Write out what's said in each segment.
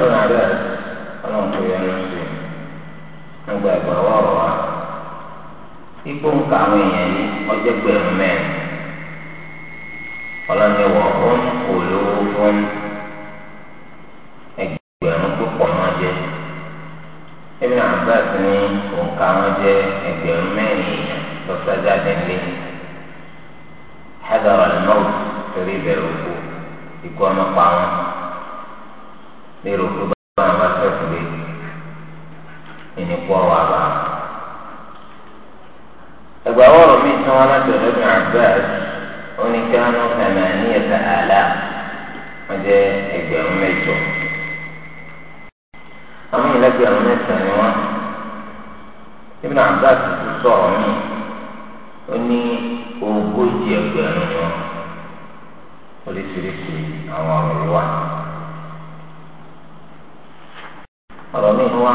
ibn Abbas ọlọ́run kò yọ ẹnu sí i nígbà ìgbà wà wà wá ń ka àwọn èèyàn ní ọjọ́ gbẹ̀rún mẹ́rin ọlọ́run ni wọ́n ó ń kó lówó fún ẹgbẹ̀rún tó pọ̀ náà jẹ́ ibn Abbas ní òǹkà wọn jẹ́ ẹgbẹ̀rún mẹ́rin èèyàn lọ́sọ̀dá dẹ́gbẹ́ hadara al-maut torí ìbẹ̀rù kú ikú ọmọ pa wọn lérò tó bá wọn bá fẹ́ fún mi ẹni kú ọwọ́ àbá. ẹgbẹ́ àwọn ọ̀rọ̀ mi tán wọn láti ọ̀dọ́ ní Abbas oníkanú thamaniyata alaf wọ́n jẹ́ ẹgbẹ̀rún mẹ́jọ. àwọn ìlẹ́gbẹ̀rún mẹ́sàn-án ni wọ́n Ibn Abbas ti sọ̀rọ̀ mi ó ní ogójì ẹgbẹ̀rún wọn oríṣiríṣi àwọn ọ̀rọ̀ wà ọ̀rọ̀ mi wá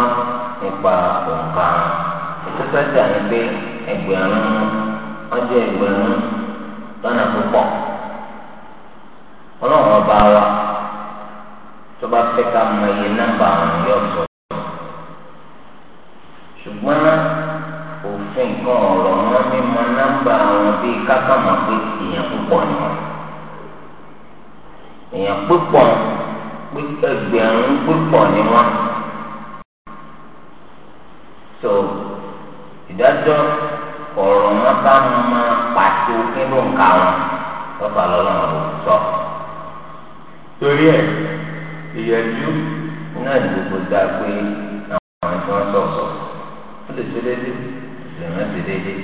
nípa òǹkà ìtúsẹ́sẹ́ àti pé ẹgbẹ̀rún ọjọ́ ẹgbẹ̀rún lọ́nà púpọ̀ ọlọ́run ọba wa tó bá fẹ́ ká mọ iye nọ́mbà àwọn yóò sọ. ṣùgbọ́n òfin kan ọ̀rọ̀ wọn mímọ nọ́mbà àwọn bíi kákàmọ́ pé èèyàn púpọ̀ ni wọn. èèyàn púpọ̀ ẹgbẹ̀rún púpọ̀ ni wọn. So, ìdájọ́ ọ̀rọ̀ wọn bá mú ma pàṣẹ nínú nǹka wọn lọ́fà lọ́lọ́run ló sọ. torí ẹ̀ ìyẹ̀jú náà ní gbogbo dá pé àwọn ẹni tí wọ́n sọ̀sọ̀ ó lè ṣe déédéé lè má ṣe déédéé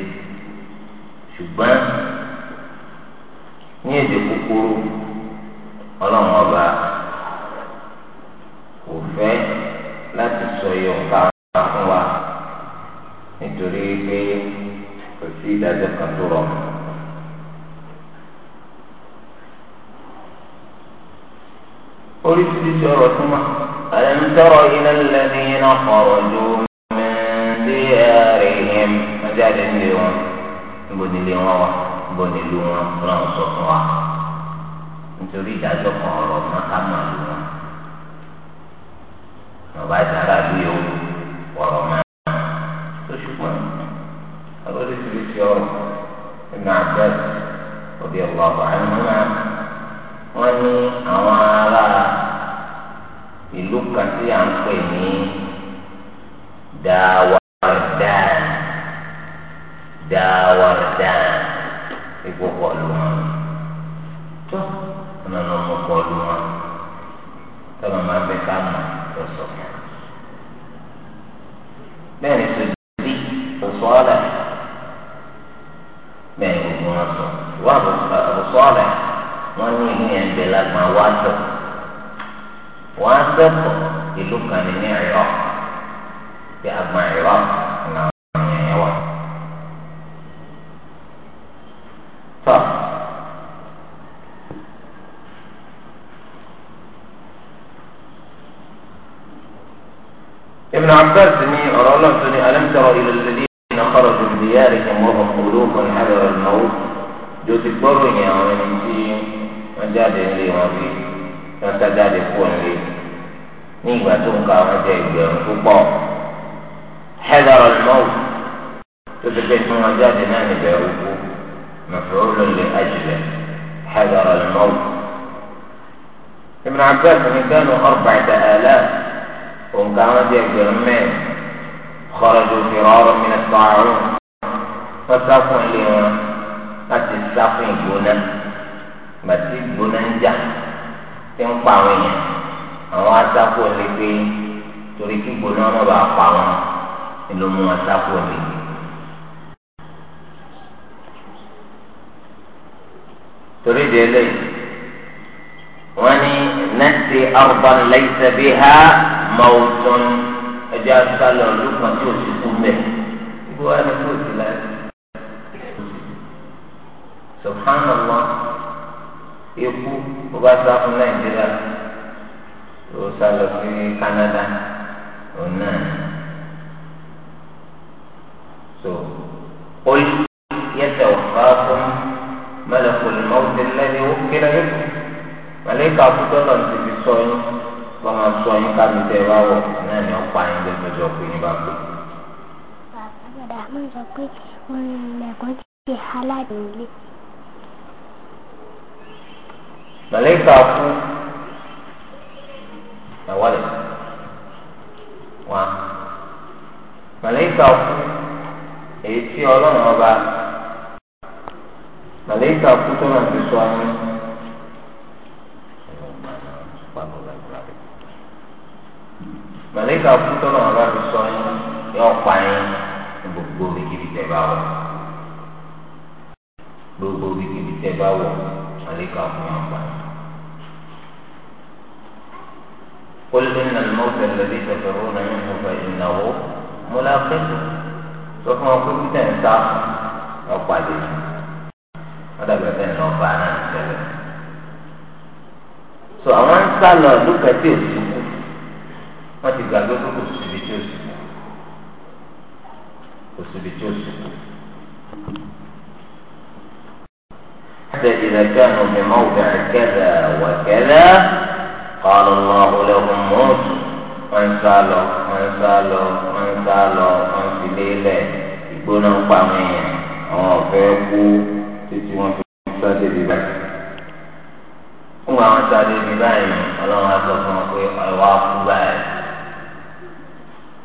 ṣùgbọ́n ní èdè kúkúrú ọlọ́run ọba kò fẹ́ láti sọ yọ̀ǹkà fún wa nítorí pé kò sí ìdájọ́ kan tó rọ̀. oríṣiríṣi ọ̀rọ̀ tó máa ألم تر إلى الذين خرجوا من ديارهم مجال اليوم بني اليوم بني اليوم رأسوا nítorí ìdájọ́ kan ọ̀rọ̀ náà ká máa lò wọ́n. Bàbá ìdára bí o wọ̀rọ̀ máa ṣùgbọ́n alóríṣiríṣi ọ̀rọ̀ Ibn Abbas radiyallahu anhuma wọ́n ní àwọn ará ìlú kan tí à ń pè ní Dawardan Dawardan ipò kọlu wọn tó ọ̀nà ọmọ kọlu wọn tọ́lọ̀ máa ń صالح bẹ́ẹ̀ gbogbo wọn sọ wà Abu Salih wọn ní ìlú yẹn bẹ lágbọn wá sọ wá sẹ́kọ̀ ìlú kan ní ìrọ̀ bí agbọn ìrọ̀ náà wọn yẹn wà. tọ́ Ibn Abbas ní ọ̀rọ̀ ọlọ́run tó ní alam tara ila alladhi. diyarihim wa hum qulubun hadara al-maut jó ti gbọ́ ròyìn àwọn ẹni tí wọ́n jáde ńlé wọn bí wọ́n sá jáde kúrò ńlé ní ìgbà tó ń ka àwọn jẹ ìgbẹ̀rún púpọ̀ hadara al-maut tó ti pé tí wọ́n jáde náà níbẹ̀ òkú maf'ulun li ajli hadara al-maut. ابن عباس من كانوا أربعة آلاف وهم كانوا يقدرون خرجوا فرارا من الطاعون kọ́sá fún ilé wọn láti sá fún ìgbóná gbàtí ìgbóná ń jà tí ń pa àwọn èèyàn àwọn asákò lè gbé torí kí ìgbóná wọn bá pa wọn ló mú asákò lè gbé. torí de eléyìí wọn ní nẹẹsì ọgbọn lẹsẹ bí ha mọwùtún ẹjọ asálọ lùkàn tí kú bẹ́ẹ̀. ibo wa ni kò sí la subhanallah ikú ó bá sá fún nàìjíríà ó sá lọ sí Canada òun náà so ó yẹtẹ ọ̀fà fún malakul maut lẹ́ni ó kéré yẹtù màlẹ́kà àkútọ́ náà ti fi sọ yín wọ́n máa sọ yín kábi tẹ́ ẹ bá náà ni ó pa yín lójú pé yín bá pè. bàbá àgbàdo sọ pé orin ilẹ̀kùn ti hálà nílé. màlẹ́kà kú ẹ̀wọ́lẹ̀ wá màlẹ́kà kú èyí tí ọlọ́run ọba màlẹ́kà kú tó náà ti sọ ẹni. màlẹ́kà kú tó náà ọba ti sọ ẹni yọ pa gbogbo bìkìbì tẹ bá wọ gbogbo bìkìbì tẹ bá màlẹ́kà pa قل إن الموت الذي تفرون منه فإنه ملاقيكم سوف نقول بتاع الساعة أو بعدين هذا بعدين لو فعلنا نتكلم so àwọn ń sá lọ lókè tí ò sí kú wọn ti gbàgbé pé kò síbi tí ò sí kú kò síbi tí ò sí kú. حتى إذا كانوا بموضع كذا وكذا قال الله لهم موتوا wọ́n sá lọ wọ́n sá lọ wọ́n sá lọ wọ́n fi lélẹ̀ ìgbóná pa àwọn èèyàn àwọn ọ̀fẹ́ kú títí wọ́n fi sá débi báyìí. fún àwọn sá débi báyìí ọlọ́run á sọ fún wọn pé ọ̀wá kú báyìí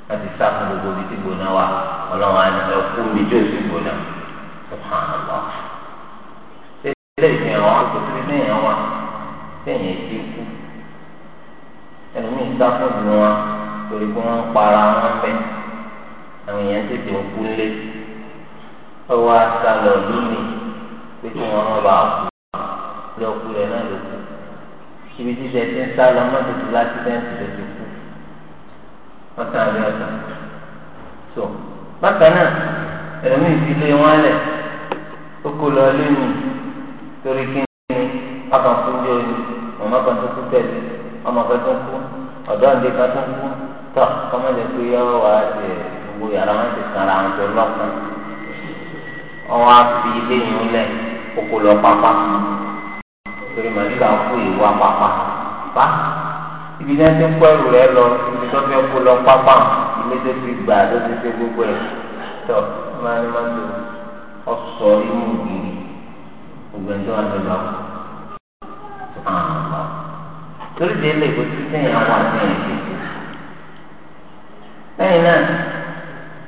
láti sá fún gbogbo ibi tí gbóná wà ọlọ́run á ní ẹ kú mi tí ò sí gbóná subhanallah. ṣé ilé ìsìn àwọn àgbẹ̀ tó fi ní ìyẹn wà sẹ́yìn ètí kú ẹlòmíì sá fún ìlú wọn torí pé wọ́n ń para wọn fẹ́ àwọn èèyàn tètè ń kú lé ọwọ́ àṣà lọ lónìí pé kí wọ́n má bàa kú lọ kú rẹ̀ náà ló kú ibi títẹ̀ tí ń sá lọ mọ́tò tó láti tẹ́ǹtì ló ti kú ọ̀tá àbí ọ̀tá tó bákan náà ẹlòmíì fi wọn lẹ̀ ó lọ lónìí torí kí ni apàkúndé òní màmá kan tó kú tẹ̀lé ọmọ kan tó ń kú ọ̀dọ́ ǹdẹ́ kan tó ń kú tọ́ kọ́mọ́lẹ́ pé yọ wá ṣe gbogbo yàrá wọn ti kan àwọn tó lọ́kàn ọwọ́ á fi ilé yìí lẹ̀ kókó lọ pápá torí màlúkà ń fún ìwà pápá pa ibi náà ti ń kó ẹrù rẹ lọ ibi tó fẹ́ kó lọ pápá ilé tó fi gbà ló ti ṣe gbogbo ẹ̀ tọ́ máa ní máa tó ọ̀sọ̀ inú gírì gbogbo ẹ̀ tó wà lọ́wọ́ torí de lè kó ti sẹ́yìn àwọn àtẹ̀yìn sí. lẹ́yìn náà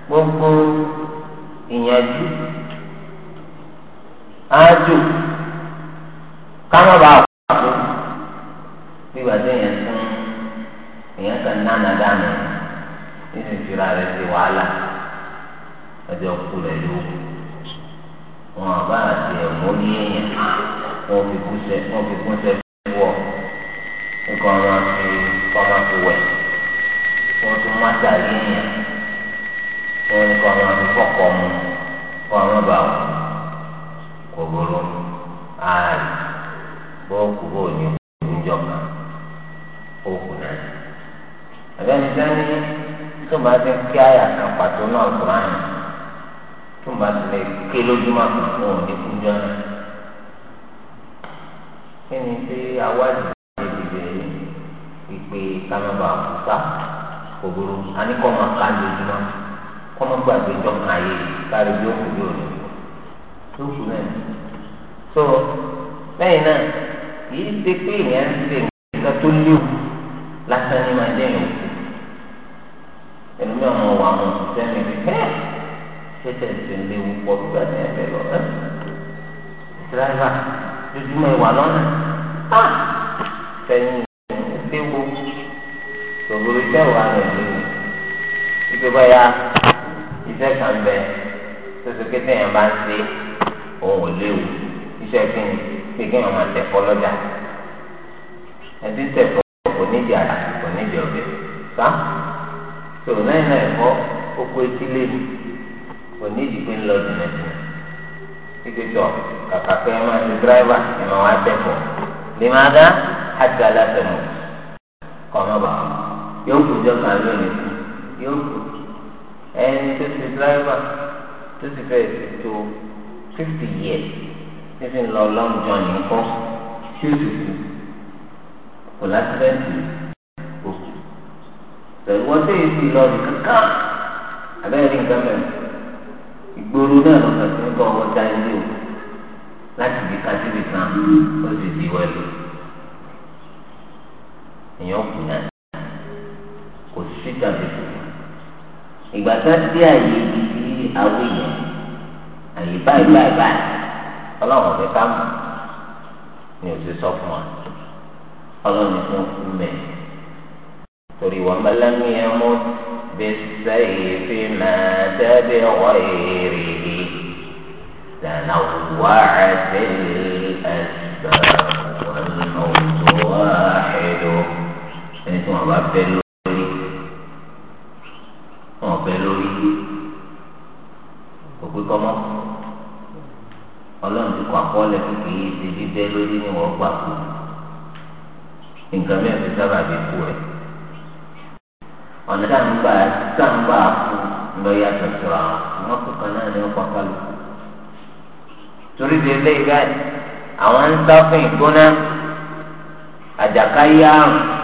gbogbo ìyànjú ájò kámọ́ba àpò gbígbà sẹ́yìn fún èèyàn kan nánà dànù nínú ìfira rẹ̀ sí wàhálà ọjọ́ kú rẹ̀ ló wọn àbá àti ẹ̀mọ́ ní wọn fi kú sẹ́ nǹkan ọ̀rọ̀ ti kọ́mọ fi wẹ̀ wọ́n tún má sàlẹ̀ yẹn wọ́n ní kọ́mọ fi fọ́kọ̀ mu kọ́mọ bá wọ̀ kòkòrò ààrẹ bọ́ọ̀kù bóò ní ìjọba òkú náà àbẹ́ni sẹ́ni tó bá ti kí àyà kan pàtó náà kúrò àná tó bá ti lè ké lójúmọ́ àkókò òní kújọ́ náà kí ni ṣé awádìí pé kámẹ́bà àkùsà kò burú àní kọ́ máa ká lójúmọ́ kọ́ máa gbàgbé jọ̀kan ayé kárí bí ó kù yóò lè kú yóò kú náà so lẹ́yìn náà kì í ṣe pé ìyẹn ń ṣe nǹkan tó léwu lásán ní máa dẹ́yìn òkú ẹnu mi àwọn ọmọ àwọn òṣìṣẹ́ mi kẹ́ ṣé tẹ̀sí léwu pọ̀ gbígbà ní ẹ̀fẹ̀ lọ ẹ́ tíráìvà lójúmọ́ ìwà lọ́nà ah! fẹ́yìn léwu tòbúrú iṣẹ́ wà rẹ̀ léwu wípé báyà iṣẹ́ kan bẹ tètè kété yẹn bá ń ṣe òun ò léwu iṣẹ́ kí ni pé kí wọ́n máa tẹ̀kọ́ lọ́jà ẹtí tẹ̀kọ́ kò nídìí àrà kò nídìí ọ̀bẹ sá tòun náà náà ẹ̀kọ́ ó kó etí léwu kò nídìí pé ń lọ jìnnà jìnnà kíkẹ́tọ̀ kàkà pé ẹ máa ti dírẹ́fà ẹ máa wá tẹ̀kọ́ lè máa dá àti alásẹ̀mọ̀ kọmọ bá yóò kú jọ kan lónìí yóò kú ẹni tó ti dírẹ́fà tó ti fẹ́ tó fifty years fífi lọ long john nǹkan tí ó ti kú kò láti fẹ́ǹtì òkú pẹ̀lú wọ́n tó yẹ ti lọ ní kankan abẹ́rẹ́ nǹkan mẹ́rin ìgboro náà lọ́sọ̀tún kọ́ ọwọ́ dá ilé o láti di kájú nìkan ó sì di wẹ́lú èèyàn kù náà kò sí tàbí kù ìgbà tá a dé àyè ibi tí àwọn èèyàn àyè báyìí báyìí báyìí ọlọ́run ọ̀fẹ́ ká mọ̀ ni òsè sọ fún wa ọlọ́run ní fún kú mẹ́ torí wọn bá lẹ́nu yẹn mú bí sẹ́yìn fi máa dẹ́bẹ̀ wọ́ èrè lànà wà á sí ẹ̀sán wọn ò tó ẹni tí wọn bá bẹ lórí wọn bẹ lórí kò pé kọmọ Ọlọ́run ti kọ àkọọ́lẹ̀ kékeré yìí ti bíbẹ lórí ni wọn gbà kú nǹkan mẹ́rin sábà bí kú rẹ ọ̀nà táǹgbà táǹgbà kú lọ́yà tọ̀tọ̀ àwọn wọn kò kan náà ní wọn pàkàlù torí de lé ibà àwọn ń sá fún ìgbóná àjàkáyé àrùn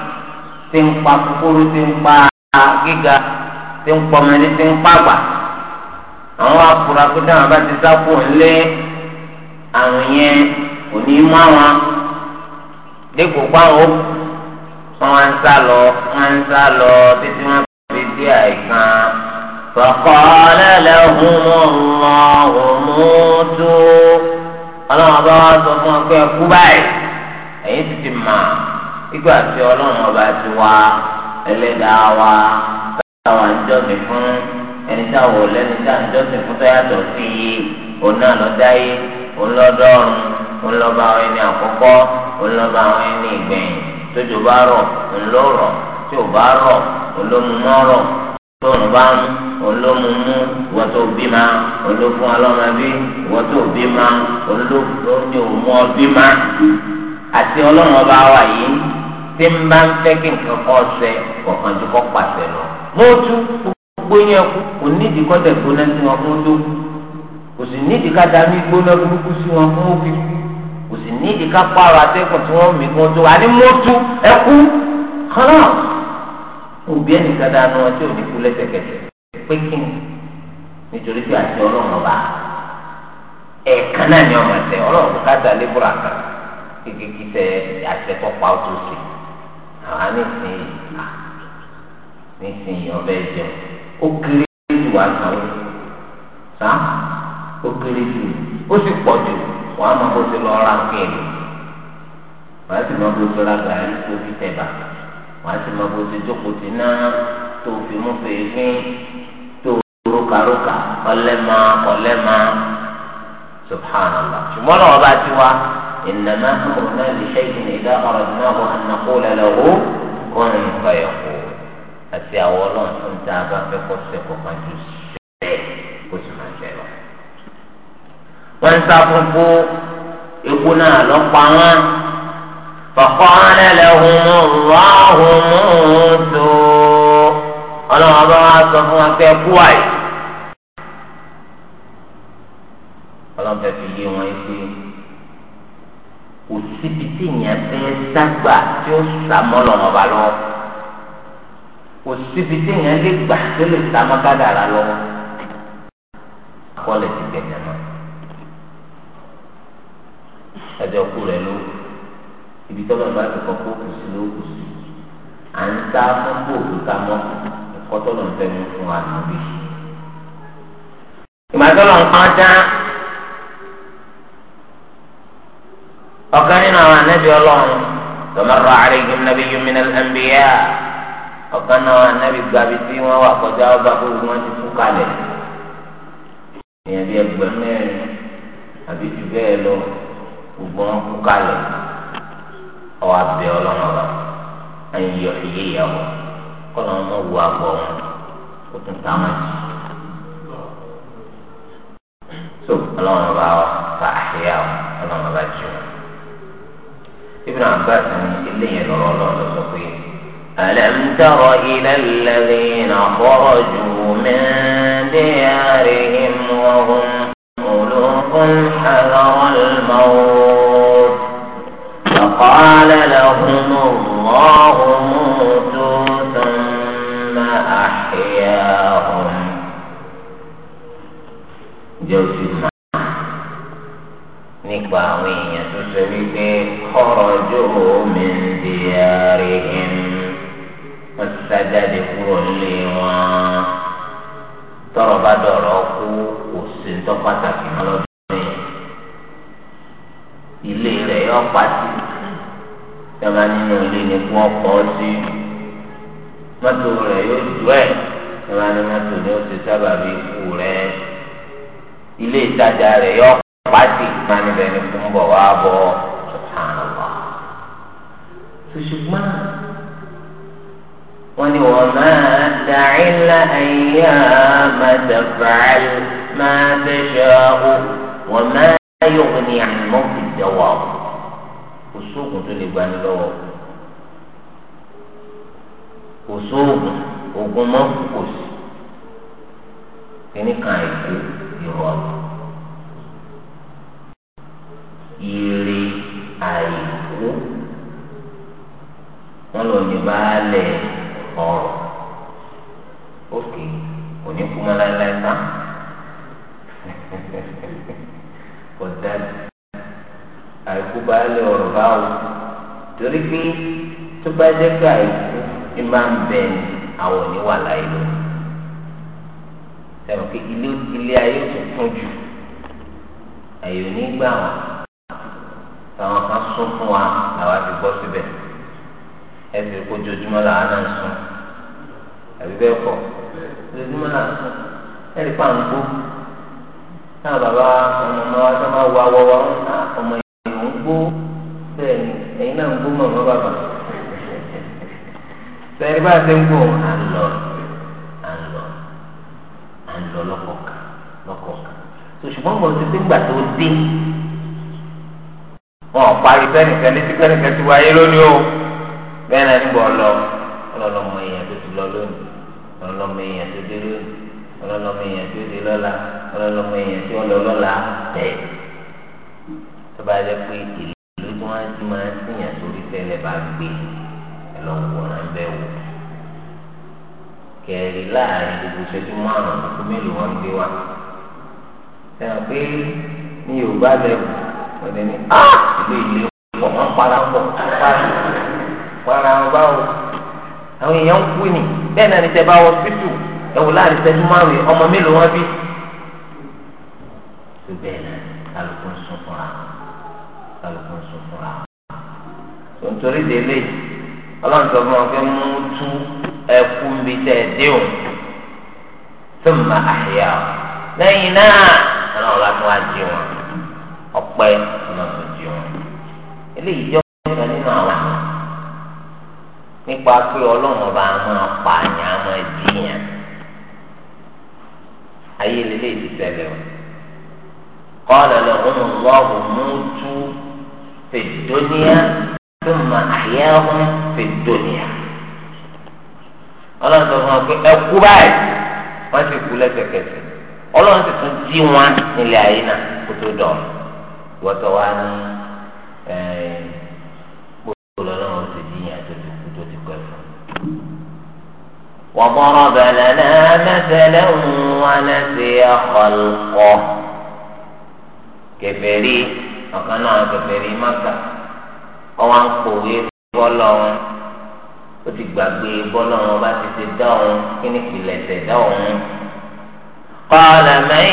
tí ń pa kúkúrú tí ń pa gíga tí ń pa ọmọdé tí ń pa àgbà àwọn afura pé táwọn bá ti sáfù ńlé àrùn yẹn kò ní mú àwọn dípò páwọn ó wọn ń sá lọ wọn ń sá lọ títí wọn fi dé àìsàn. فقال لهم الله موتوا ọlọ́run bá wá sọ fún ọ pé ìgbà tí ọlọ́run ọba ti wá ẹlẹ́dàá wa táwọn àjọsìn fún ẹni táwọn ọ̀lẹ́ni tá àjọsìn fún tó yàtọ̀ sí iye òun náà lọ dáyé òun lọ dọ́run òun lọ bá àwọn ẹni àkọ́kọ́ òun lọ bá àwọn ẹni ìgbẹ̀yìn tójú bá rọ̀ òun ló rọ̀ tí ò bá rọ̀ òun ló mú mọ́ rọ̀ tóun bá ń òun ló mú mú ìwọ́n tó bí ma òun ló fún ọlọ́mọ bí ìwọ́n tó bí ma òun ló ní òun mọ́ bí ma àti ọlọ́run ọba wa yìí. tí ń bá ń fẹ́ kí nǹkan kọ́ ṣe kọ̀ọ̀kan ju kọ́ pàṣẹ lọ. gbogbo yẹn kú kò nídìí kọ́ tẹ̀ gbóná sí wọn fún kò sì nídìí ká dání gbóná burúkú sí wọn fún kò sì nídìí ká pààrọ̀ tí wọ́n mí kan tó wà ní mọ́tú ẹkú wọn tí lẹ́sẹ̀kẹsẹ̀ pé kò ká àwa nísìnyí nísìnyí ọbẹ̀ jẹun ó kéré jù wá sanwó sá ó kéré jù ó sì pọ̀ jù wọ́n á máa bó ti lọ ra kéènì wọ́n á sì máa bó ti ra gàrí tó fi tẹ̀ bá wọ́n á sì máa ti jókòó ti ná tó fi mú fèéfín tó rókàrókà ọlẹ́mà ọlẹ́mà subhanallah ṣùgbọ́n náà ọba ti wá. إنما أمرنا لشيء إذا أردناه أن نقول له كن فيقول àti àwọn ọlọ́run tó ń tá a bá fẹ́ kọ́ sẹ́kọ̀ọ́ kan jù sẹ́ẹ̀ kó sì máa jẹ lọ. wọ́n ń sá fún kó epo náà lọ pa wọ́n. فقال لهم الله موتوا ọlọ́run ọba wa sọ fún wa pé kú àyè. ọlọ́run fẹ́ fi yé wọn pé kò síbi tí ìyẹn fẹ́ dágbà tí ó sàmọ́ lọ́wọ́ bá lọ́wọ́ kò síbi tí ìyẹn lè gbà tó lè sàmọ́ kádàrà lọ́wọ́ akọ́lẹ̀ ti gbẹ̀jẹ̀ mọ́ ẹjọ́ kú rẹ̀ ló ibi tó bá bá ti kọ́kọ́ kù sí ló kù sí à ń sá fún bòòlù ká mọ́ ẹ̀kọ́ tó lọ́n fẹ́ mú fún wa níbi. ìmọ̀tọ́ lọ́n kan dá. ọ̀kan nínú àwọn anábì ọlọ́run tọmọrọ àríyìn nàbí yomina ẹnbíyà ọ̀kan náà àwọn anábì gbàbí tí wọ́n wà kọjá ọba gbogbo wọn ti kú kalẹ̀ èèyàn bíi ẹgbẹ̀rún mẹ́rin àbí jù bẹ́ẹ̀ lọ gbogbo wọn kú kalẹ̀ ọwọ́ abẹ ọlọ́run ọba ẹ̀yìn yọ iye ìyàwó kọ́nà wọn wù àgbọ̀ wọn ó tún ta wọn jù. so ọlọ́run ọba wa fa àṣeyà ọlọ́run ọba jù wọn. ابن عباس اللي يقولوا الله ألم تر إلى الذين خرجوا من ديارهم وهم ألوف حذر الموت فقال لهم الله موتوا ثم أحياهم جوز nípa àwọn èèyàn tó ṣe wípé kọ́rọ̀ ojú omi ń di ààrẹ ẹ̀m wọ́n ti sá jáde kúrò nílé wọn tọrọ bá dọ̀rọ̀ kú kò sí ń tọ́ pàtàkì mọ́ lọ́dún yìí ilé rẹ̀ yọ pàtì yọba nínú ilé ni kí wọ́n sí mọ́tò rẹ̀ yóò jù ẹ̀ yọba ní mọ́tò ni ó ti sábà bí ikú rẹ̀ ilé ìtajà rẹ̀ yọ pàtì máa ń bẹ ní fún bọ̀ wá bọ̀ subhanallah. ṣùṣùgbọ́n wọ́n ní wọ́n máa dàrí ńlá ẹ̀yà màdàfàl máa fẹ́ ṣọ́ọ́ wọ́n máa yọ̀wọ́ ní àmọ́ ìjọwọ́ kò sóògùn tó lè gbani lọ́wọ́ kò sóògùn oògùn mọ́ kò sí kíní kan àìkú ire àìkú wọn lọ ní baálẹ̀ ọ̀rọ̀ òkè òní kú mọ́ láéláé náà kọjá àìkú baálẹ̀ ọ̀rọ̀ báwo torí pé tó bá jẹ́ pé àìkú ni máa ń bẹ àwọn oníwà láyé lọ sẹ́wọ̀n pé ilé ayé tó kún jù àyè ò gbà àwọn kan sún fún wa làwọn ti gbọ́ síbẹ̀ ẹ sì kó ojoojúmọ́ làwọn náà sùn àbí bẹ́ẹ̀ kọ́ ojoojúmọ́ náà sùn ẹ lè pa àǹgbó náà bàbá ọmọ ọmọ wa tó máa wọ awọ wa ah, ọmọ ìlú ń gbó bẹ́ẹ̀ ni ẹ̀yin náà ń gbó mọ̀ mọ́ bàbá sẹ́yìn bá ti ń gbó àlọ́ àlọ́ àlọ́ lọ́kọ̀ọ̀kan lọ́kọ̀ọ̀kan tó ṣùgbọ́n mo ti ti gbà tó dé wọn ò parí pẹ́nìkan ní tí pẹ́nìkan ti wáyé lónìí o bẹ́ẹ̀ náà nígbà ọlọ ọlọmọ èèyàn tó ti lọ lónìí ọlọmọ èèyàn tó dé lónìí ọlọmọ èèyàn tó dé lọ́la ọlọmọ èèyàn tó lọ lọ́la bẹ́ẹ̀ tó bá yẹ pé ìlú tí wọ́n ti máa ń sìyàn sórí tẹ́lẹ̀ bá gbé ẹ lọ wòran bẹ́ẹ̀ wò kẹrì láàrin gbogbo ìṣẹ́jú márùn-ún mélòó wọn gbé wá ẹ hàn pé ní Yorùbá lẹ́wọ̀n ọ̀dẹ̀ ni ah! pé ilé pọ̀ wọ́n para pọ̀ para wọn báwo àwọn èèyàn ń kú ni bẹ́ẹ̀ náà ni tẹ bá wọ sípù ẹ̀wò láàrin sẹ́jú márùn-ún ọmọ mélòó wọn bí. tó bẹ́ẹ̀ náà kálukú ń sún fúnra kálukú ń sún fúnra. tó ń torí délé ọlọ́run fún wọn mú tú ẹkú bíi tẹ̀ dé òun tó máa àyà lẹ́yìn náà ọlọ́run bá wá jí wọn ọpẹ́ eléyìí jẹ́ ọ̀kan nínú àwọn nípa pé ọlọ́run ọba a máa pààyàn a máa dìyàn ayé lélẹ́yìí ti ṣẹlẹ̀ o kọ́ọ̀lù lọ́hùn wọ́ọ̀hùn mútú fèdóníà tó mọ àyẹ̀hùn fèdóníà ọlọ́run tó fún ọ pé ẹ kú báyìí wọ́n sì kú lẹ́sẹ̀kẹsẹ̀ ọlọ́run sì tún dí wọn nílé ayé náà kó tó dọ̀ wọ́tọ̀ wá ní gbogbo lọ́wọ́ ti di yàn tó ti kú tó ti pẹ́ fún. وضرب لنا مثلا ونسي خلقه kèfèrí ọ̀kan náà kèfèrí mọ́tà ọwọ́ ń kòwé bọ́lọ̀ wọn ó ti gbàgbé bọ́lọ̀ wọn bá ti ti dá òun kí ni kìlẹ̀ tẹ̀ dá òun. قال من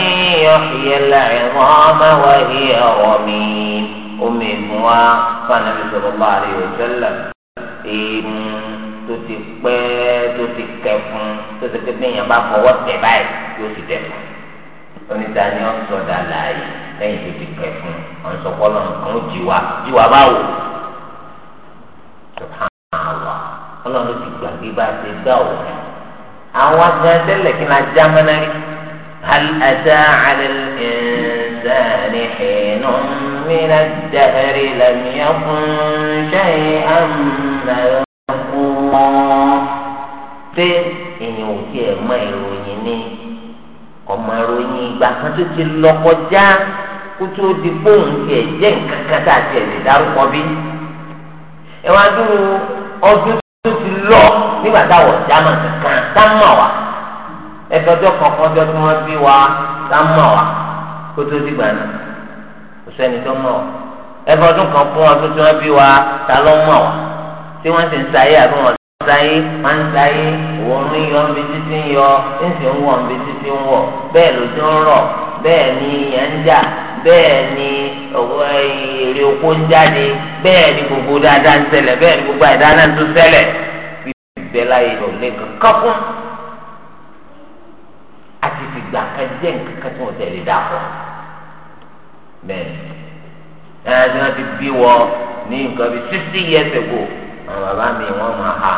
يحيي العظام وهي رميم omi ìgbọ̀n wa fànàbí sallallahu alaihi wasallam èèmù tó ti pẹ́ tó ti kẹfun tó ti pé bẹ́yàn bá fọwọ́ tẹ̀ báyìí yóò ti dẹ̀kun oníta ni wọ́n sọ dàda yìí lẹ́yìn tó ti kẹfun wọ́n sọ kọ́ lọ́nà kan jìwà jìwà báwo subhanallah ọlọ́run ló ti gbàgbé bá a ti dá òun àwọn agbẹ́ntẹ́lẹ̀ kí n ajá mọ́nárì hal ata ala al الإنسان حين من الدهر لم يكن شيئا مذكورا ìròyìn ìròyìn ìgbà tó ti lọ kọjá kó tó nǹkan bí. ẹ wá ti lọ nígbà táwọn jámà kankan tá a mọ̀ wá kankan kó tó dìgbà náà kò sẹ́ni tó mọ̀ ọ́ ẹbí ọdún kan fún ọdún tí wọ́n bí wa ta ló mọ̀ wá tí wọ́n sì ń sáyé àbí wọ́n ń sáyé wọ́n ń sáyé òun ń yọ ibi títí ń yọ ń sì ń wọ̀ ibi títí ń wọ̀ bẹ́ẹ̀ ló ti ń rọ̀ bẹ́ẹ̀ ni ìyẹn ń jà bẹ́ẹ̀ ni èrè oko ń jáde bẹ́ẹ̀ ni gbogbo dáadáa ń ṣẹlẹ̀ bẹ́ẹ̀ ni gbogbo àìdáa ń tún ṣẹlẹ̀ ìgbẹ́ láyé ìrọ̀lẹ́ kankan fún àti ìgbà kan jẹ́ nǹkan kan tí wọ́n tẹ̀lé bẹ́ẹ̀ ẹ̀ tí wọ́n ti bí years ago àwọn bàbá mi wọ́n ma ha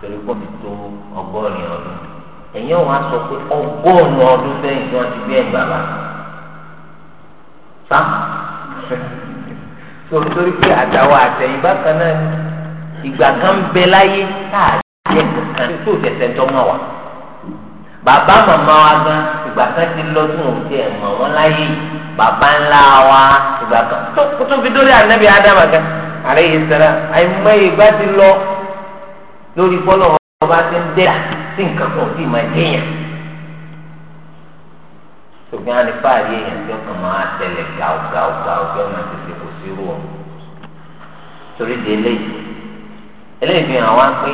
torí kó fi tó ọgọ́rin ọdún ẹ̀yin wọn á pé ọgọ́rùn-ún ọdún tí ti bí ẹ̀yìn bàbá sá tó torí pé àtàwọn àtẹ̀yìn bákan náà ìgbà kan ń láyé tá a kankan tó wa. bàbá màmá wa gan ìgbà kan ti lọ tí wọn ti ẹ̀ mọ̀ wọn láyé bàbá ńlá wa ìgbà kan tó tó fi dórí ànábì ádámà gan alayhi salam àìmọ̀ ìgbà ti lọ lórí fọlọ́ ọba ti ń dẹ́yà sí nǹkan kan tí mà déyà ṣùgbọ́n ànífà yé èèyàn tí ọkàn máa tẹ̀lé gàùgàùgàù kí ọmọ tètè kò sí rú ọ torí di eléyìí eléyìí fi hàn wá pé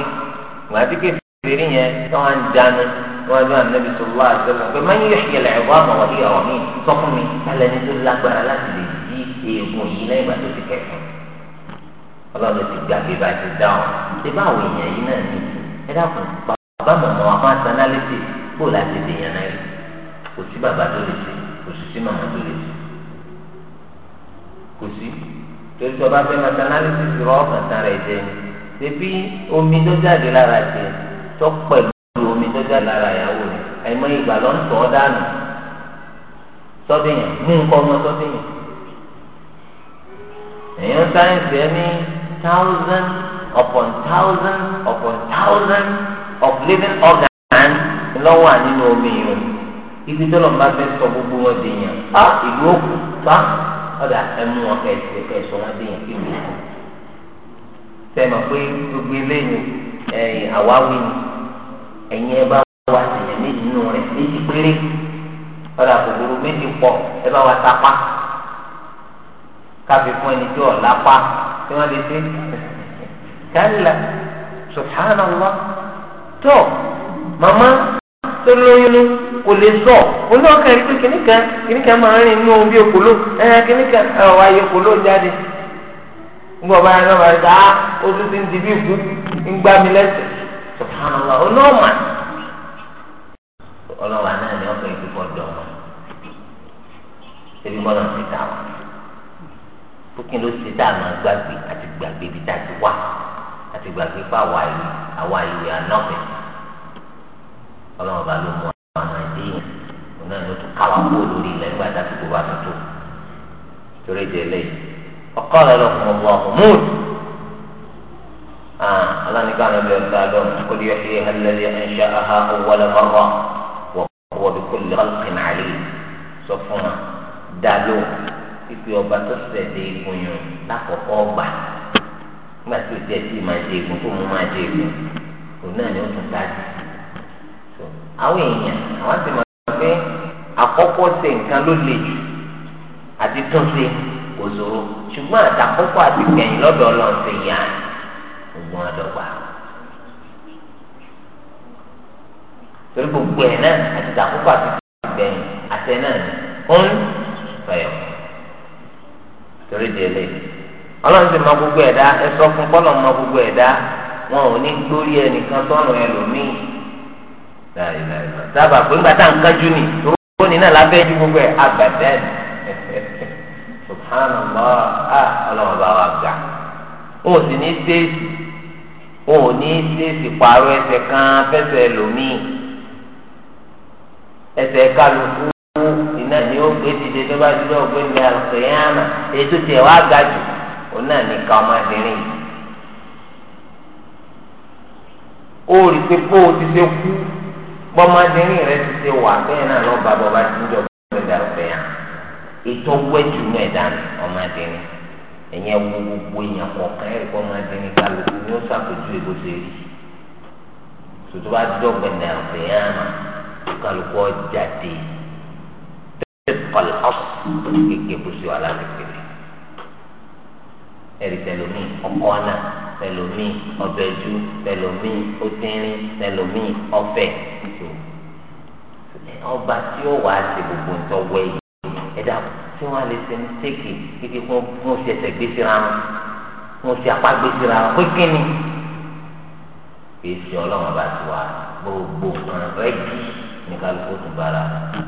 ìgbà tí kékeré yẹn tí wọ́n ń dáná wọn bí wọn níbi tó wá àtẹlẹ pé máa ń yọ ìyẹlẹ ẹwọ àmọ́ wọn yọ ọ̀rọ̀ mi sọ fún mi alẹ ní tó lágbára láti lè yí eegun yìí lẹ́yìn ìgbà tó ti kẹfún Ọlọ́run ti gbà bí bá ti dáhùn ṣé àwọn èèyàn yìí náà ní ẹ dákun bàbá mọ̀mọ́ wa máa san lálẹ́sì kó láti lè yàn náà kò sí bàbá tó lè ṣe kò sí sí màmá tó lè ṣe kò sí torí tó bá fẹ́ máa san lálẹ́sì rọ ọkàn tán rẹ̀ jẹ kọjá lára ìyàwó rẹ̀ àìmọ ìgbà lọ ń tọ́ ọ dànù sọ́dẹ̀yàn ní nǹkan ọmọ sọ́dẹ̀yàn èèyàn sáyẹ́ǹsì ẹ ní thousand upon thousand upon thousand of living organs lọ́wọ́ ànínú omi yìí ibi tó lọ́n bá fẹ́ sọ gbogbo wọn di yàn á ìlú òkú bá ọ̀dà ẹmu wọn kẹsì kẹsọ wọn di yàn kí ló kù sẹ́mi pé gbogbo eléyìí ẹ̀yìn àwáwí ni ẹ̀yin bá wa tẹ̀lé méjì nínú rẹ̀ méjì péré ọ̀dà kòkòrò méjì pọ̀ ẹ bá wa tapá káfí fún ẹni tí ọ̀la pa tí wọ́n lè dé kálá subhanallah tó màmá tó lóyún ní kò lè sọ olóòkà yìí pé kìnnìkan kìnnìkan máa ń rìn inú bí òkòló ẹ kìnnìkan ẹ wá yẹ òkòló jáde ngbọ bá yẹn lọ́wọ́ ẹ̀ dá ojú ti ń di bí ń gbá mi lẹ́sẹ̀ subhanallah olóòmà ọlọ́wà náà ni wọ́n fẹ́ ibi kọ́ dọ̀ wọn ebi kọ́ náà ti ta wọn bókin ló ti tá àmọ́ gbàgbé àti gbàgbé ibi tá a ti wà àti gbàgbé fún àwa ìlú àwa ìlú ànọ́fẹ̀ ọlọ́wà bá ló mú àwọn ẹ̀dẹ́yìn òun náà ló tún káwá kó lórí ilẹ̀ nígbà tá a ti gbogbo àtúntò torí ìdè lẹ́yìn ọkọ rẹ lọ fún ọmọ ọmọọmọd ọlọ́ni káwọn ọmọ ọ̀dọ́ àdó kò dé ọ̀hìn ẹ̀hìn lẹ́yìn ẹ̀ṣẹ́ àhá ọ̀wọ́lẹ̀ mọ́rọ́ wọ́n bí kò lè ọ̀sìn àlè sọ fún wa dá ló pípé ọba tó sẹ̀dé egun yàn lákọ̀ọ́kọ́ gbà nígbà tí o jẹ́ tí máa jẹ egun tó mú máa jẹ egun òun náà ni ó tún dájú. àwọn èèyàn àwọn ti máa pé àkọ́kọ́ ṣe nǹkan ló le jù àti túnṣe kò ṣòro ṣùgbọ́n àtàkọ́kọ́ àti kẹ̀yìn lọ́dọ̀ ọlọ́run ṣe yá gbogbo wọn torí gbogbo ẹ̀ náà àti ìdàkókò àti ìgbẹ̀yìn àtẹ náà ń fẹ̀yọ̀ torí délé ọlọ́run ti mọ gbogbo ẹ̀dá ẹ sọ fún kọ́lọ̀ mọ gbogbo ẹ̀dá wọn ò ní gbórí ẹnìkan sọ́nù ẹlòmíì sábà pé ńgbà tá à ń kájú ni tó ní náà lábẹ́ ju gbogbo ẹ̀ abàdàn subhanallah a ọlọ́run bá wa gà wọn ò sì ní ṣèèṣì wọn ò ní ṣèèṣì pààrọ̀ ẹsẹ̀ kan fẹsẹ̀ ẹlòmíì. ẹsẹ̀ kálukú iná ni ó gbé dìde tó bá dúró ọgbẹ́ ní àlùfẹ́yàmà èyí tiẹ̀ wá ga jù náà ní ọmọbìnrin yìí. rí pé o ti ṣe kú bọ́mọdéyìn rẹ ti ṣe wà bẹ́ẹ̀ náà lọ́ọ́ bá bọ́ba tí ń jọ bẹ́ẹ̀ dà ọ̀fẹ́yàmà ètò wẹ́jù náà ẹ̀dá ni wo gbogbo èèyàn kọ̀ọ̀kan ẹ̀rí bọ́mọdéyìn kálukú ni ó kálukú ọjà dé tẹkọlẹ ọsùn kéke kó sí wàhálà kékeré ẹrí tẹlomi ọkọ náà tẹlomi ọbẹjú itu. ọtẹrin tẹlomi ọfẹ tó ọba tí ó wàá ṣe gbogbo ntọ wẹ yìí ẹ̀dá tí wọn lè ṣe mistake kéke kó wọn fi ẹsẹ̀ gbé síra wọn wọn fi apá gbé síra wọn pé kíni kì í ọba tí wàá gbogbo nǹkan rẹ bíi ní kálukú tún bára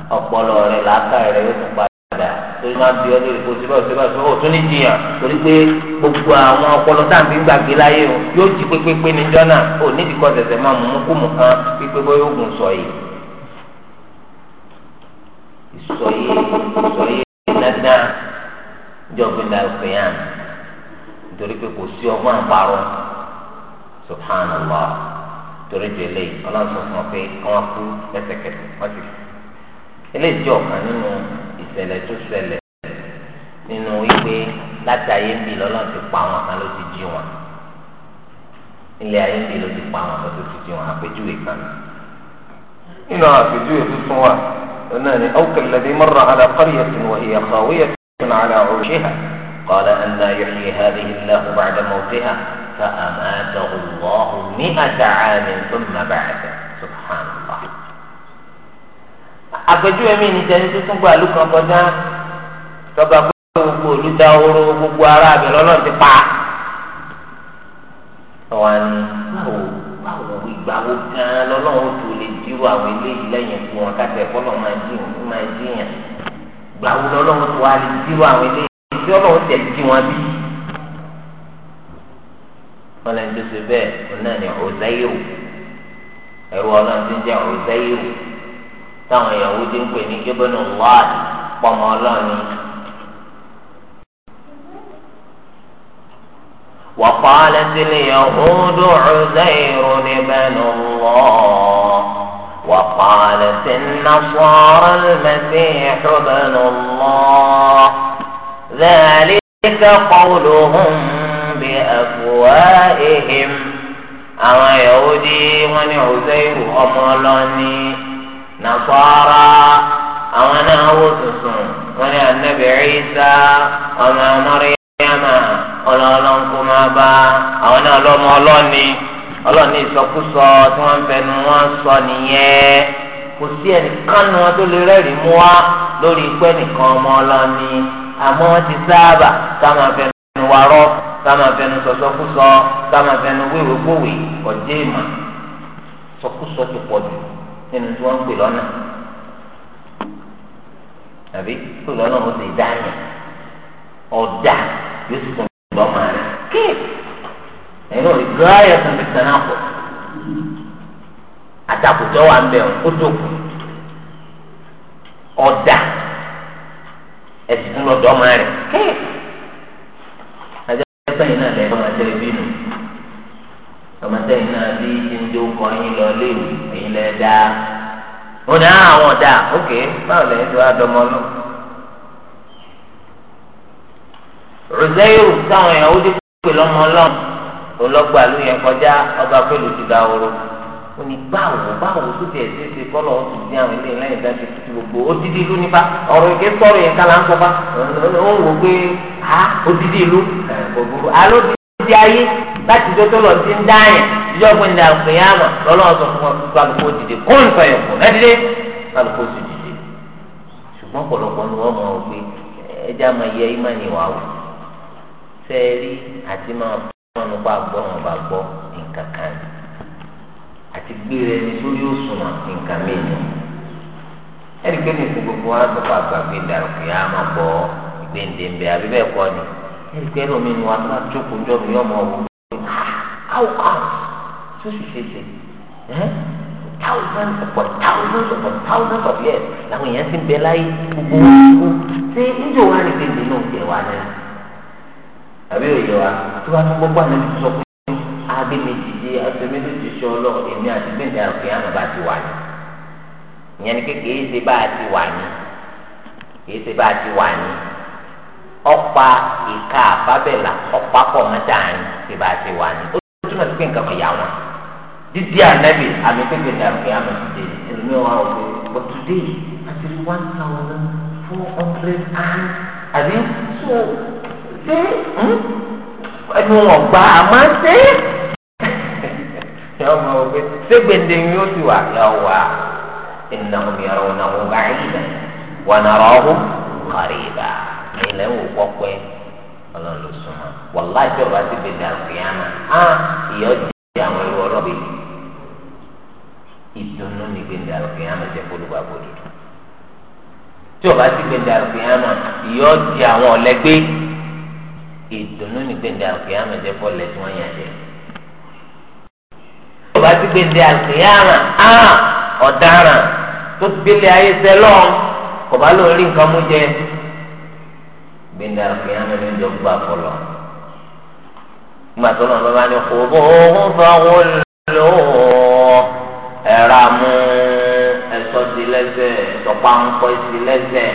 ọpọlọ rẹ làákà rẹ yóò tún padà torí máa ń bí ọdún ìrìkò síbẹ̀ síbẹ̀ síbẹ̀ òtún ní jiyàn torí pé gbogbo àwọn ọpọlọ táàbí gbàgbé láyé o yóò jí pépépé ní jọ́nà ò ní ìdíkọ́ tẹ̀tẹ̀ máa mú kú mú kan pípé bóyá oògùn sọ yìí ìsọ yìí ìsọ yìí dandan jọ̀gbìn dàrúkìyàn nítorí pé kò sí ọgbọ́n àpárọ̀ subhanallah torí ju eléyìí ọlọ́run sọ fún ọ pé wọ́n kú lẹ́sẹ̀kẹsẹ̀ wọ́n ti fi eléyìí jẹ́ ọ̀kan nínú ìṣẹ̀lẹ̀ tó ṣẹlẹ̀ nínú wípé látàyé ń bì lọ́lọ́run ti pa àwọn kan ló ti jí wọn ilé ayé ń bì ló ti pa àwọn kan ló ti jí wọn àpèjúwe kan nínú àpèjúwe tuntun wa náà ni ọ̀kẹ́ lẹ́dí mọ́rọ̀ àlà kọ́rìyàtì wọ̀ ìyà kọ̀wéyàtì àlà òṣìṣẹ́ قال أن يحيي هذه الله بعد موتها فأماته الله مئة عام ثم بعد سبحان الله àpèjúwe mi ní tẹni tó tún gba ìlú kan kọjá tọba gbogbo olùdáwòrò gbogbo ara àbẹ lọ́lọ́run ti pa ọwọ ni báwo báwo ìgbà wo gan lọ́lọ́run tó lè dírò àwọn eléyìí lẹ́yìn fún wọn káṣẹ fọlọ máa jí wọn máa jí yàn gbà wo tó wà lè dírò àwọn eléyìí tí ọlọ́run tẹ jí wọn bí. wọn lẹni tó ṣe bẹ́ẹ̀ wọn náà ní ọ̀záyìrù ẹ̀rù ọlọ́run ti ń jẹ́ ọ̀záyìrù táwọn ìyàwó ti ń pè ní kébọ́nù wáàd pọmọ ọlọ́run وقالت اليهود عزير ابن الله وقالت النصارى المسيح ابن الله ذلك قولهم mi ẹ̀fùwá ehim àwọn Yahudi wọ́n ní Uzairu ọmọ ọlọ́ni Nasara àwọn náà wò tuntun wọ́n ní Ànábì Isa ọmọ Maryama ọlọ́ọ̀lọ́nkùnmába àwọn náà lọ́mọ ọlọ́ni ọlọ́ni ìsọkúsọ tí fẹnu wọn sọ nìyẹn kò sí ẹnìkan tó lè mú wa lórí ọmọ àmọ́ ti sáábà táwọn afẹnu sọsọkúsọ táwọn afẹnu wéwèkówè ọjẹ ìmọ̀ sọkúsọ ti pọ̀ jù nínú tí wọ́n ń pè lọ́nà àbí pè lọ́nà ó ti dáná ọ̀dà yóò sì tún lọ́mọ rẹ̀ kí ẹ̀yin náà rí gáyà tó ń fi tẹ̀ náà pọ̀ àtàkùtọ̀ wà ń bẹ̀ ọ́n kó tó kù ọ̀dà ẹ̀sìn lọ́dọ̀ ọmọ rẹ̀ kí tẹ bínú tọmọtẹ́yìn náà bí ti ń dé yín lọ léwu èyí lẹ dá wọn ní ah, àwọn dá ókè báwo lẹ́yìn tó wá lọ. rùzẹ́yìrù táwọn èèyàn dé pé lọ́mọ ọlọ́run olọ́gbà ló yẹ kọjá ọba pẹ̀lú ti da ooru ó báwo báwo tó tiẹ̀ ṣe é ṣe kọ́ lọ́wọ́ àwọn ilé ńlá yẹn dájú gbogbo ó ìlú nípa ọ̀rọ̀ ìké sọ̀rọ̀ yẹn kálá ń kọ́ bá ó ń wò pé á ah, ó ìlú gbogbo alódì di ayé láti tó tó lọ sí ń dáyìn ìjọ gbẹ̀ndà àgbẹ̀yàmà lọ́lọ́wọ́ sọ fún wọn kálukó dìde kóòlù fẹ̀yọ̀ kò mẹ́dídé kálukó sì dìde ṣùgbọ́n pọ̀lọpọ̀ ni wọ́n mọ̀ ọ́ pé ẹja máa yẹ ẹ́ máa níwà wò sẹ́ẹ̀rí àti máa fún wọn bá gbọ́ wọn bá gbọ́ nǹkan kan àti gbére ẹni sórí òṣùwọ̀n nǹkan mìíràn ẹnì kéde ìsìn gbogbo wa sọ fún àgbàgbé dàrú kìí á máa bọ ìgbéǹde nígbà ẹ̀rọ mi wà ní àjọkùn jọ mi ọmọ ọ̀hún káwọ́ káwọ́ tó sì ṣe ṣe thousands upon thousands upon thousands of years làwọn èèyàn ti ń bẹ láyé gbogbo wọn kú ṣé níjọ wa ni bèbè náà ń bẹ wá náà àbí òye wa tí wàá tún gbogbo àná sọ pé abẹ méjì dé aṣọ méjì ti ṣe ọlọ èmi àti bẹ́ẹ̀ àrùkè àmọ́ bá ti wà ní ìyẹn ni kékeré ṣe bá a ti wà ní kékeré ṣe bá a ti wà ní ọ̀pá ìka àbábẹ̀là ọ̀pá pọ̀ mẹ́tàrin ìbá ti wà ní. ó túmọ̀ sí pé nǹkan kan yà wọ́n. dídí ànábì àmì pépè ní àmì àmì ti dé ẹlòmí wa wọ pé but today àti rí one thousand four hundred and àbí so ṣé hmm? ẹnu wọn gbà á máa ọmọ wọ pé ṣé gbèǹde ti wà yọ wà ìnáwó yàrá ònàwó báyìí wọn náà rọ ọhún kọrí ibà ilẹ̀ wò kọ́kọ́ ẹ ọlọ́run ló súnmọ́ wàláì tí ọba ti bèèrè àlùkìyàmà á ìyọ́ jẹ́ àwọn ẹrú ọlọ́bì ìdùnnú ní bèèrè àlùkìyàmà jẹ́ fọlùbàbò dúdú tí ọba ti bèèrè àlùkìyàmà ìyọ́ jẹ́ àwọn ọ̀lẹ́gbẹ́ ìdùnnú ní bèèrè àlùkìyàmà jẹ́ fọlẹ̀ tí wọ́n yàn jẹ́ tí ọba ti bèèrè àlùkìyàmà á ọ̀daràn tó gbélé ayé sẹ́lọ̀ kọ̀ọ̀bá lórí nǹkan mú jẹ́ gbẹ̀ndé àkùnyánu ní ìjọ gbà fọlọ. gbàtọ́ náà bàbá ní kò bó ń fọwọ́ lò ẹ̀rà mú ẹ̀sọ́ sí lẹ́sẹ̀ tọ́pá ń pẹ́ sí lẹ́sẹ̀.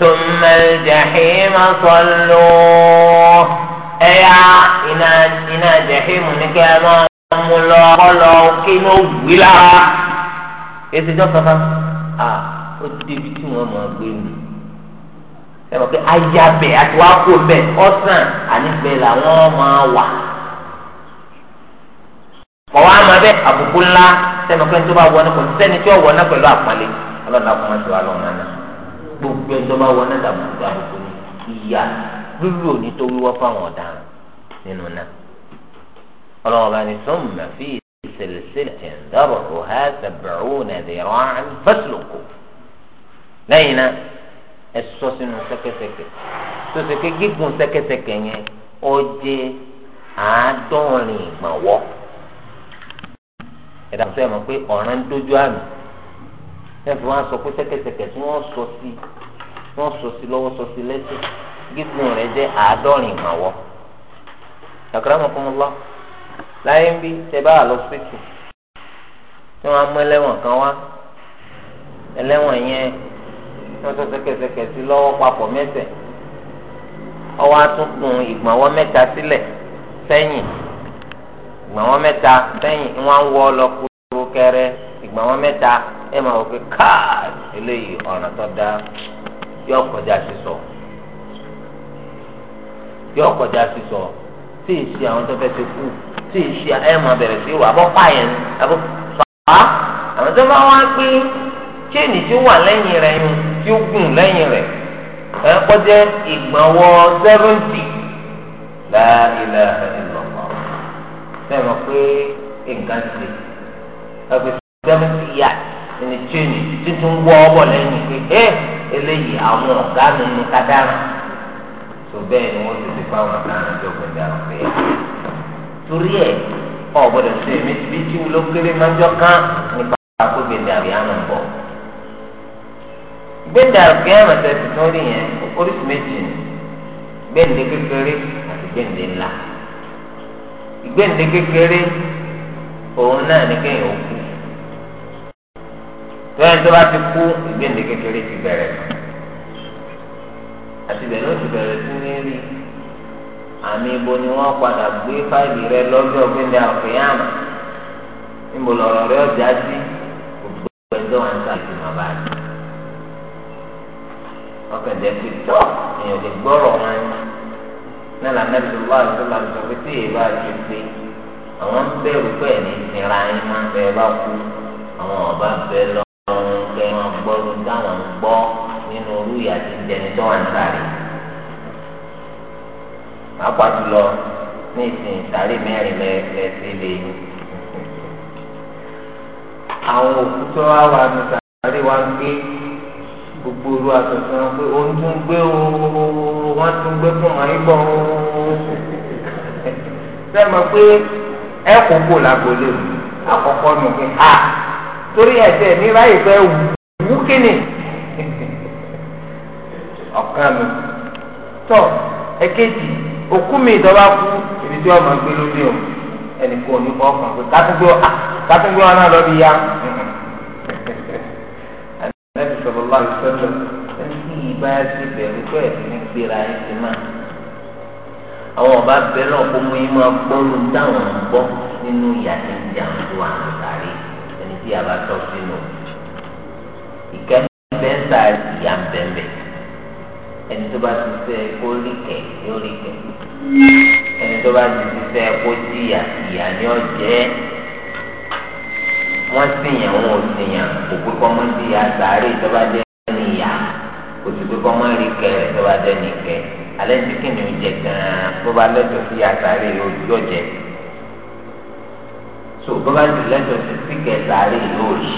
ثم الجحيم صلوه ẹ̀yà iná iná jẹ̀hímù ní kí ẹ máa mú lọ kọ́lọ̀ kí ló wí lára. èsì jọ́ sọ́fà ó débi tí ẹ mọ̀ pé ayabẹ̀ àti wàá kó bẹ́ẹ̀ ọ̀sán àníbẹ̀ làwọn máa wà. kọ̀wá máa bẹ́ àbùkù ńlá sẹ́mi pé tó bá wọ náà kò sẹ́ni tí ó wọ náà pẹ̀lú àpọ́nlé ọlọ́dà kò má ti wà lọ́wọ́ náà gbogbo ẹni tó bá wọ náà dàbùkù àbùkù ni ìyá lúlù òní tó wíwọ́ fáwọn ọ̀daràn nínú náà. ọlọ́wọ́ bá ní sọ́mùmá fi ìṣẹ̀lẹ̀ṣẹ̀lẹ̀ tẹ̀ ń dọ́rọ̀ ẹ sọ sínú ṣẹ̀kẹ̀ṣẹ̀kẹ̀ tó ṣe pé gígùn ṣẹ̀kẹ̀ṣẹ̀kẹ̀ yẹn ó jẹ́ àádọ́rin ìgbọ̀nwọ́ ẹ̀dá sọ ẹ̀ mọ̀ pé ọ̀ràn dojú àmì ẹ̀fọ́ wọn sọ pé ṣẹ̀kẹ̀ṣẹ̀kẹ̀ tí wọ́n sọ sí wọ́n sọ sí lọ́wọ́ sọ sí lẹ́sẹ̀ gígùn rẹ̀ jẹ́ àádọ́rin ìgbọ̀nwọ́ akramakumullah láyé ń bí tẹ bá àlọ́ sípìtì tí wọ́n mú ẹlẹ́wọ̀n kan wá ẹlẹ́wọ̀n yẹn. tó ṣẹkẹṣẹkẹsí lọ́wọ́ papọ̀ mẹ́sẹ̀ ọwọ́ atúnkùn ìgbọ̀nwọ́ mẹ́ta sílẹ̀ sẹ́yìn ìgbọ̀nwọ́ mẹ́ta sẹ́yìn wọ́n ń wọ́ lọ kúrú kẹrẹ ìgbọ̀nwọ́ mẹ́ta ẹ̀ máa wò pé káàdì eléyìí ọ̀ràn tó dá yọ kọjá sísọ yọ si sísọ tí ì ṣe àwọn tó fẹ́ ti kú tí ì ṣe ẹ̀ máa bẹ̀rẹ̀ sí ìwà abọ́ abọ́ tí ó gùn lẹ́yìn rẹ̀ ẹ̀ kọjá ìgbọ̀nwọ́ sẹ́fúntì láìlà ìlọ̀mọ́ sẹ́mi pé nǹkan ti ẹgbẹ́ sẹ́fúntì yá ẹni tíyẹnì títún wọ́ ọ́ bọ̀ lẹ́yìn pé ẹ́ eléyìí àwọn ọ̀gá mi ní kádàrà tó bẹ́ẹ̀ ni wọ́n ti ti fáwọn ọ̀gá mi tó gbẹ̀dẹ̀ àwọn pé torí ẹ̀ ọ̀ gbọ́dọ̀ sí ẹ̀mí tí wúlò kéré máa jọ kán nípa àkógbèdè àríyá náà bọ̀ gbẹ̀ndà kẹ́hìnmà tẹ̀sí tó rí yẹn oríṣi méjì ni gbẹ̀ndé kékeré àti gbẹ̀ndé ńlá ìgbẹ̀ndé kékeré òun náà ní kéèyàn ó kú tọ́yìn tó bá ti kú ìgbẹ̀ndé kékeré ti bẹ̀rẹ̀ àti bẹ̀rẹ̀ ó ti bẹ̀rẹ̀ sí ní rí àmì ibo ni wọ́n padà gbé fáìlì rẹ lọ́jọ́ gbẹ̀ndé àfẹ́yàmà níbo lọ̀rọ̀ rẹ ọjà sí gbogbo ẹ̀dọ́ wọn ta ìgbìmọ̀ wọn kàn jẹ́ pé tó èèyàn lè gbọ́rọ̀ wọn náà lànà ìṣòwò àti ìṣòwò pé tí èèyàn bá ti pé àwọn ń bẹ̀rù pé ẹ̀ní ìsinra yín máa ń bẹ bá kú àwọn ọba bẹ lọ́rùn kẹ́ wọn gbọ́rọ̀ táwọn ń gbọ́ nínú orú ìyá ti jẹni tó wà ń pàápàá jùlọ ní ìsìn ìsáré mẹ́rin lẹ́ẹ̀sì lè yín àwọn òkú tó wá wà ní gbogbo olú àtọ̀tọ̀ wọn pé òun tún gbé ooo wọ́n tún gbé fún wọn yíbọn ooo sẹ́mi pé ẹ kò kó làgòlè àkọ́kọ́ nù pé a torí ẹ̀sẹ̀ ní ráyè fẹ́ wú kíni ọ̀kan mi tọ́ ẹ̀kejì òkú mi ìdọ́ba kú ibi tí wọ́n máa gbé lórí o ẹnì kan ò ní kọ́ ọkàn pé kátúgbó wọn náà lọ bí ya sọlọ́lá ìfẹ́lẹ̀ ẹni tí ìbá ti bẹ̀rù pé ẹ̀sìn ní gbéra ẹ̀ ti máa. àwọn ọba bẹ́ẹ̀ náà kó mú ìmọ̀ gbọ́rù dáhùn ń bọ́ nínú ìyá tí ń jà ń tó àrùn sáré ẹni tí àbá tọ́ sínú. ìkẹ́ni bẹ́ẹ̀ ń ta ìyá ń ẹni tó bá ti fẹ́ kó rí kẹ̀ ẹni tó bá ti fẹ́ kó jìyà ìyá ni ọ wọ́n sìyàn wọn ò sìyàn kò pé kọ́ mọ́ sí àtàrí ìjọba jẹ́ ní ìyá kò sì pé kọ́ mọ́ rí kẹ́ ìjọba jẹ́ ní kẹ́ alẹ́ tí kìnnì ń jẹ gan-an bó lẹ́tọ̀ sí àtàrí yóò jẹ so bó bá lẹ́tọ̀ sí sí kẹ́ àtàrí yóò rí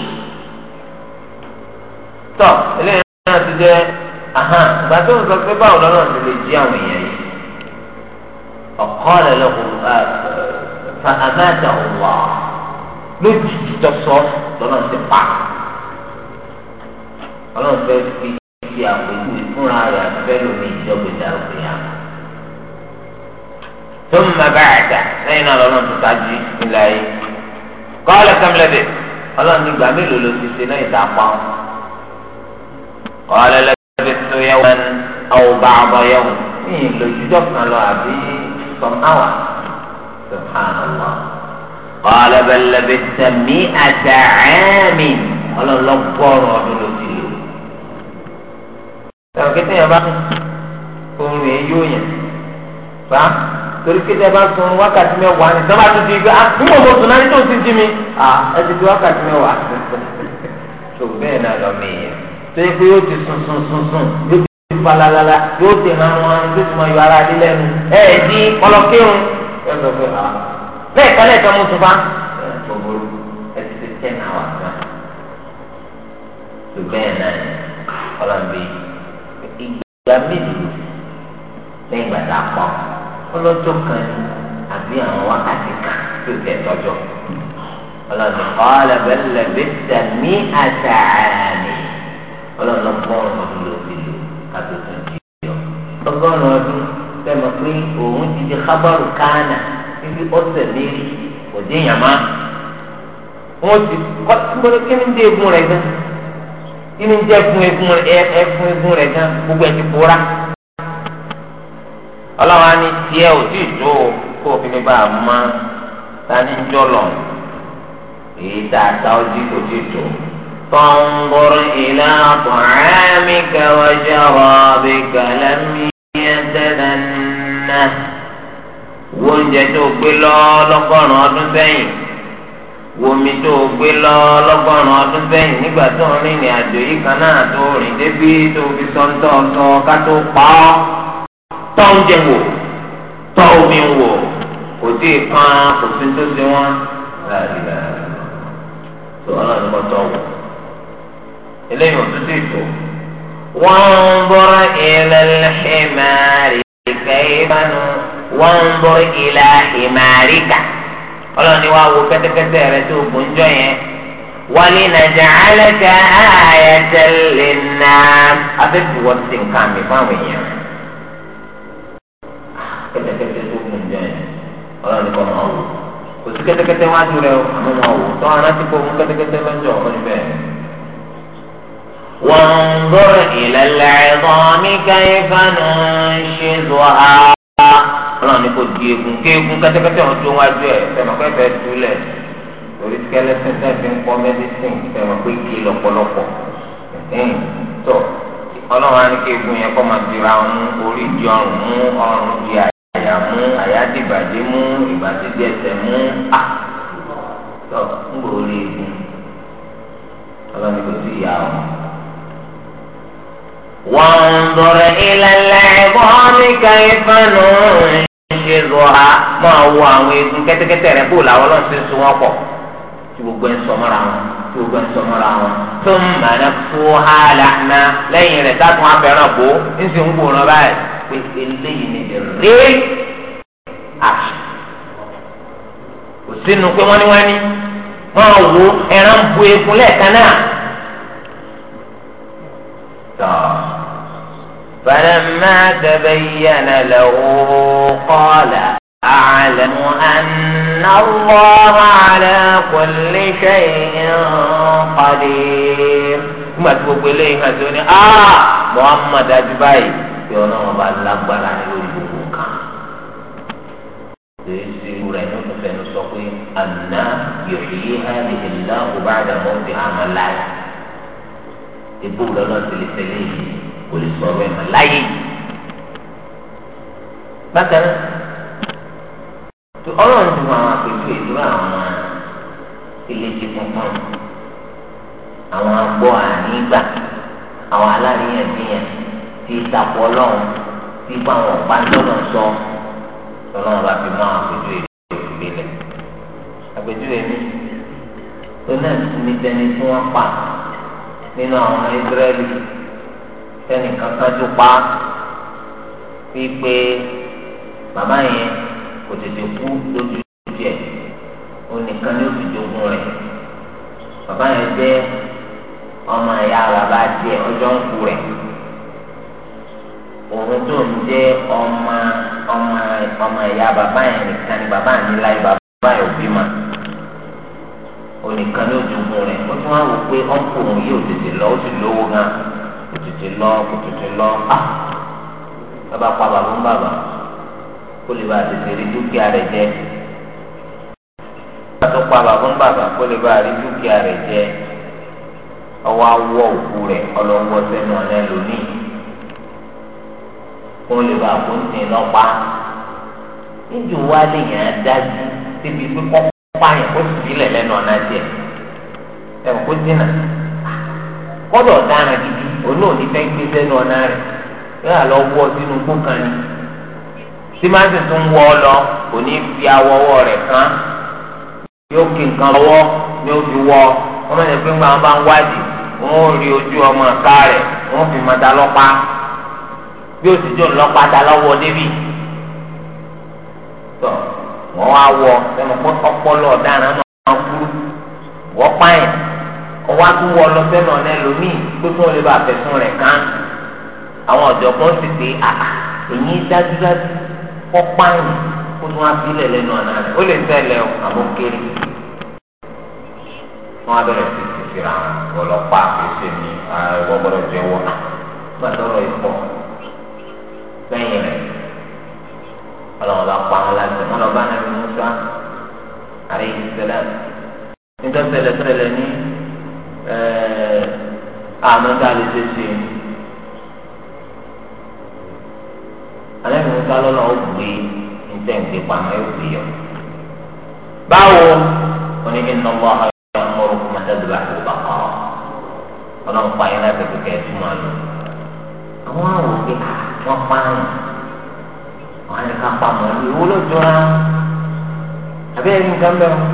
tọ́ eléyìí náà ti jẹ́ ìgbà tó ń sọ pé báwo lọ́nà ti lè jí àwọn èèyàn yìí ọ̀kọ́ rẹ̀ lọ́kùnrin fa àbájáde lójijì tọ́sọ lọ́nà ti pa ọlọ́run fẹ́ fi ti àpèjúwe fúnra rẹ̀ fẹ́ lómi ìjọba ìdàrú ìyá tó ń bàbá àdá lẹ́yìn náà lọ́nà tó ṣáájú nílẹ̀ ayé kọ́ọ̀lù kẹ́mílẹ́dẹ̀ ọlọ́run ní ìgbà mélòó ló ti ṣe náà ìta pa ọ́ kọ́ọ̀lù lẹ́gbẹ̀ẹ́ tó yẹ wọn ọ̀hún bá ọmọ yẹ wọn ní ìlòjújọ́ kan lọ àbí some hours subhanallah qala bal labithta mi'ata 'amin ọlọ́lọ́gbọ́rọ̀ ọdún ló ti lò. sọ̀rọ̀ kí tẹ̀yàn bá oorun yẹn yóò yẹn fa torí kí tẹ̀yàn bá sun wákàtí mẹ́wàá ní sábà tó ti gbé àkúmọ̀ mo sùn náà ní tó ti jí mi ẹ ti di wákàtí mẹ́wàá tó bẹ́ẹ̀ náà lọ mí yẹn tó pé yóò ti sun sun sun sun yóò ti falalala yóò ti hàn wọn yóò ti mọ yọ ara dé lẹ́nu ẹ̀ẹ́dì ọlọ́kẹ́rùn-ún ẹ̀ bẹ́ẹ̀ kọ́lẹ̀ kan mo tún bá. ẹ ti ṣe ten hours náà tó bẹ́ẹ̀ náà ni ọlọ́mọbi ìgbà méjì lẹ́yìn ìgbà tá a pọ̀ ọlọ́jọ́ kan àbí àwọn wákàtí kan tó tẹ̀ tọ́jọ́ ọlọ́ni ọ̀ọ́lẹ̀ bẹ́ẹ̀ lẹ́bi tẹ̀mí àtààmì ọlọ́ni ọgbọ́n ọdún ló fi lò kábíyèsí ọdún ún ọdún fẹ́ẹ́ mọ̀ pé òun ti di kábọ́ọ̀lù kánà tí ọ̀sẹ̀ lérí kò dé yàn má wọ́n ti kọ́ gbọ́dọ̀ kí ni ń dé egun rẹ̀ gan kí ni ń jẹ́ fún egun rẹ̀ ẹ fún egun rẹ̀ gan gbogbo ẹ̀ ti kóra ọlọ́wọ́n á ní tiẹ̀ ò tí ì tó o kó o fi lè bá a mọ́ tani ń jọ lọ èyí tá ojú kò tí ì tó o. فانظر إلى طعامك وشرابك لم يتدنه wo oúnjẹ tó o gbé lọ lọ́gọ́rùn-ún ọdún sẹ́yìn wo omi tó o gbé lọ lọ́gọ́rùn-ún ọdún sẹ́yìn nígbà tó ń rìn ìrìn àjò yìí kan náà tó rìn débi tó fi sọ́ńtọ́ tọ́ ká tó pa ọ́ tọ́ oúnjẹ wò tọ́ omi wò kò tí ì kan kò sí tó ṣe wọ́n láàrínlá tó ọlọ́run kọ́ tọ́ wò eléyìí ò tún sí ìtò. wọ́n ń bọ́ra ilẹ̀ lẹ́hìn máa rí kẹ́hìn bá nù wanzur ila himarika ọlọ́ni wa wo kẹ́tẹ́kẹ́tẹ́ rẹ tó gbóńjọ yẹn wali naj'alaka ayatan linnas afẹ́fẹ́ wọ́n ti nǹkan mi fáwọn èèyàn ah, kẹ́tẹ́kẹ́tẹ́ tó gbóńjọ yẹn ọlọ́ni kọ́ máa wò kò sí kẹ́tẹ́kẹ́tẹ́ wá rẹ ọmọ máa wò tó ara ti kó fún kẹ́tẹ́kẹ́tẹ́ lọ́jọ́ ọmọ níbẹ̀. wanzur ila al'idhami kayfa nunshizuha ọlọ́run ní kò di egun kí egun kẹ́tẹ́kẹ́tẹ́ wọn tó wájú ẹ̀ fẹ̀mọ̀ pé fẹ́ túlẹ̀ torí fi ń kọ́ mẹ́dísìn fẹ̀mọ̀ pé kí lọ́pọ̀lọpọ̀ tó ọlọ́run á ní kí egun yẹn kọ́ máa dira mú orí di ọrùn mú ọrùn di àyà mú àyà mú ìbàdí di ẹsẹ̀ mú à tó ń gbò orí egun ọlọ́run kò sí ìyá ọ وانظر إلى العظام كيف ننشزها ẹnjẹ lọ́ra máa wo àwọn egun kẹ́tẹ́kẹ́tẹ́ rẹ bó làwọn sun pọ̀ tí gbogbo ẹ̀ ń sọmọ́ra wọn tí gbogbo ẹ̀ ń sọmọ́ra wọn tó ń mọ̀nà fún lẹ́yìn rẹ̀ a abẹ́ràn bò ń sì ń báyìí pé eléyìí ni èrè àṣà kò sínú pé wọ́n ní wọ́n ní máa wo ẹran bu egun lẹ́ẹ̀kan náà. فلما تبين له قال أعلم أن الله على كل شيء قدير nígbà tí gbogbo eléyìí hàn sí ó ní ah Muhammad adibayi pé ọlọ́run bá lágbára ní lórí gbogbo nǹkan. èyí sì rẹ̀ ní olùfẹ́nu sọ pé àná yòòyì hàlìhì náà kò bá dàbọ̀ fi hàn án láì. ebú lọ́nà tẹ̀lé tẹ̀lé yìí kò lè sọ̀rọ̀ ẹ̀ mọ́ láyé yìí. bákan náà tó ọlọ́run ti mú àwọn àpèjú ìdúrà àwọn ìlejì funfun àwọn agbọ́ ànígbà àwọn aláríyànjiyàn ti ìtàkùn ọlọ́run ti bá àwọn ọ̀pá lọ́nà sọ ọlọ́run bá fi mú àwọn àpèjú ìdúrà lẹ̀ àpèjú ẹ̀mí tó náà ti ní tẹni tí wọ́n pa nínú àwọn Ísírẹ́lì tẹnìkan kájú pa wípé bàbá yẹn kò tètè kú lójú jẹ onìkan ní òfin jogún rẹ̀ bàbá yẹn jẹ ọmọ ẹ̀yà bàbá jẹ ọjọ́ ń kú rẹ̀ òun tó ń jẹ ọmọ ọmọ ọmọ ẹ̀yà bàbá yẹn nìkan ni bàbá yẹn láyé bàbá yẹn òbí ma onìkan ní òjogún rẹ̀ ó tún wá wò pé ọ̀pọ̀ yìí ò tètè lọ ó sì lówó gan kò lọ kò lọ á ah! bàbá pa bàbá ń bàbá kó lè bá tètè rí dúkìá jẹ bàbá tó pa bàbá ń bàbá kó lè bá rí dúkìá jẹ ọwọ́ awọ òkú rẹ ọlọ́wọ́ sẹ́nu ọ̀nà lónìí kó lè bá kó ń tẹ̀ lọ́pa níjò wá lèèyàn adájú pé ah! kọ́ òun náà ní fẹ́ gbé sẹ́nu ọ̀nà rẹ̀ yóò lọ wọ sínú gbókan ni tí máa ń sì tún wọ ọ lọ kò ní fi awọ ọwọ́ rẹ̀ kán yóò kí nǹkan lọ́wọ́ ni ó fi wọ ọ mọ̀ ní pé ńgbà wọn bá ń wádìí wọn ò rí ojú ọmọ ọ̀ká rẹ̀ wọn fi mọ ta lọ́pàá bí ó sì jọ lọ́pàá ta lọ́wọ́ débi tọ̀ wọ́n wá wọ ẹnu pé ọpọlọ ọ̀daràn náà kú wọ́n pààyàn ọwọ́ tún wọ ọlọ́fẹ́ náà náà lómìn pé kí wọ́n lè bá àfẹ́sùn rẹ̀ kán àwọn ọ̀jọ̀gbọ́n sì pé àà èyí dájúdájú kọ́ páàyàn kó tún wá sílẹ̀ lẹ́nu ọ̀nà rẹ̀ ó lè ṣẹlẹ̀ o àbó kéré wọn á bẹ̀rẹ̀ sí ti fira ọlọ́pàá àfẹ́sẹ̀ mi àwọn ọgbọ́dọ̀ jẹ́wọ́ náà gbàdọ́rọ̀ ìpọ̀ nǹkan mẹ́wọ́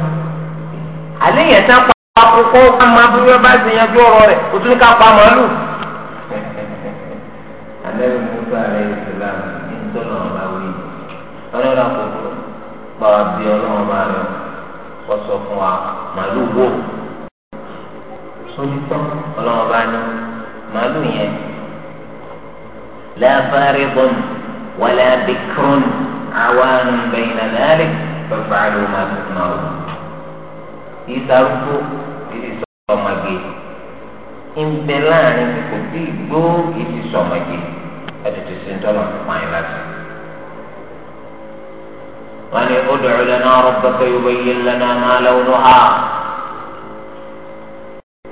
àlẹ́ yẹn tán pa àkókò ká máa bí wọ́n bá ti yanjú ọ̀rọ̀ rẹ̀ o tún ní ká pa màálù. alẹ́ mi mú bá rẹ̀ islam ní tọ́lọ̀ ọba wí ọlọ́run àkókò pa bí ọlọ́run bá rẹ̀ kọ́ sọ fún wa màálù wò sórí tán ọlọ́run bá ní màálù yẹn lábárí bọ́ọ̀nù wàlẹ́ àbíkúrọ́nù àwọn àrùn bẹ̀yìn nàlẹ́ فافعلوا ما تؤمرون إذا ركوا إذا sọmọge ńbẹ láàrin kò tí ì gbó ìdí sọmọge ẹtùtù sí ńtọ́lọ̀ nípa yín láti. wọ́n ní ó dọ̀rọ̀ lẹ́nu ọ̀rọ̀ pẹ́pẹ́ yóò yé lẹ́nu máa lẹ́wọ́ ló hà.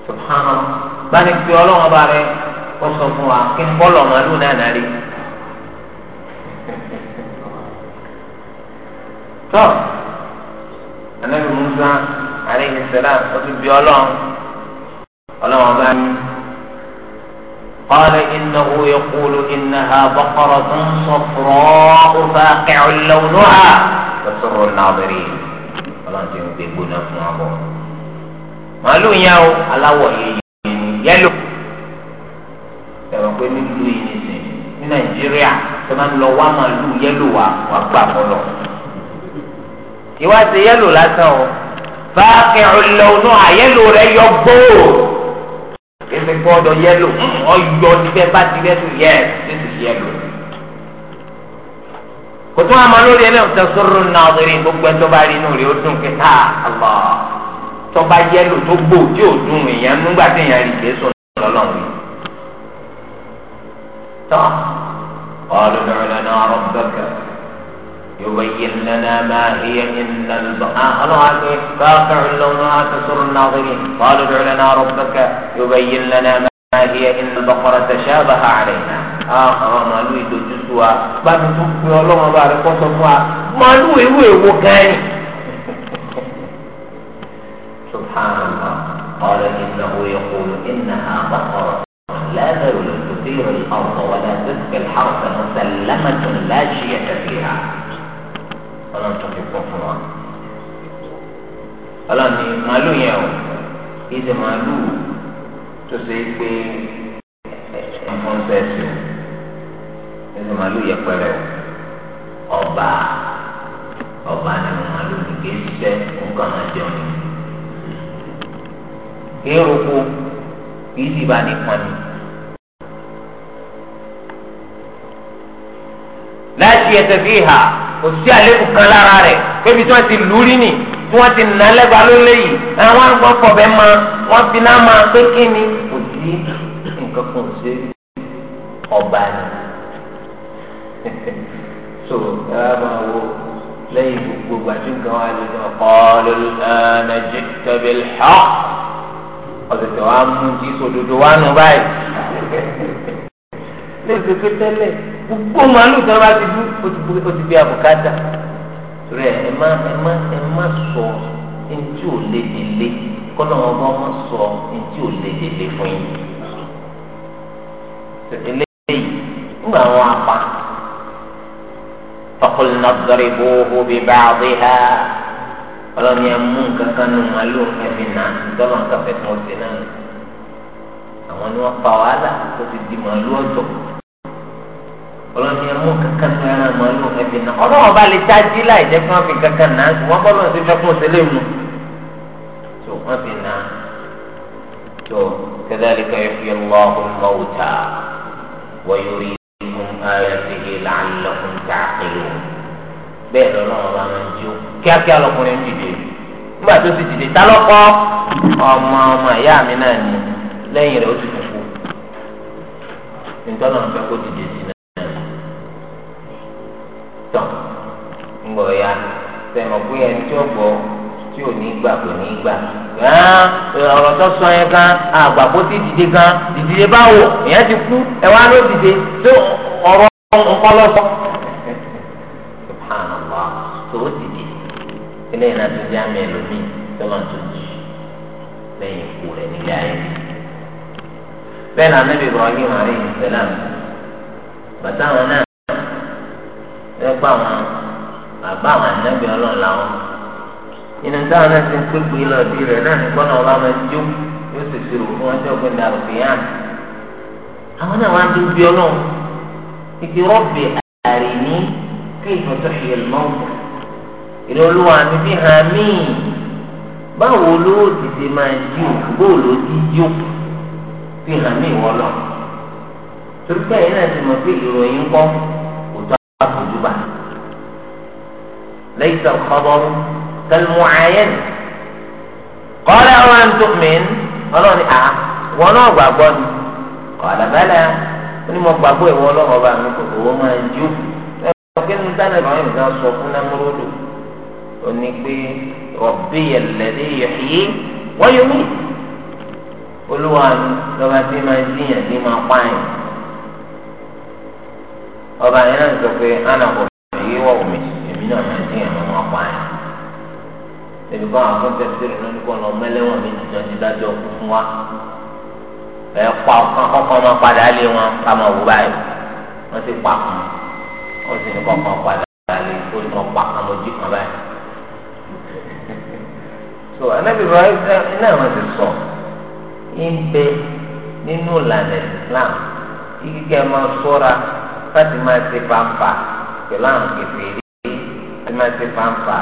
subhanahu báni pé ọlọ́wọ́n bá rẹ ó sọ fún wa kí n bọ́lọ̀ màálù náà náà rí. tọ́ sẹlẹm ó tún bí ọlọ́run ọlọ́run bá ní. قال إنه يقول إنها بقرة صفراء فاقع لونها تسر الناظرين ọlọ́run ti ń gbé gbóná fún abọ́ màálù yẹn o aláwọ̀ yẹn yẹlò ẹ̀rọ pé nílùú yìí nìsín ní nàìjíríà tó máa ń lọ wá màálù yẹlò wa wà gbà fọlọ ìwádìí yẹlò lásán o fáàkì ọlọ́ọ̀nù àyẹ̀lò rẹ̀ yọ gbóò kẹsẹ̀ gbọ́dọ̀ yẹlò hmm, ọ̀yọ́ níbẹ̀ bá ti rẹ̀ tó yẹ títí yẹlò. kò tún àmọ́ lórí ẹlẹ́yìn tó sọ̀rọ̀ náà lórí gbogbo ẹ̀ tó bá rí inú rẹ̀ ó dùn kíkà àlọ́ tó bá yẹlò tó gbò tí ò dùn èèyàn nígbà tí èèyàn rí jésù lọ́lọ́run. tọ́ ọ̀dọ̀ lọ́rọ̀ lọ́nà ọ̀rọ̀ bẹ́ẹ̀ يبين لنا ما هي إن فاقع آه، لو لونها تسر الناظرين قالوا ادع لنا ربك يبين لنا ما هي إن البقرة تشابه علينا آخر آه، آه، ما نريد يدجسوا بعد تبقي الله بارك وصفوا ما يوي وكاين سبحان الله قال إنه يقول إنها بقرة لا ذلول تثير الأرض ولا تسقي الحرث مسلمة لا شيء فيها ọlọ́run tó fi pọ̀ fún wa. ọlọ́run ní màálù yẹn o ìdè màálù tó ṣe é pé ẹ̀fọn sẹ́ẹ̀sì o ìdè màálù yẹ pẹ́rẹ́ o ọba ọba nínú màálù ní kí ṣiṣẹ́ nǹkan máa jẹun ní. kí kì í sì bá nìkan ni. láti ẹsẹ̀ fi hà kò sí àlékún kan lára rẹ̀ pébi tí wọ́n ti lù ú rí nì tí wọ́n ti nà lẹ́gba ló léyìí àwọn àgbọn fọ̀bẹ ma wọ́n fi náà máa pé kí ni kò sí nǹkan kan ṣe ọba ni so ẹ wá máa wo lẹ́yìn gbogbo gbàtí nǹkan wá lè lọ kọ́ọ́lù ẹnẹjì tẹ̀bí lọ́ ọ̀sẹ̀ tẹ̀ mú jí sódodo wá nù báyìí. tẹ́sí pé tẹ́lẹ̀ gbogbo màálù tí wọ́n bá ti dú ó ti gbé àbùkádà rẹ ẹ má ẹ má ẹ má sọ ntí ò lè délé kọ́nà wọn bá wọn sọ ntí ò lè délé fún yín. eléyìí ńgbà wọn apá faqulna idribuhu bi ba'diha ọlọ́ni ẹ mú nǹkan nù màálù ẹ̀mí náà dọ́là nǹkan fẹ́ tó ń ṣe náà àwọn ni wọ́n pa wàhálà tó ti di màálù ọ̀tọ̀ ọlọ́ni ẹ mú kankan ní ara màálù ẹbí náà ọlọ́wọ́n bá lè dájí láì jẹ́ kí wọ́n fi kankan náà sùn wọ́n bọ́ lọ́wọ́ sí fẹ́ fún òṣèlè mu tó wọ́n fi nà tó kadhalika yuhyi Allahu al-mawta wa yuriikum ayatihi la'allakum ta'qilun bẹ́ẹ̀ lọ́lọ́wọ́n bá máa ń jó kíákíá lọkùnrin dìde nígbà tó ti dìde tá lọ́kọ́ ọmọ ọmọ ìyá mi náà ni tán ńgbọ̀ ya sẹ̀mọ̀ pé ẹni tí ó gbọ́ tí ò ní gbà kò ní gbà ọ̀rọ̀ tó sọ yẹn gan àgbàpọ̀ ti dìde gan dìde báwo èèyàn ti kú ẹ wá ló dìde tó ọ̀rọ̀ nǹkan lọ́sọ̀ tó o ti di eléyìí náà tó di àmì ẹlòmíì tó máa tó di lẹ́yìn ikú rẹ̀ nílé ayé bẹ́ẹ̀ náà níbi ìrọ̀lẹ́ ìrọ̀lẹ́ ìrọ̀lẹ́ bàtà wọn náà ẹgbẹ́ àwọn bàbá àwọn ànábì ọlọ́run làwọn nínú táwọn náà ti ń pépè lọ́ọ̀dì rẹ̀ náà nígbọ́n náà ọlọ́run máa ń jó yóò sì ṣe òfin wọn jọ́ gbẹ̀dẹ̀ àrùbíyàn àwọn náà wá ń dúbí ọlọ́run ìdí rọ́bì àrìní kí ìfọ̀tọ̀ ṣe lọ́wọ́ ìlú olúwa mi bí hàn mí báwo ló dìde máa jí òkú bóò ló ti jí òkú fi hàn mí wọ́lọ́ torí pé ẹ̀yin náà ti mọ̀ pé ìròyìn kọ́ àtúntúbà ليس الخبر كالمعاينة قال أوان تؤمن ọlọ́run ni àá wọn náà gbàgbọ́ ni ọ̀là bẹ́lẹ̀ ó ní mo gbàgbọ́ ìwọ ọlọ́run ọba mi kò owó máa ń jó ẹ̀rọ kí ní dáná ìbáwọn ènìyàn sọ fún námúròdò ó ní pé ọ̀bí ẹ̀lẹ́dẹ́ yẹ̀yí wọ́n yóò mí olúwa mi lọ́ba tí máa ń jiyàn ní máa pààyàn ọba yẹn náà sọ pé ana kò yí wọ omi èmi náà máa dín ẹ̀mọ́ wọn pa ẹ̀. èmi kọ́ àwọn fún tẹ̀sí rẹ̀ lónìí kọ́ lọ mẹ́lẹ́wọ̀n mi ti jọ́jú dájọ́ fún wa. ẹ pa ọ̀kan kọ́kọ́ máa padà lé wọn ká máa wù báyìí wọ́n ti pa kan wọ́n sì ní kọ́kọ́ padà lé kó ní pa kan lójú kan báyìí. so anabi ibrahim náà wọ́n ti sọ ń bẹ nínú ìlànà Islam kíkẹ́ máa sọ́ra láti máa ṣe pàmpà pẹ̀lú àwọn kẹfìrí láti máa ṣe pàmpà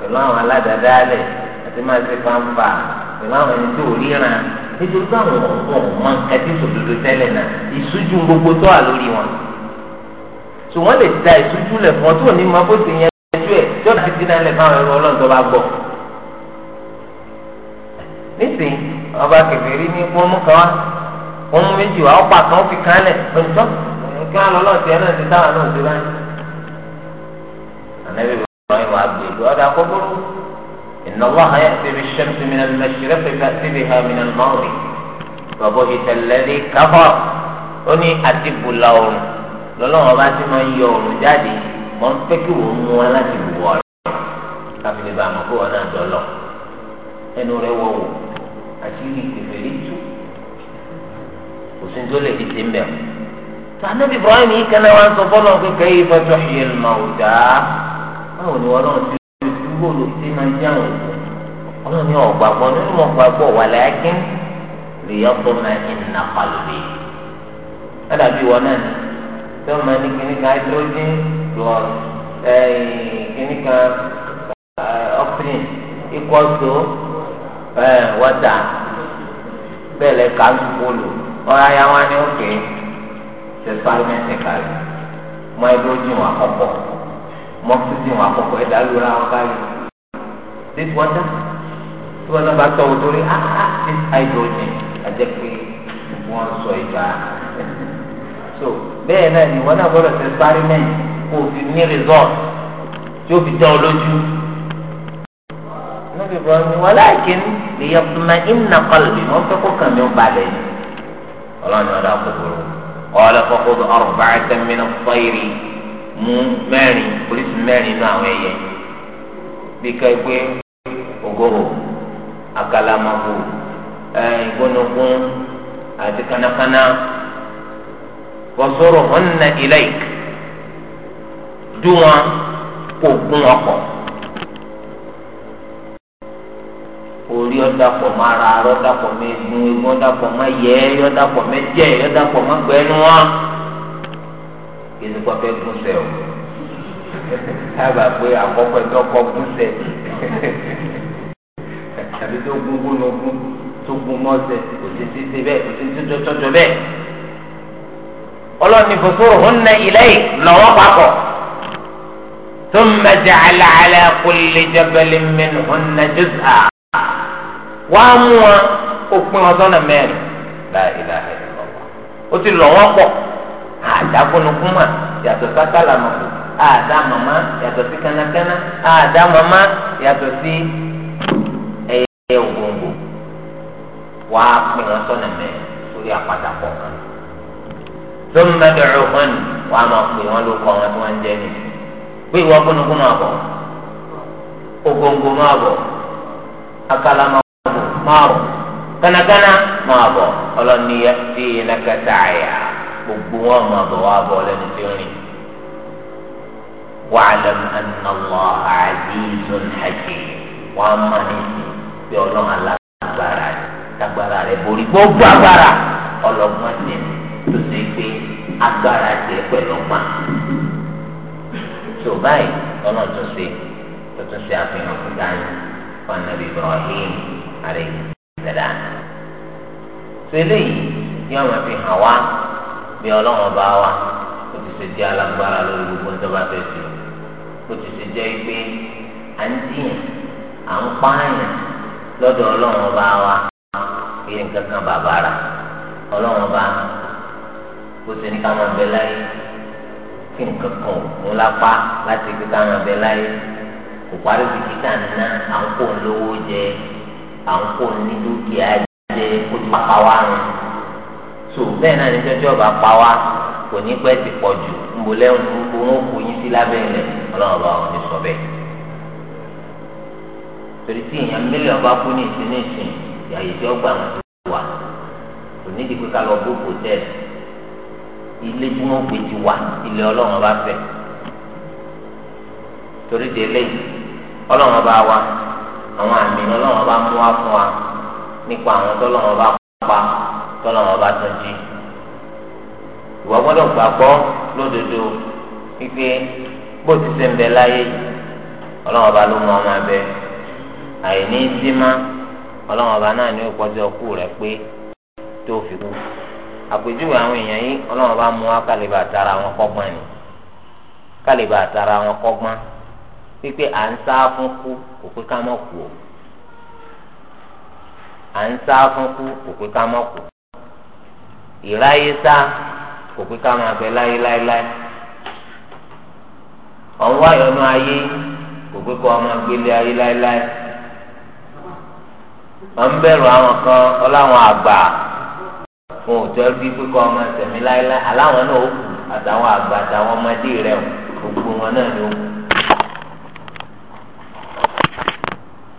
pẹ̀lú àwọn aládàádáálẹ̀ láti máa ṣe pàmpà pẹ̀lú àwọn ẹni tó ríran nítorí pé àwọn ọ̀pọ̀ mọ ẹtí sòdodo tẹ́lẹ̀ náà ìṣújú gbogbo tó wà lórí wọn. tí wọ́n lè da ìṣújú lẹ̀ fún ọ tó ní mọ bó ti yẹn ẹjú ẹ̀ tí wọ́n ti dín náà lẹ̀ fáwọn ẹrú ọlọ́run tó bá gbọ́. nísìnyí ọba kẹfìrí ní wọ́n mú kan wá wọ́n mú méjì wá ọ̀pá kan ó fi kan lẹ̀ pẹ̀lú kí wọn lọ lọsí ẹ náà ti táwọn náà ti báyìí ànábì ibrahim abdul ọdà kókóró ìnáwó àyà tẹbi sẹmsì mi náà mẹsìrẹ pẹpẹ tẹbi ha mi náà mọrin bàbá ìtẹlẹdì káfọ ó ní àti bùlà òrùn lọlọrun ọba ti máa ń yọ òrùn jáde mọ ń pẹ kí wọn mú wọn láti wọ ọ káfíńdé bá àmọ́ kó wọn náà dọlọ ẹnu rẹ wọ wò àti ìgbèfẹ rí tu òsín tó lè fi ti tó anabi ibrahim yìí kan náà wá ń sọ fọlọ pé kẹyì fọjọ yìí mà ò dá báwo ni Ọlọ́run ti rí dúró lò sí máa jẹ àwọn òkú Ọlọ́run ní ọgbà gbọ nínú ọgbà gbọ wà láàkí lèyà tó máa ń nà pàlùbí ládàbí ìwọ náà ni tó máa ní kíní kan hydrogen lọ eh, kíní kan eh, oxygen equal to eh, water bẹ́ẹ̀ lẹ́ka ń kó lò ọ̀rọ̀ ayáwá ni ó kéé sẹpárímẹǹtì kárí máìdírójìn wà kọkọ mọksijin wà kọkọ ẹ̀dá lóra wọn kárí this water tí wọn náà bá tọ wọn torí ah ah this hydrogen àjẹ pé wọn sọ ìgbà so bẹ́ẹ̀ náà ni wọn náà gbọ́dọ̀ sẹpárímẹǹtì kó o fi ní result tí o fi dá ọ lójú níbi bọ́ ni wọ́n láàkín lè yẹ fún mi ìnà kọlù mi wọ́n fẹ́ kó kàn mí ó balẹ̀ yìí ọlọ́run ọ̀dọ́ àkókò rẹ̀. قال فخذ أربعة من الطير mú mẹ́rin oríṣi mẹ́rin náà àwọn ẹyẹ bí kẹ́gbẹ́ ògòrò àkàlàmàbò ìgbónukún àti kánákáná wọ́sọ̀rọ̀ hàn ní ilẹ̀ dùn wọn kò gún ọkọ̀. orí ọ̀dàpọ̀ mọ́ ara rẹ̀ ọ̀dàpọ̀ mọ́ egun egun ọ̀dàpọ̀ mọ́ yẹ ọ̀dàpọ̀ mọ́ jẹ́ ọ̀dàpọ̀ mọ́ gbẹ́nu wọn. kìnìún kọ́ fẹ́ gúnṣẹ́ o dábàá pé àkọ́kọ́ ẹ̀dọ́ kọ́ gúnṣẹ́ tàbí tó gún gúnugún tó gún mọ́sẹ̀ kò sí ti ṣe bẹ́ẹ̀ kò sí ti tọ́jọ́ bẹ́ẹ̀. ọlọ́ni fòfòrò hún na ilé lọ́wọ́ papọ̀ ثم جعل على كل جبل منهن جزءا wàá mú wọn kó pín wọn sọ́nà mẹ́rin láì láì lọ́wọ́ ó ti lọ̀ wọ́n pọ̀ àdàkùnúkùn mà yàtọ̀ sákàlà mọ̀ àdá màmá yàtọ̀ sí kánákáná àdá màmá yàtọ̀ sí ẹyẹ ògòǹgò wàá pín wọn sọ́nà mẹ́rin sórí àpáta kọ̀ọ̀kan tó ń bẹ̀rẹ̀ ọ̀hún wàá máa pè wọ́n ló kọ́ wọn tí ń jẹ́ nìyí pé ìwọ bọ̀ ògòǹgò máa bọ̀ akalama máa bọ̀ kánakáná máa bọ̀ ọlọ́ni yẹ fi nàkàtà àyà gbogbo wọn máa bọ̀ wá bọ̀ lẹ́nu tí ń rìn. wa'lam anna Allah azizun hakim wà á máa ní bí ọlọ́run alágbára tágbára rẹ̀ borí gbogbo agbára ọlọ́gbọ́n ní tó ṣe pé agbára tiẹ̀ pẹ̀lú ọgbà. tó báyìí lọ́nà tó ṣe tó ṣe àfihàn fún dání fún anabi Ibrahim alayhi salam tó eléyìí yóò máa fi hàn wá bí ọlọ́run bá wà ó ti ṣe jẹ́ alágbára lórí gbogbo ń tọ́ba fẹ́ sí ó ti ṣe jẹ́ pé à ń dìyàn à ń pààyàn lọ́dọ̀ ọlọ́run bá wà kí nǹkan bàbá rà ọlọ́run bá bó ṣe ní ká máa bẹ láyé kí nǹkan kan ò lápá láti ká máa bẹ láyé kò parí bí kíkà nínú à ń kó lówó jẹ à ń ní dúkìá jẹ kó pa wá rùn tó bẹ́ẹ̀ náà ní kò ní pẹ́ ti pọ̀ jù kò yín sí lábẹ́ ọlọ́run bá wọn ti sọ bẹ́ẹ̀ torí tí mílíọ̀nù bá kú ní ìsìn ìyàyè tí ó gbà wọn ti wà kò ní ìdí pé ká lọ bókò tẹ́ẹ̀sì ilé tí pè ti wà ilé ọlọ́run bá fẹ́ torí àwọn àmì lọ́lọ́wọ́ bá mú wá fún wa nípa àwọn tọ́lọ́wọ́ bá pa tọ́lọ́wọ́ bá tún jí. ìwọ gbọ́dọ̀ gbàgbọ́ lódodo wípé láyé ọlọ́wọ́ bá ló mú ọmọ abẹ àìní ọlọ́wọ́ náà ní pípé à ń sá fún kú kò pé ká mọ̀ kú o à ń sá fún kú kò pé ká mọ̀ kú ìráyé sá kò pé ká máa bẹ láyé láéláé ọ̀hún wáyọ̀nù ayé kò pé kó ọmọ gbélé ayé láéláé wọ́n ń bẹ̀rù àwọn kan ọláwọn àgbà wọn ò jọ bí pé kó ọmọ tẹ̀mí láéláé aláwọn náà ó kù àtàwọn àgbà àtàwọn ọmọdé rẹ̀ gbogbo wọn náà ló kù.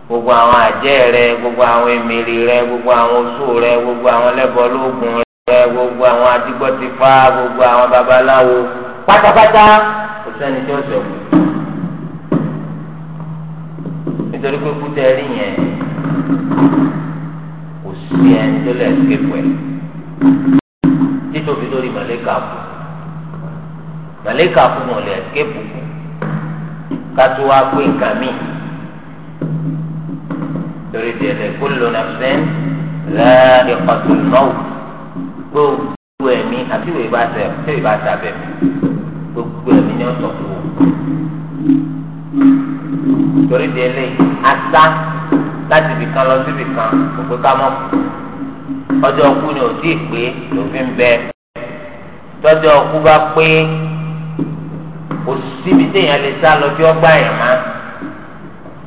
gbogbo àwọn àjẹ́ rẹ gbogbo àwọn èmèrè rẹ gbogbo àwọn oṣù rẹ gbogbo àwọn lẹ́bọ̀lógún rẹ gbogbo àwọn adigbọ́tifá gbogbo àwọn babaláwo pátápátá kò sẹ́ni tí ó sọ̀kù. nítorí pé kúta ẹrí yẹn kò sí ẹni tó lè ké pẹ́ títóbi lórí màlẹ́kà kù màlẹ́kà kù mọ̀ lè ké pù kátó wá pé nǹkan míì torí di ẹlẹ kullu nafsin dha'iqatul maut gbogbo ẹ̀mí àti ìwé bá tẹ ṣé ìbá tẹ abẹ gbogbo ẹ̀mí ni ó sọ fún o torí di ẹlẹ asá láti ibì kan lọ sí ibì kan òpè ká mọ ọjọ́ ọkú ni ò tí ì pé lòfin bẹ tọ́jọ́ ọkú bá pé òsibí téèyàn lè sá lọ bí ọgbà yẹn máa.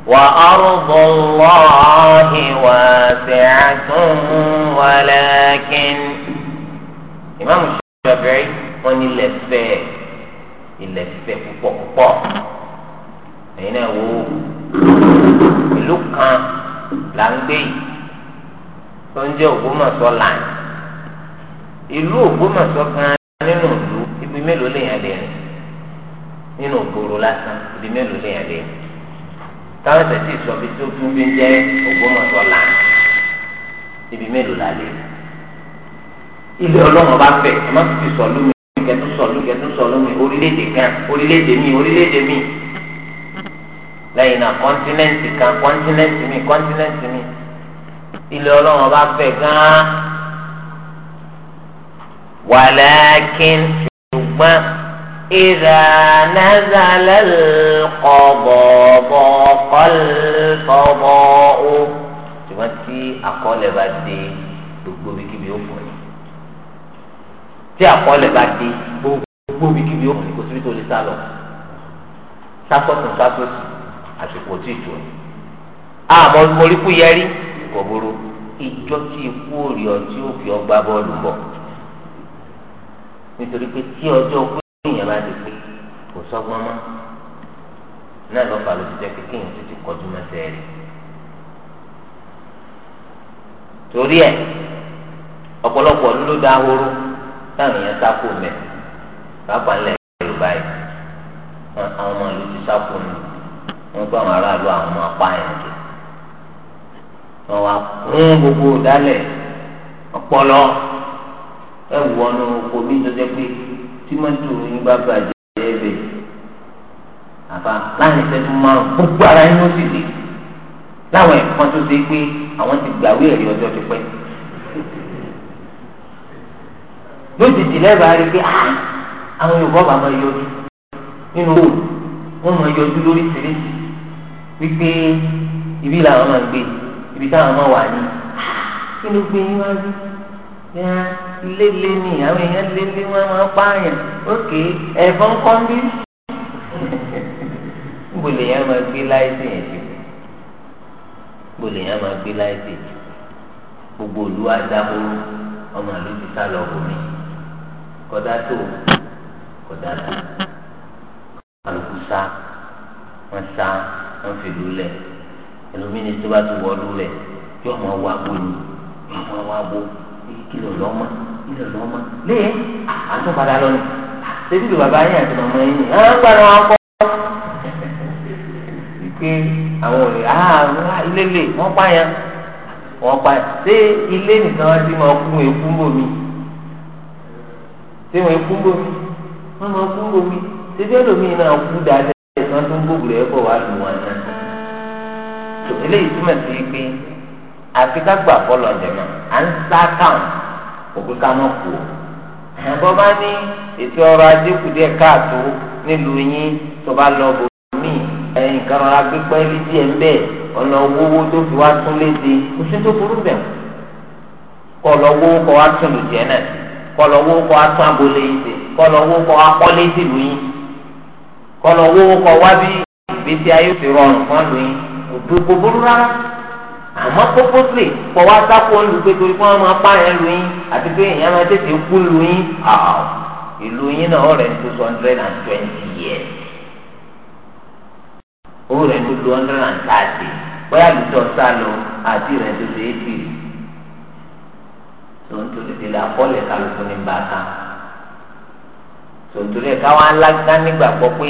وأرض الله واسعة ولكن إمام الشافعي wọ́n ní ilẹ̀ fẹ́ ilẹ̀ fẹ́ púpọ̀ púpọ̀ ẹ̀yin náà wò ó ìlú kan là ń gbé yìí kan nínú ìlú ibi mélòó lèèyàn lè rìn nínú ògbóró lásán ibi mélòó lèèyàn lè rìn táwọn ẹsẹ̀ sì sọ bíi tó tún bí ń jẹ́ Ògbómọ̀ṣọ́ là ibi mélòó la lè ilé ọlọ́run bá fẹ̀ ẹ má fi sọ lómi kẹtù sọ lómi kẹtù sọ lómi orílẹ̀-èdè kan orílẹ̀-èdè mi orílẹ̀-èdè mi lẹ́yìn náà kọ́ńtínẹ́ǹtì kan kọ́ńtínẹ́ǹtì mi kọ́ńtínẹ́ǹtì mi ilé ọlọ́run bá fẹ̀ gan-an wàlẹ́kìn ṣùgbọ́n. إذا نزل القضاء ضاق الفضاء ṣùgbọ́n tí àkọọ́lẹ̀ bá dé gbogbo bíkíbi ó fọ̀ yìí tí àkọọ́lẹ̀ bá dé gbogbo bíkíbi ó fọ̀ yìí kò síbi tó lè sá lọ sásọ̀tún sásọ̀tún àsìkò tí ì tó yìí àmọ́ moríkú yẹrí kò burú ìjọ tí ikú òrì ọtí òfì ọgbà bọ́ọ̀lù bọ̀ nítorí pé tí ọjọ́ kéèyàn bá ti pé kò sọ́gbọ́n mọ́ náà lọ fà ló ti jẹ́ torí ẹ̀ ọ̀pọ̀lọpọ̀ ló dá horo táwọn èèyàn sáko mẹ́ pàápàá ńlẹ̀ Yorùbá yìí àwọn ọmọ nù àwọn aráàlú àwọn ọmọ apá yẹn gbogbo ọpọlọ tó tí mọ́tò ń bá bàjẹ́ ẹ̀bẹ̀ àbá láàrin ìṣẹ́jú márùn gbogbo ara yín ló sì lè láwọn ẹ̀kan tó ṣe pé àwọn ti gbàwé ẹ̀rí ọjọ́ ti pẹ́ lójijì lẹ́bàá rí pé ah, àwọn Yorùbá bàbá yọjú nínú owó wọn mọ yọjú lórí tìrìsì wípé ibi làwọn máa gbé ibi táwọn máa wà ní ah, kí ló gbé yín wá rí ilé lé ní àwọn èèyàn lé lé wọn máa ń pààyàn ókè ẹ̀fọn kọ́ń bí. gbòlè yẹn máa gbé láyé sí yẹn jù gbòlè yẹn máa gbé láyé sí jù gbogbo òlu adáboró ọmọ àlọ́ ti sá lọ bòmí kọ́dá tó kọ́dá tó àlùkù sá wọn sá wọn fìlú lẹ ẹlòmíní tó bá ti wọlú rẹ yóò máa wá bó ni yóò máa wá bó kìlọ̀ lọ́mọ kìlọ̀ lọ́mọ lé àtúnpadà lọ́nà ṣébí lu bàbá yín àti màmá yín ẹ̀ ń gbàdọ̀ wọn kọ́ wípé àwọn òní àá ilé lè wọ́n pààyàn wọ́n pààyàn ṣé ilé nìkan wọn ti máa kún èkú ń bò mí ṣé wọn èkú ń bò mí wọn máa kú ń bò mí ṣé bí ẹlòmíín náà kú dáadáa ẹ̀ tí wọ́n tún gbógbó rẹ̀ wá lù wọn náà eléyìí túmọ̀ sí pé àfi ká gbà fọlọ jẹmọ à ń sá káwọn òkú ká mọ kú o àbọ̀ bá ní ètò ọrọ̀ ajé kùdíẹ̀ káàtó nílùú yín tó bá lọ bò mí ẹ̀yìn kan rárá gbígbẹ́ ilé díẹ̀ ń bẹ̀ ọ̀nà owó tó fi wá tún léde oṣù tó burú bẹ̀ kọ́ lọ owó kọ́ wá tún lù jẹ́ náà kọ́ lọ owó kọ́ wá tún abolé yín dé kọ́ lọ owó kọ́ wá kọ́lé sílùú yín kọ́ lọ owó kọ́ wá bí ìgbésí ayé fi rọrùn fún àlùyìn kò burú rárá àmọ́ purposely kọ wá sáfù ń lu pé torí kí wọ́n máa pa yẹn lu yín àti pé èèyàn máa tètè kú lu àwọn ìlú yín náà ọ̀rẹ́ ń tó hundred and twenty years owó rẹ̀ ń tó lu hundred and thirty bóyá lùtọ̀ sá lọ àti rẹ̀ ń tó ṣe é tì tòǹtòrí ti lè àkọọ́lẹ̀ kálukú ní bàtà tòǹtòrí ẹ̀ káwá ńlá ká nígbàgbọ́ pé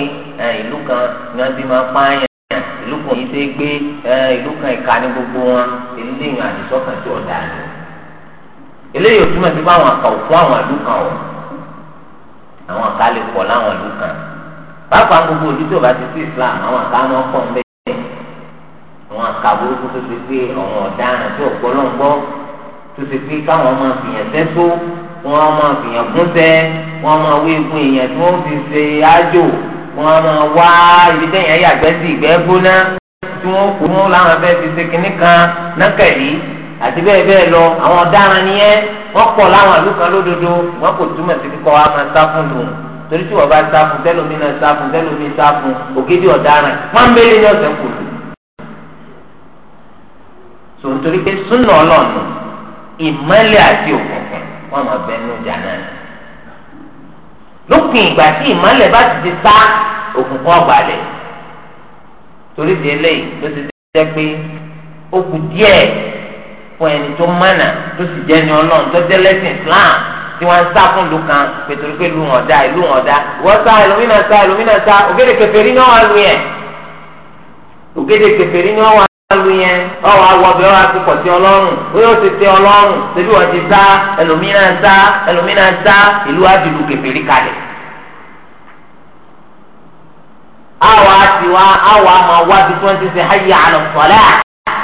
ìlú kan ni wọ́n ti máa pa yẹn náà ìlú kan yìí ṣe gbé ìlú kan ìka ní gbogbo wọn eléyìí àdìsọ́kàn tí ọ̀dà ni eléyìí òtúmọ̀ sí fáwọn àkàwò fún àwọn ìlú kan ọ̀ àwọn àká lè pọ̀ láwọn ìlú kan pàápàá gbogbo ìlú tó bá ti sí Islam àwọn àká wọn pọ̀ ń bẹ́ẹ̀ àwọn àká burúkú tó ti pé àwọn ọ̀daràn tí ọ̀pọ̀lọ́ngbọ́ tó ti pé káwọn máa fìyàn sẹ́tó wọn máa fìyàn gúnṣẹ́ wọn máa wé egun èèyàn tí wọ́n fi ṣe ájò wọn a máa wá ibi tẹ́yìn ayé àgbẹ̀ sí ìgbẹ́ gbóná tí wọ́n kú afẹ́ fi ṣe kínní kan lọ àwọn ọ̀daràn nìyẹn wọ́n pọ̀ láwọn àlù kan lódodo wọ́n kò túmọ̀ sí kíkọ́ wa máa sá fún lòun torí tí wọ́n bá sá fún lópin ìgbà tí ìmọ̀lẹ̀ bá ti ti sá òkùnkùn ọ̀gbàlẹ̀ torí di eléyìí ló ti jẹ́ pé ó kù díẹ̀ fún ẹni tó mánà tó sì jẹ́ ni ọlọ́run tó jẹ́ lẹ́sìn Islam tí wọ́n ń sá fún ìlú kan pẹ̀tùrú pé ìlú wọn dá ìlú wọn dá ìwọ́n sá ẹlòmínà sá ẹlòmínà sá ògèdè kèfèrí ni wọ́n wà lóyè ògèdè kèfèrí ni wọ́n wà alu yẹn ọwọ awọbẹ ọwọ akukọ ti ọlọ́run ó yóò ti tẹ ọlọ́run tẹbi wọn ti sá ẹlòmínà sá ẹlòmínà sá ìlú adìlú kẹfẹẹrí kalẹ̀. àwa tiwa àwa ma wá bí tí wọn ti ṣe hayya ala salat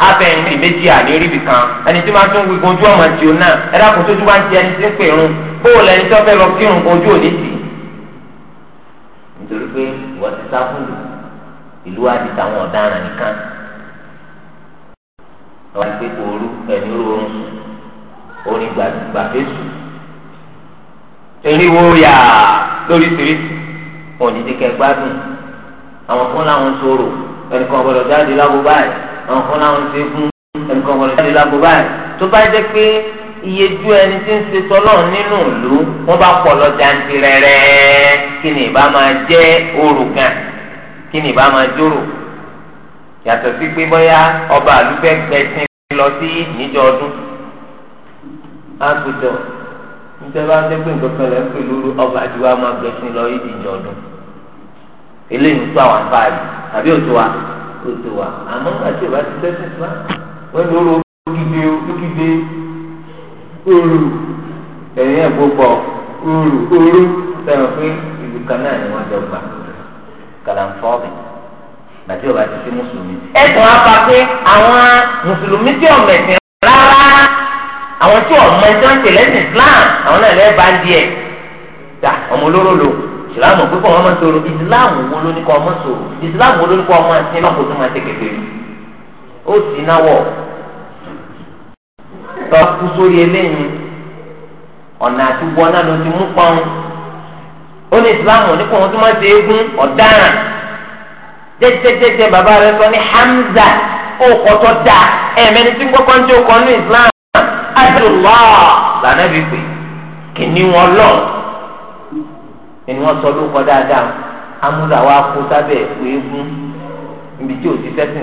abẹ ẹni méjì àní oríbi kan ẹni tí wọn tún wí kojú ọmọ tí o náà ẹ dákun tó tún bá ń ti ẹni tí ń pè rún bóòlù ẹni tó fẹ́ lọ kírun kojú òní sí. nítorí pé ìwọ ti sá fún ìlú àti tàwọn ọ̀daràn nìkan wọn ti ooru ẹni oorun sùn orin gbàgbàfẹsù eriwo yà lóríṣiríṣi òdìdí kẹgbádùn àwọn fún làwọn sọ̀rọ̀ ẹnìkan gbọ́dọ̀ jáde lágbo báyìí àwọn fún làwọn ṣe fún ẹnìkan gbọ́dọ̀ jáde lágbo báyìí tó bá jẹ́ pé iye ju ẹni tí ń ṣe tọ́lọ̀ nínú ìlú wọ́n bá pọ̀ lọ jantirẹrẹ kí ni ìbá máa jẹ́ òrùka kí ni ìbá máa jòrò. yàtọ̀ sí pé bóyá ọba àdúgbò gbẹ̀sìn lọ sí níjọ ọdún àpèjọ níta bá ń dẹ́gbẹ́ nǹkan kan lẹ́ ń pè lóru ọba àdúgbò àwọn agbẹ̀sìn lọ yìí níjọ ọdún eléyìí ń tó àwọn àbí òtò wa òtò wa àmọ́ àti ti tẹ́sí fún wa wọ́n lóru kíkìdé kíkìdé òru ẹ̀yìn òru òru sẹ́wọ̀n pé ìlú kan náà ni gbàtí ọba ti ti mùsùlùmí. ẹ̀sùn afa pé àwọn mùsùlùmí tí ò mẹ̀sìn rárá àwọn tí ò mọ ẹjọ́ ń tẹ̀lé ẹ̀sìn Islam àwọn náà lẹ́ẹ̀ bá ń di ẹ̀. dà ọmọ olóró lo ìsìláàmù pípọ̀ wọn máa ń sọ̀rọ̀ ìsìláàmù wo ló ní kọ́ ọmọ sọ̀rọ̀ ìsìláàmù wo ló ní kọ́ ọmọ ẹ̀sìn náà kó tó máa ṣe kẹfẹ́ ó sì náwọ̀ tọ́ kú sórí eléyìí ọ̀nà àti wọná ló ti mú pọ́n ó ní ìsìláàmù nípa wọn tó máa ṣe é gún ọ̀daràn jẹjẹjẹjẹ baba rẹ sọ ní Hamza o tó da ẹmẹni tí ń Islam adùlọ lànà bí pé kìnní wọn lọ ẹni wọn sọ lóko dáadáa amúdà wa kó sábẹ́ ẹkọ eégún níbi tí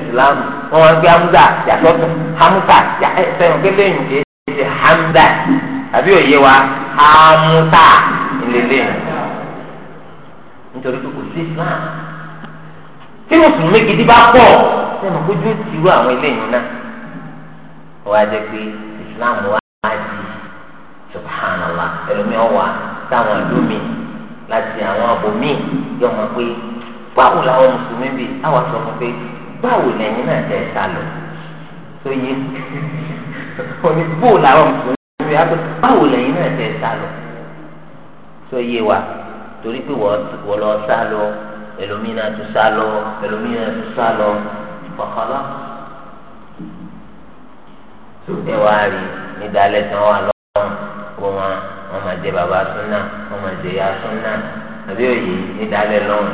Islam wọn wá gbé Hamza yàtọ̀tọ̀ Hamza sẹyìn kéde yìí ké ṣe Hamza àbí òye wa Hamza ńlẹlẹ nítorí pé kò sí Islam. tí mùsùlùmí gidi bá pọ̀ sẹ́nu kójú tìrú àwọn eléyìí náà wọ́n á jẹ́ pé islam wà á di subhanallah ẹlòmíì ọ̀wà táwọn ẹlòmíì láti àwọn abòmíì yọ ọmọ pé báwo làwọn mùsùlùmí bì àwọn sọ fún pé báwo lẹ́yìn náà jẹ́ ìta lọ tó yé òní bóò làwọn mùsùlùmí bì báwo lẹ́yìn náà jẹ́ ìta lọ tó yé wa torí pé wọ́n lọ sá ẹlòmínà tó sá lọ ẹlòmínà tó sá lọ kọkànlá ẹ wá rí ní dalẹ̀ tí wọ́n wà lọ́wọ́ kó wọn wọ́n máa jẹ bàbá súnà wọ́n máa jẹ ya súnà àbí òye ní dalẹ̀ lọ́wọ́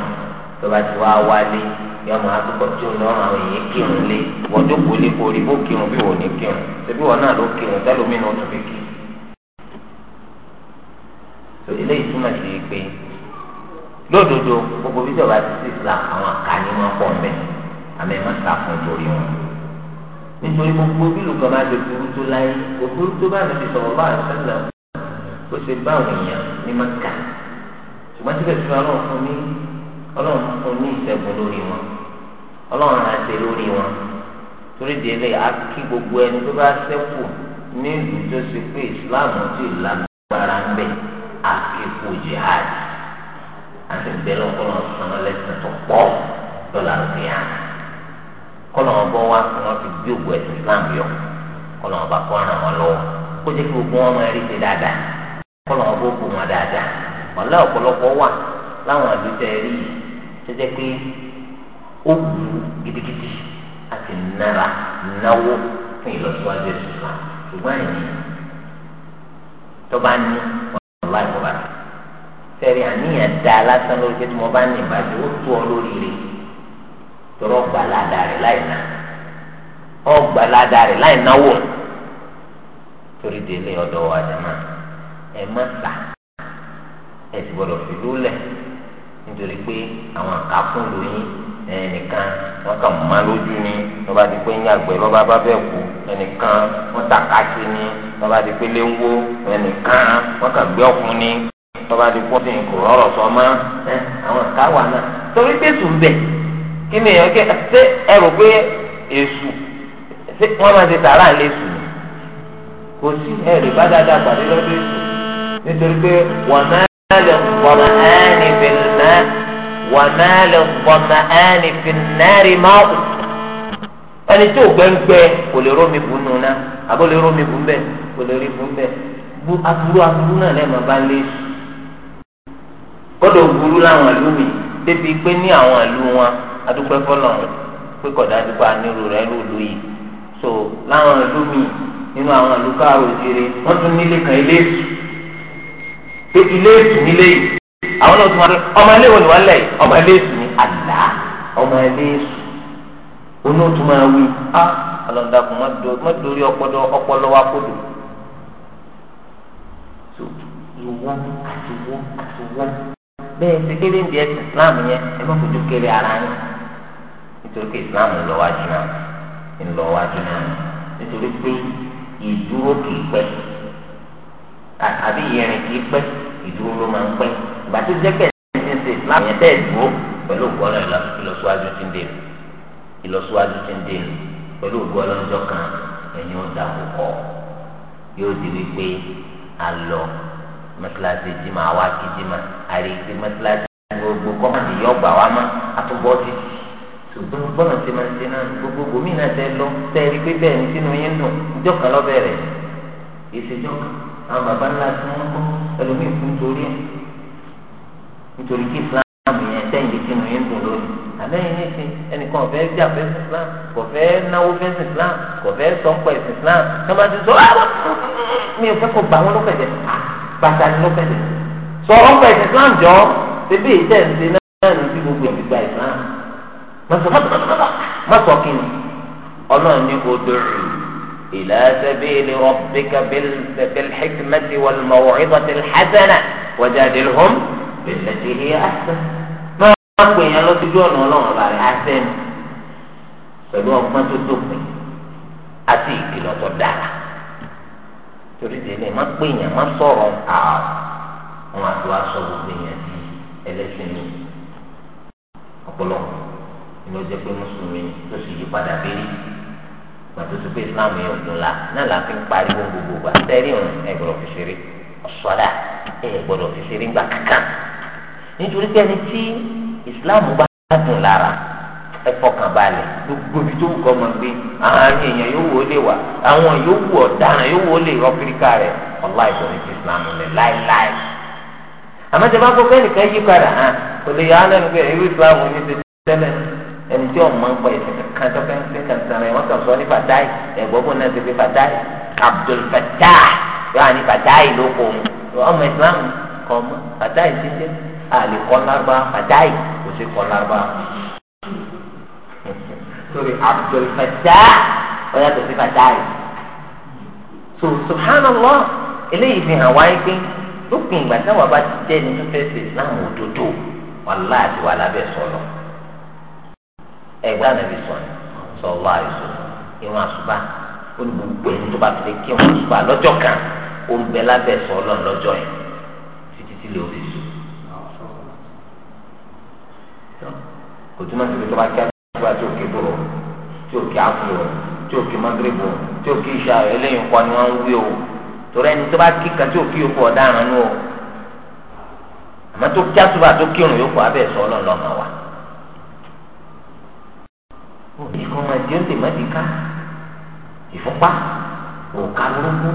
tó bá ti wá wálé yọ ọmọ akókò tí ò lọ́rùn àwọn èèyàn kírun lé wọ́n tó kú lé kórí bó kírun bí wọ́n ní kírun ṣebí wọ́n náà ló kírun tẹ́lómínà ó tún fi kírun. eléyìí túmọ̀ sí pé lódodo gbogbo bí ìjọba ti sí islam àwọn àkànní wọn pọ̀ mẹ́ àmì ẹ̀ má sá fún torí wọn nítorí gbogbo bí ìlú kan bá ti burú tó láyé òkú tó bá mi ti sọ̀rọ̀ bá àṣẹlẹ̀ ó ṣe bá àwọn èèyàn ní maka ṣùgbọ́n síbẹ̀ tí ọlọ́run fún ní ọlọ́run fún ní ìṣẹ́gun lórí wọn ọlọ́run á ṣe lórí wọn torí délé á kí gbogbo ẹni tó bá ṣẹ́kù ní ìlú tó ṣe pé islam ti lágbára ń bẹ̀ jihad àti bẹ́ẹ̀ lọ́wọ́ kọ́nà sàn lẹ́sìn tó pọ̀ lọ́la òkè yá kọ́nà ọgbọ́n wa kí wọ́n fi gbé ògùn ẹ̀sìn Islam yọ kọ́nà ọba kọ́ ràn wọ́n lọ́wọ́ kó jẹ́ kí gbogbo wọn máa rí ṣe dáadáa kọ́nà ọgbọ́ kò wọn dáadáa ọ̀la ọ̀pọ̀lọpọ̀ wà láwọn àdúgbò ẹ̀rí yìí tó jẹ́ pé ó wù gidigidi àti nára náwó fún ìlọsíwájú ẹ̀sìn Islam ṣùgbọ́n ẹ̀yìn tó bá ní ọ̀la ìkọ̀bàtà sẹ́rí àníyàn dá lásán lórí pé tí mo bá ní ìbàdí ó tó ọ lórí rẹ̀ tọrọ rẹ̀ láì ná ọ gbàládà rẹ̀ láì náwó torí délé ọ̀dọ̀ wa jàmá ẹ má sà ẹ sì gbọ́dọ̀ fi lólẹ̀ nítorí pé àwọn àkàkùn lóyún ẹnìkan wọn kàn má lójú ni wọn bá di pé ń yàgbẹ́ wọn bá bá bẹ kú ẹnìkan wọn ni tọ́ba di pọ́ bí kò rọrọ̀ sọ ma ẹ àwọn káwa náà torí pé èsù ń bẹ̀ kí ni èèyàn kí ṣé ẹ rò pé èsù ṣé wọ́n máa ṣe sàrà ń lé kò sí ẹ bá dáadáa pàdé lọ́dọ̀ èsù nítorí pé wọ́n máa lè gbọ́nà áánì fi nà wọ́n máa lè gbọ́nà áánì fi nàárì máa kù ẹni tó gbẹ́ngbẹ́ kò lè rómi bù nù náà àbó lè rómi bù ń bẹ̀ kò lè rí bù ń bẹ̀ bu aburú aburú náà lẹ́ẹ̀ máa bá lé èsù gbọ́dọ̀ burú láwọn ìlú mi débi pé ní àwọn ìlú wọn adúpẹ́ fọlọ́ pé kọ̀dá dúpẹ́ anírú rẹ̀ lòlú yìí so láwọn ìlú mi nínú àwọn ìlú káàró ìjere wọ́n tún nílé kan ilé ètù pé ilé ètù nílé yìí àwọn náà tún wá ọmọ ilé wo ni wọ́n lẹ̀ yìí ọmọ ilé ètù ni àlá ọmọ ilé ètù onú tún máa wí á ah, alọ́dàkùn má dorí ọpọlọ wa kodò ìwọ àti ìwọ àti ìwọ bẹ́ẹ̀ ṣe kéré ń di ẹ̀sìn islam yẹn ẹ má fojú kéré ara yín nítorí pé islam ń lọ wájú náà ń lọ wájú náà nítorí pé ìdúró kìí pẹ́ àbí ìrìn kìí pẹ́ ìdúró ló máa ń pẹ́ ìgbà tó jẹ́ pẹ̀lú ẹ̀sìn ṣe islam yẹn tẹ́ ẹ̀ dúró pẹ̀lú ògbọ́nà ìlọsíwájú ti ń dé ìlọsíwájú ti ń dé pẹ̀lú ògbọ́nà ọjọ́ kan ẹ̀yin ó dà kọ́ yóò mẹsàlásì jimá wa kí jimá àrí ìpè mẹsàlásì gbogbo kọ́mọ̀tì yọ gbà wá mọ́ àtúbọ̀ ti ṣùgbọ́n gbọ́dọ̀ ti máa ṣe náà gbogbo gòmí náà tẹ lọ tẹ ẹni pé bẹ́ẹ̀ ni sínú yín dùn ìjọ kan lọ bẹ̀rẹ̀ ìṣèjọ kan àwọn bàbá ńlá tí wọ́n kọ́ ẹlòmíì fún torí ẹ̀ nítorí kí Islam yẹn tẹ̀yìn sínú yín dùn lónìí àlẹ́yìn nísìn ẹnìkan ọ̀fẹ́ jà fẹ́ sí Islam kò fẹ́ náwó fẹ́ sí Islam kò fẹ́ sọ́ńpẹ̀ Islam tọ́ba sọ bàtà ni ló fẹ́lẹ̀ sọ ọkọ̀ ẹ̀sìn islam jọ bébí ìtẹ̀ ń ṣe náà ní ti gbogbo ìgbà islam mọ̀sọ̀ kìnnì ọlọ́run ní odò rẹ̀ ìlà sẹ́bíìlì rabbika bilhikmati wal maw'izati alhasana wajadilhum billati hiya ahsan máa pè yẹn lọ síjú ọ̀nà ọlọ́run ọba rẹ̀ àṣẹ pẹ̀lú ọgbọ́n tó dópin àti ìkìlọ̀ tó dára torí délé má pè yàn má sọ̀rọ̀ àwọn àwọn àti wàá sọ gbogbo yẹn di ẹlẹ́sìn mi ọ̀pọ̀lọpọ̀ ni ó jẹ́ pé mùsùlùmí tó sì yí padà bẹ́ẹ̀ gbàtó tó pé islam yẹn ọdún la náà la fi ń pariwo gbogbo gbà sẹ́rí ọ̀hún ẹ̀ gbọ́dọ̀ fi ṣeré ọ̀ṣọ́dà ẹ̀ gbọ́dọ̀ fi ṣeré gbà kankan nítorí pé ẹni tí islam bá dùn lára ẹfọkànbalẹ̀ gbogbo ibi tó ń kọ ọmọ gbé àárín èèyàn yóò wò ó lè wà àwọn yóò wù ọ̀daràn yóò wò ó lè rọ kíríkà rẹ ọlá ìbọn ìdí islam rẹ láéláé àmọ́ tí a bá kọ kẹ́nìkan yí padà hàn kò lè yà á lẹ́nu pé irú islam ní ti tẹ́lẹ̀ ẹni tí ọmọ ń pa ìsìn kankan tó fẹ́ ń sìn kankan rẹ wọ́n kàn sọ ní fatai ẹ̀gbọ́gbọ́n náà ti fi fatai Abdul Fattah yóò hàn ní fatai ló kọ ọmọ islam kọ ọmọ fatai ti jẹ́ àlè kọ́ lárúbá fatai kò sí kọ́ lárúbá sori Abdul Fattah ọ̀yà tó fi Fattah yìí so subhanallah eléyìí fi hàn wáyé pé lópin ìgbà táwọn bá ti jẹ́ ní fífẹ́sì islam òdodo wàhálà àti wàhálà bẹ́ẹ̀ sọ̀rọ̀ ẹgbẹ́ ànábi sọ̀rọ̀ sọ̀rọ̀ àìsọ ìwọ̀n àṣùbà ó ní gbogbo ẹni tó bá fi lè kí ìwọ̀n àṣùbà lọ́jọ́ kan ó ń bẹ lábẹ́ yẹn títí tí lè ó fi sùn. kò túmọ̀ sí pé tó bá kí nígbà tí òkè bọ̀rọ̀ tí òkè àbúrò tí òkè mọ́gírìbù tí òkè ìṣà eléyìí kọ́ ni wọ́n ń wí o torí ẹni tó bá kí kan tí òkè yòókù ọ̀daràn nù o àmọ́ tó kí àtúbà tó kírun yòókù abẹ́ sọ ọlọ́ọ̀lọ́ máa wà. ìkan máa di oṣù mẹ́tìká ìfúnpá òkà burúkú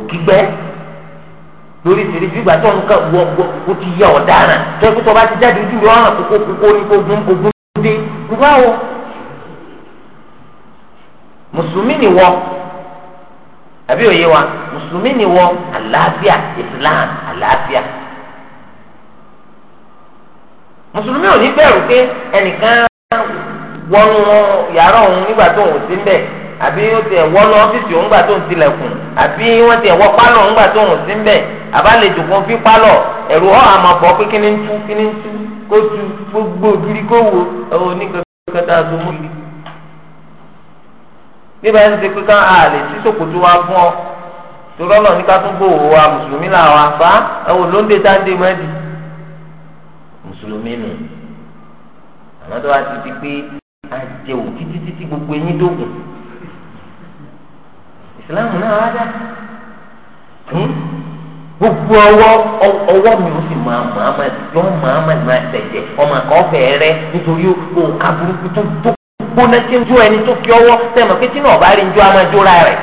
òkígbẹ́ lórí ìṣèlú gbígbà tó ń kà wọ wọ o ti yẹ ọ̀daràn tó ẹgbẹ́ tó bá ti jáde ojú yọ ọ̀ràn kókó kókó ní ogun ogun dé báwo mùsùlùmí ni wọ àbí òye wa mùsùlùmí ni wọ àlàáfíà islam àlàáfíà mùsùlùmí ò ní bẹ̀rù pé ẹnìkan wọnú yàrá òun nígbà tó òun sí mbẹ àbí ó tiẹ̀ wọnú ọ́fíìsì òun nígbà tó òun tilẹ̀kùn àbí wọ́n tiẹ̀ wọ pálọ̀ òun nígbà tó òun sí mbẹ àbálejò kan fi pálọ̀ ẹ̀rù ọ̀ àmọ̀ bọ̀ pé kíni ń tú kíni ń tú kó tu gbogbo ògiri kó wo ẹ̀wọ̀n oníkẹ́kẹ́ tá a tó mú mi. níbẹ̀ ń ṣe pé ká a lè sí sòkòtò wa fún ọ torí ọ̀nà ní ká tún bò wò wa mùsùlùmí làwọn àfa ẹ̀wọ̀n ló ń dé sáńdé mọ́ẹ̀dì mùsùlùmí nù àmọ́ tó wá ti di pé a jẹ òkú títí tí gbogbo eyín dógùn ìsìláàmù náà wá dá. Hmm? gbogbo ọwọ́ ọwọ́ mi ò sì máa máa máa yọ máa máa máa tẹ̀jẹ̀ ọmọ àkọ́fẹ́ rẹ nítorí òǹkà burúkú tó tó gbóná tí ń jó ẹni tó fi ọwọ́ sẹ́mọ̀ pé tí náà bá rí ń jó a máa jóra rẹ̀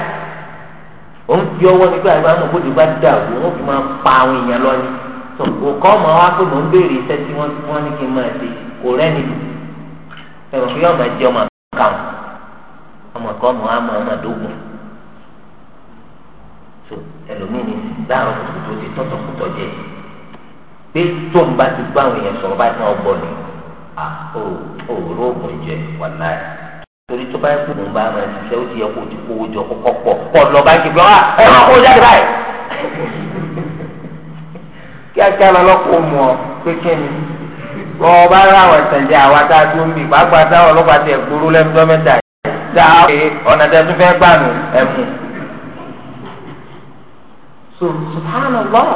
ó ń fi ọwọ́ nígbà yẹn máa mọ̀ bó ti bá dà wò ó fi máa pa àwọn èèyàn lọ ni tó òkọ́ ọmọ wa pé mò ń béèrè iṣẹ́ tí wọ́n wọ́n ní kí n máa ṣe kò rẹ́ni lù sẹ́mọ̀ pé yọ so ẹlòmíì ní láàárọ̀ kùtùkùtù ti tọ̀tọ̀kùtọ̀ jẹ pé tó ń bá ti gbọ́ àwọn èèyàn sọ̀rọ̀ báyìí náà gbọ́ ni à ó ó róògùn jẹ wà láì torí tó bá yẹ kó ń bá àwọn ẹ̀ṣiṣẹ́ ó ti yẹ kó o ti kówó jọ kọ́kọ́ pọ̀ kọ́ lọ báńkì bí wọ́n ẹ máa kó o jáde báyìí kíákíá lọ́lọ́kọ̀ mọ̀ ọ́ pé kí ni wọ́n bá rà wọ̀ ẹ̀sẹ̀jẹ̀ àwa tá a tún bì pàápàá táwọn ọlọ́pàá ti ẹ̀ gbúrú lẹ́nu dọ́mẹ́ta yìí dáa ọ̀nà tẹ́tún fẹ́ gbà nù ẹ̀mú so subhanallah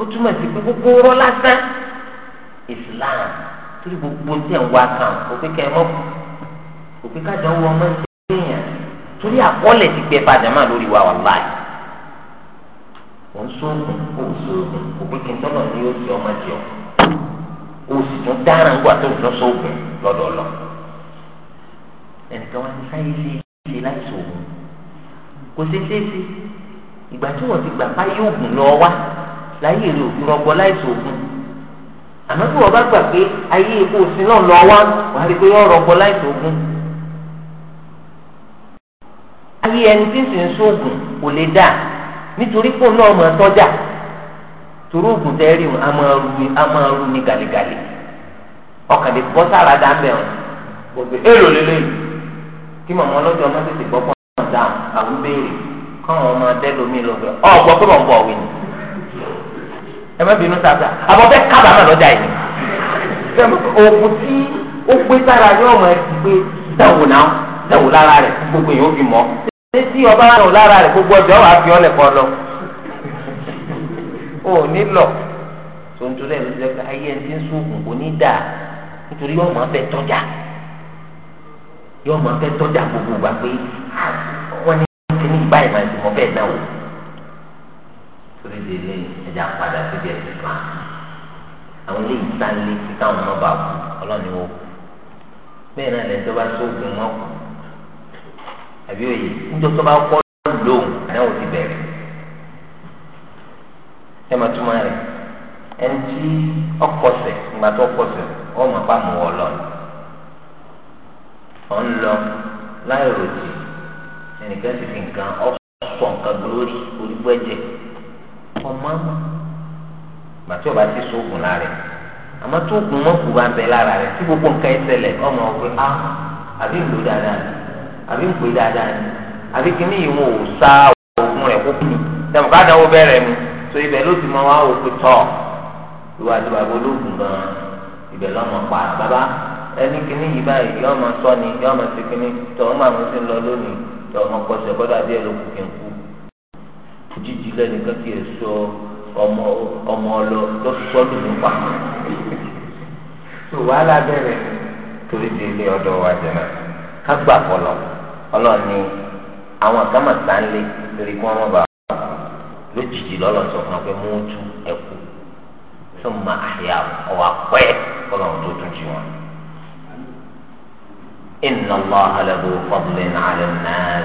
ó túmọ̀ sí gbogbo rọ́ lásán islam torí gbogbo tẹ̀ ń wá kan kò pé kẹ́ ẹ mọ́ kò pé kájà ń wọ ọmọ ẹ̀sìn èèyàn torí àkọọ́lẹ̀ ti gbẹ padà máa lórí wa wàláì òun sóògùn òun sóògùn kò pé kí n tọ́lọ̀ ní oṣù ọmọ jẹun oṣù tó dára ń gbà tó ń tọ́ sóògùn lọ́dọọlọ ẹnìkan wá ní sáyé ṣe é ṣe láì kò ṣe ṣe é ṣe. ìgbà tí ti gbà káyé ògùn lọ wá láyé rè ọgbọ láìsí ògùn àmọ́ tí wọ́n bá gbà pé ayé epo òsín náà lọ wá wàá rí pé ogun. ọgbọ láìsí ògùn ayé ẹni tí ń sìn sóògùn kò lè dà nítorí pò náà mọ tọjà torí ògùn a máa ru ni gàlégàlé ọkàn lè bọ́ sára dáńbẹ̀ gbogbo èrò kí màmá káwọn ọmọ dẹ́lómi ló fẹ́ ọ gbọ́ pé mò ń bọ̀ wí ni ẹ má bínú sáfà àbọ̀fẹ́ kábàámà lọ́jà yìí oògùn tí ó gbé sára ní ọmọ ẹ ti gbé dẹ̀wò náà dẹ̀wò lára rẹ̀ gbogbo yìí ó fi mọ́ ṣé tí ọba dẹ̀wò lára rẹ̀ gbogbo ọjọ́ wàá fi ọlẹ̀ kọ́ lọ ò ní lọ tontoni ẹ̀rọ ìjọba ayé ẹni tí ń sóògùn kò ní dáa nítorí yọ̀ọ́ máa fẹ́ tọ́jà yọ̀ọ́ máa fẹ́ tọ́jà gbogbo gbà pé ah, máa ń sèkọ́ bẹ́ẹ̀ náà wò torí délé ẹ̀dá padà síbi ẹ̀sìn kan àwọn ilé ìsánlé tí káwọn náà bá kú ọlọ́ni wò bẹ́ẹ̀ náà lẹ́yìn tó bá sóògùn wọn kù àbí òye níjọ́ tó bá kọ́ lóhùn àdáwò ti bẹ̀rẹ̀ ẹ máa túmọ̀ rẹ̀ ẹni tí ọkọ̀sẹ̀ ìgbà tó ọkọ̀sẹ̀ ọmọ bá mú ọ lọ ọ̀ ń lọ láì ròjì ẹnìkan sì fi nǹkan ọ̀ pọ̀ nǹkan lórí orígbó ẹ̀jẹ̀ ọmọ bàtí ọba ti sóògùn lára rẹ̀ àmọ́ tó oògùn mọ́kù bá ń bẹ lára rẹ̀ tí gbogbo nǹkan ẹsẹ̀lẹ̀ ọmọ ọ̀gbìn á ah, àbí ń lò dáadáa ni àbí ń pè dáadáa ni àbí kíní yìí wọn ò sá oògùn rẹ̀ kókù ni tẹ̀wọ̀n ká dáwọ́ bẹ̀rẹ̀ mu tó ibẹ̀ ló ti mọ wá òkú tọ̀ ìwà àti bàbá olóògùn gan-an ibẹ̀ lọ́mọ pa bàbá ẹni kíní yìí báyìí yọ ọmọ sọ ni yọ ọmọ sí kíní tọ̀ ọmọ àwọn ti ń lọ lónìí tọ̀ ọmọ kọsẹ̀ bọ́dọ̀ jíjí lẹ́nìkan kì í sọ ọmọ ọmọ ọlọ lọ́sọ̀ lùmí pa. tó wàhálà bẹ̀rẹ̀ torí di ilé ọ̀dọ̀ wa jẹ̀nà ká gbà fọlọ̀ ọlọ́ọ̀ni àwọn kan máa tán lé torí kí wọ́n má bàa lójijì lọ́lọ́ sọ fún wa mú tú ẹ̀kú tó máa àyà ọ̀wà pẹ́ kọ́lọ́run tó tún jí wọn. inna Allaha lahu fadlun 'ala an-nas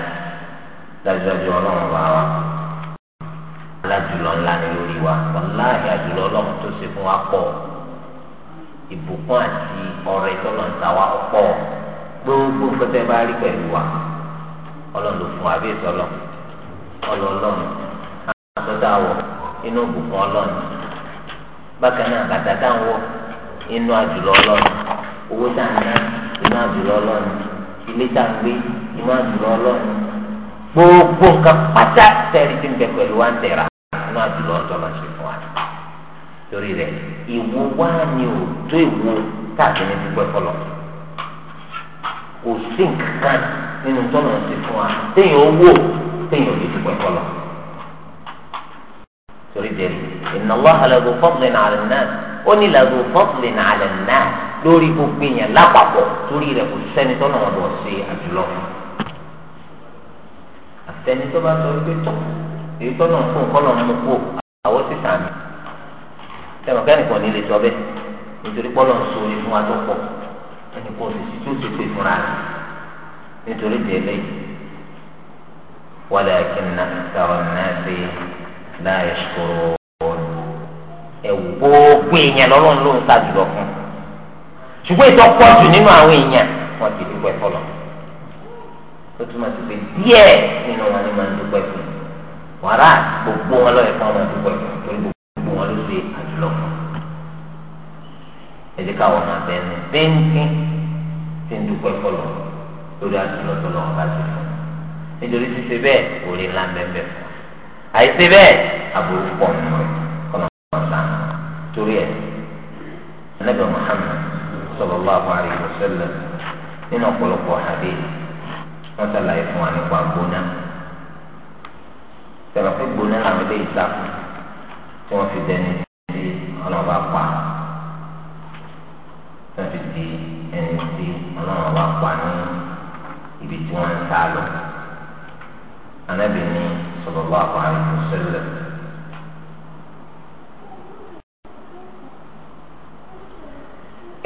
dájúdájú ọlọ́run bá wa alájùlọ ńlá ni lórí wa wàláhì àjùlọ ọlọ́run tó ṣe fún wa pọ̀ ìbùkún àti ọ̀rẹ́ tọ́lọ́ǹta wa pọ̀ gbogbo fẹ́tẹ́ bá rí pẹ̀lú wa ọlọ́run ló fún wa bí ìtọ́lọ́ ọlọ́ọ̀lọ́run àtọ́dá wọ inú ìbùkún ọlọ́run bákan náà bàtà dáwọ inú àjùlọ ọlọ́run owó dáná inú àjùlọ ọlọ́run ilé dàgbé inú àjùlọ ọlọ́run gbogbo nǹkan pátá tẹ̀rí ti ń bẹ pẹ̀lú wa ń tẹ̀ra inú àdúrà ọ̀dọ́ máa ṣe fún wa torí rẹ̀ ìwo wá ni ò tó ìwo káàkiri ní gbígbẹ́ fọlọ́ kò sí nǹkan nínú tọ́nà ti fún wa téèyàn owó téèyàn ò ní gbígbẹ́ fọlọ́ torí rẹ̀ inna Allaha lazu fadlin ala an-nas ó ní lazu fadlin ala an-nas lórí gbogbo èèyàn lápapọ̀ torí rẹ̀ kò sẹ́ni tọ́nà wọn bọ̀ ṣe àjùlọ àtẹnitọ́ bá sọ wípé tọ́kù èyí tọ́nà fún kọ́nà mú kó àwọn ti tà mí sẹ́wọ̀n kẹ́nìkan ní lè sọ bẹ́ẹ̀ nítorí pọ́nà ń so ìfún wa tó pọ̀ ẹnìkan ò sì sí ti pè fúnra rẹ̀ nítorí tẹ̀lé wàlẹ̀ akínà sọ̀rọ̀ náà sí láyé sọ̀rọ̀ ẹ̀wù gbogbo èèyàn lọ́lọ́run ló ń ta fún ṣùgbọ́n ìtọ́ pọ̀ jù nínú àwọn èèyàn wọ́n ti dúpẹ́ fọlọ́ ó túmọ̀ sí pé díẹ̀ nínú wọn ni máa ń dúpẹ́ fún un wàrà gbogbo wọn lọ ẹ̀fọn ọmọ ìdúpọ̀ ẹ̀fọn torí gbogbo wọn ló ṣe àjùlọ kan ẹ̀dí káwọn máa bẹ̀ ẹnu péńkì tí ń dúpọ̀ ẹ̀fọn lọ lórí àjùlọ tó lọ́wọ́ bá ti fún un nítorí ṣíṣe bẹ́ẹ̀ orí ńlá ń bẹ́ẹ̀ fún un àìṣe bẹ́ẹ̀ àbúrò pọ̀ nù kọ́nà ọ̀sán torí ẹ̀ Ànábì Muhammad sallallahu alaihi wasallam nínú tẹ̀lé fún gbóná làwọn ilé ìsàkùn tí wọ́n fi dẹni tí ọlọ́wọ́ bá pa tí wọ́n fi di ẹni tí ọlọ́wọ́ bá pa ní ibi tí wọ́n ń sá lọ. Ànábì ní sallallahu alaihi wasallam.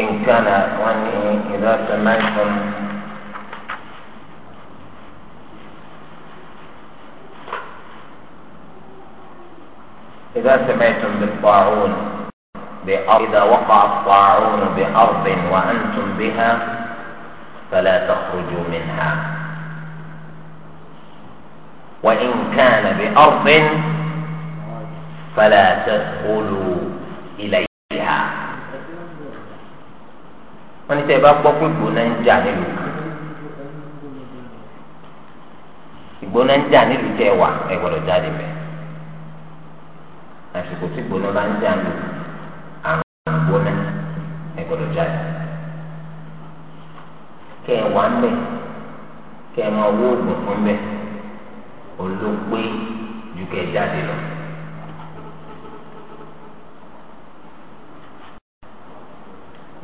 إن كان وأن إذا سمعتم إذا سمعتم بالطاعون بأرض إذا وقع الطاعون بأرض وأنتم بها فلا تخرجوا منها وإن كان بأرض فلا تدخلوا إليها wọ́n ní sẹ́yìn bá gbọ́ pé ìgbóná ń jà nílùú ìgbóná ń jà nílùú tẹ́ wà ẹ gbọ́dọ̀ jáde àsìkò tí gbóná bá ń jáde àrùn gbóná ẹgbọ́dọ̀ jáde kẹ ẹ wá ń bẹ kẹ ẹ máa wó oògùn fún bẹ olóògbé ju kẹ ẹ jáde lọ.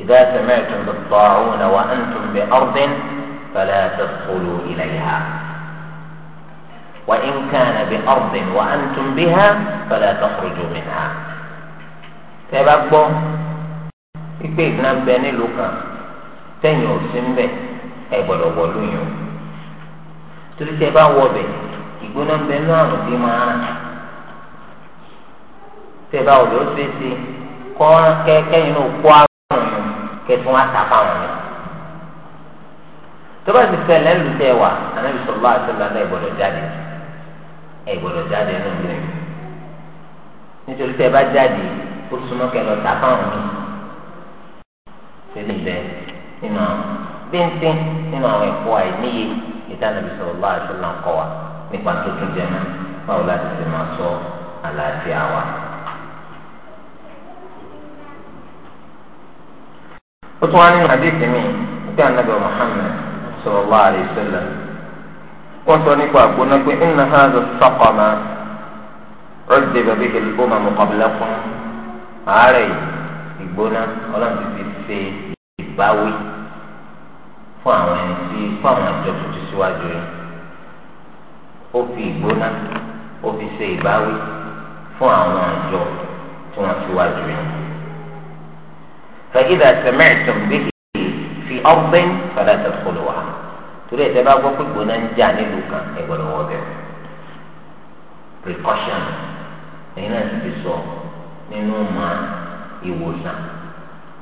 إذا سمعتم بالطاعون وأنتم بأرض فلا تدخلوا إليها وإن كان بأرض وأنتم بها فلا تخرجوا منها tẹ́bá gbọ́ wípé ìgbà ń bẹ nílùú kan tẹ̀yìn ò sí ń bẹ̀ ẹ gbọ́dọ̀ wọ lóyún torí tẹ́ bá wọ bẹ̀ ìgbóná ń bẹ ní àrùn tí máa rà tẹ́ bá ọ̀dọ́ ṣe é ṣe kọ́ kẹ́kẹ́yìn náà kó àrùn yìí kẹ́tún wá tàpá wọn lọ. tó bá ti fẹ́ lẹ́nu tẹ́ wà ànábìsọ̀lá àti ọ̀làdá ìgbọ́dọ̀ jáde jù ẹ gbọ́dọ̀ jáde nù mí nítorí tẹ́ bá jáde ó súnmọ́ kẹlọ ta fáwọn mi tẹ́lẹ̀ bẹ nínú àwọn bíntín nínú àwọn ẹ̀kọ́ àìníye ìdánilẹ sọ̀rọ̀ bá aṣọ náà kọ wa nípa tó tún jẹ náà báwo láti fi máa sọ àlàáfíà wa. ó tún wá nínú àdéhùn mi nígbà nàbẹ Muhammad sọ̀rọ̀ bá aṣọ náà wọ́n sọ nípa àgbo náà pé inna hadha saqama uddiba bihi al-umam qablakum àárẹ̀ ìgbóná ọlọ́run ti fi ṣe ìbáwí fún àwọn ẹni tí fún àwọn àjọ tuntun síwájú yìí ó fi ìgbóná ó fi ṣe ìbáwí fún àwọn àjọ tí wọ́n síwájú yìí. فإذا سمعتم به في أرض فلا تدخلوها torí ẹ̀ tẹ́ bá gbọ́ pé gbóná ń jà nílùú kan ẹ̀ gbọ́dọ̀ wọ bẹ̀rẹ̀ precaution ẹ̀yin náà ti sọ nínú ma ìwòsàn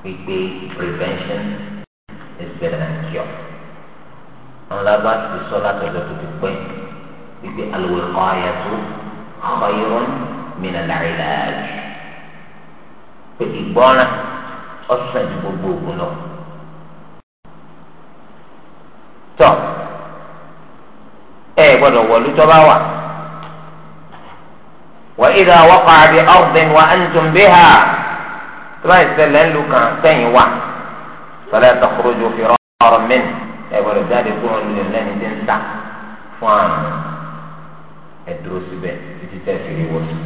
wípé prevention is better than cure àwọn lábá ti sọ látọ̀jọ́ tó ti pẹ́ wípé al-wiqayatu khayrun min al-ilaj pé ìgbọ́ràn ọ̀sán ju gbogbo ògùn lọ tọ ẹ gbọ́dọ̀ wọlú tó bá wà wà ìdá wọkọ àbí ọgbìn wà ẹnitún bí ha tó bá ìṣẹ̀lẹ̀ ńlu kan sẹ́yìn wà fẹlẹ tọkùrọjù fi rọrùn mí ẹ gbọ́dọ̀ jáde kúrò nílé lẹni tí ń ta fún àrùn ẹ dúró síbẹ̀ títí tẹ fi rí wọsùn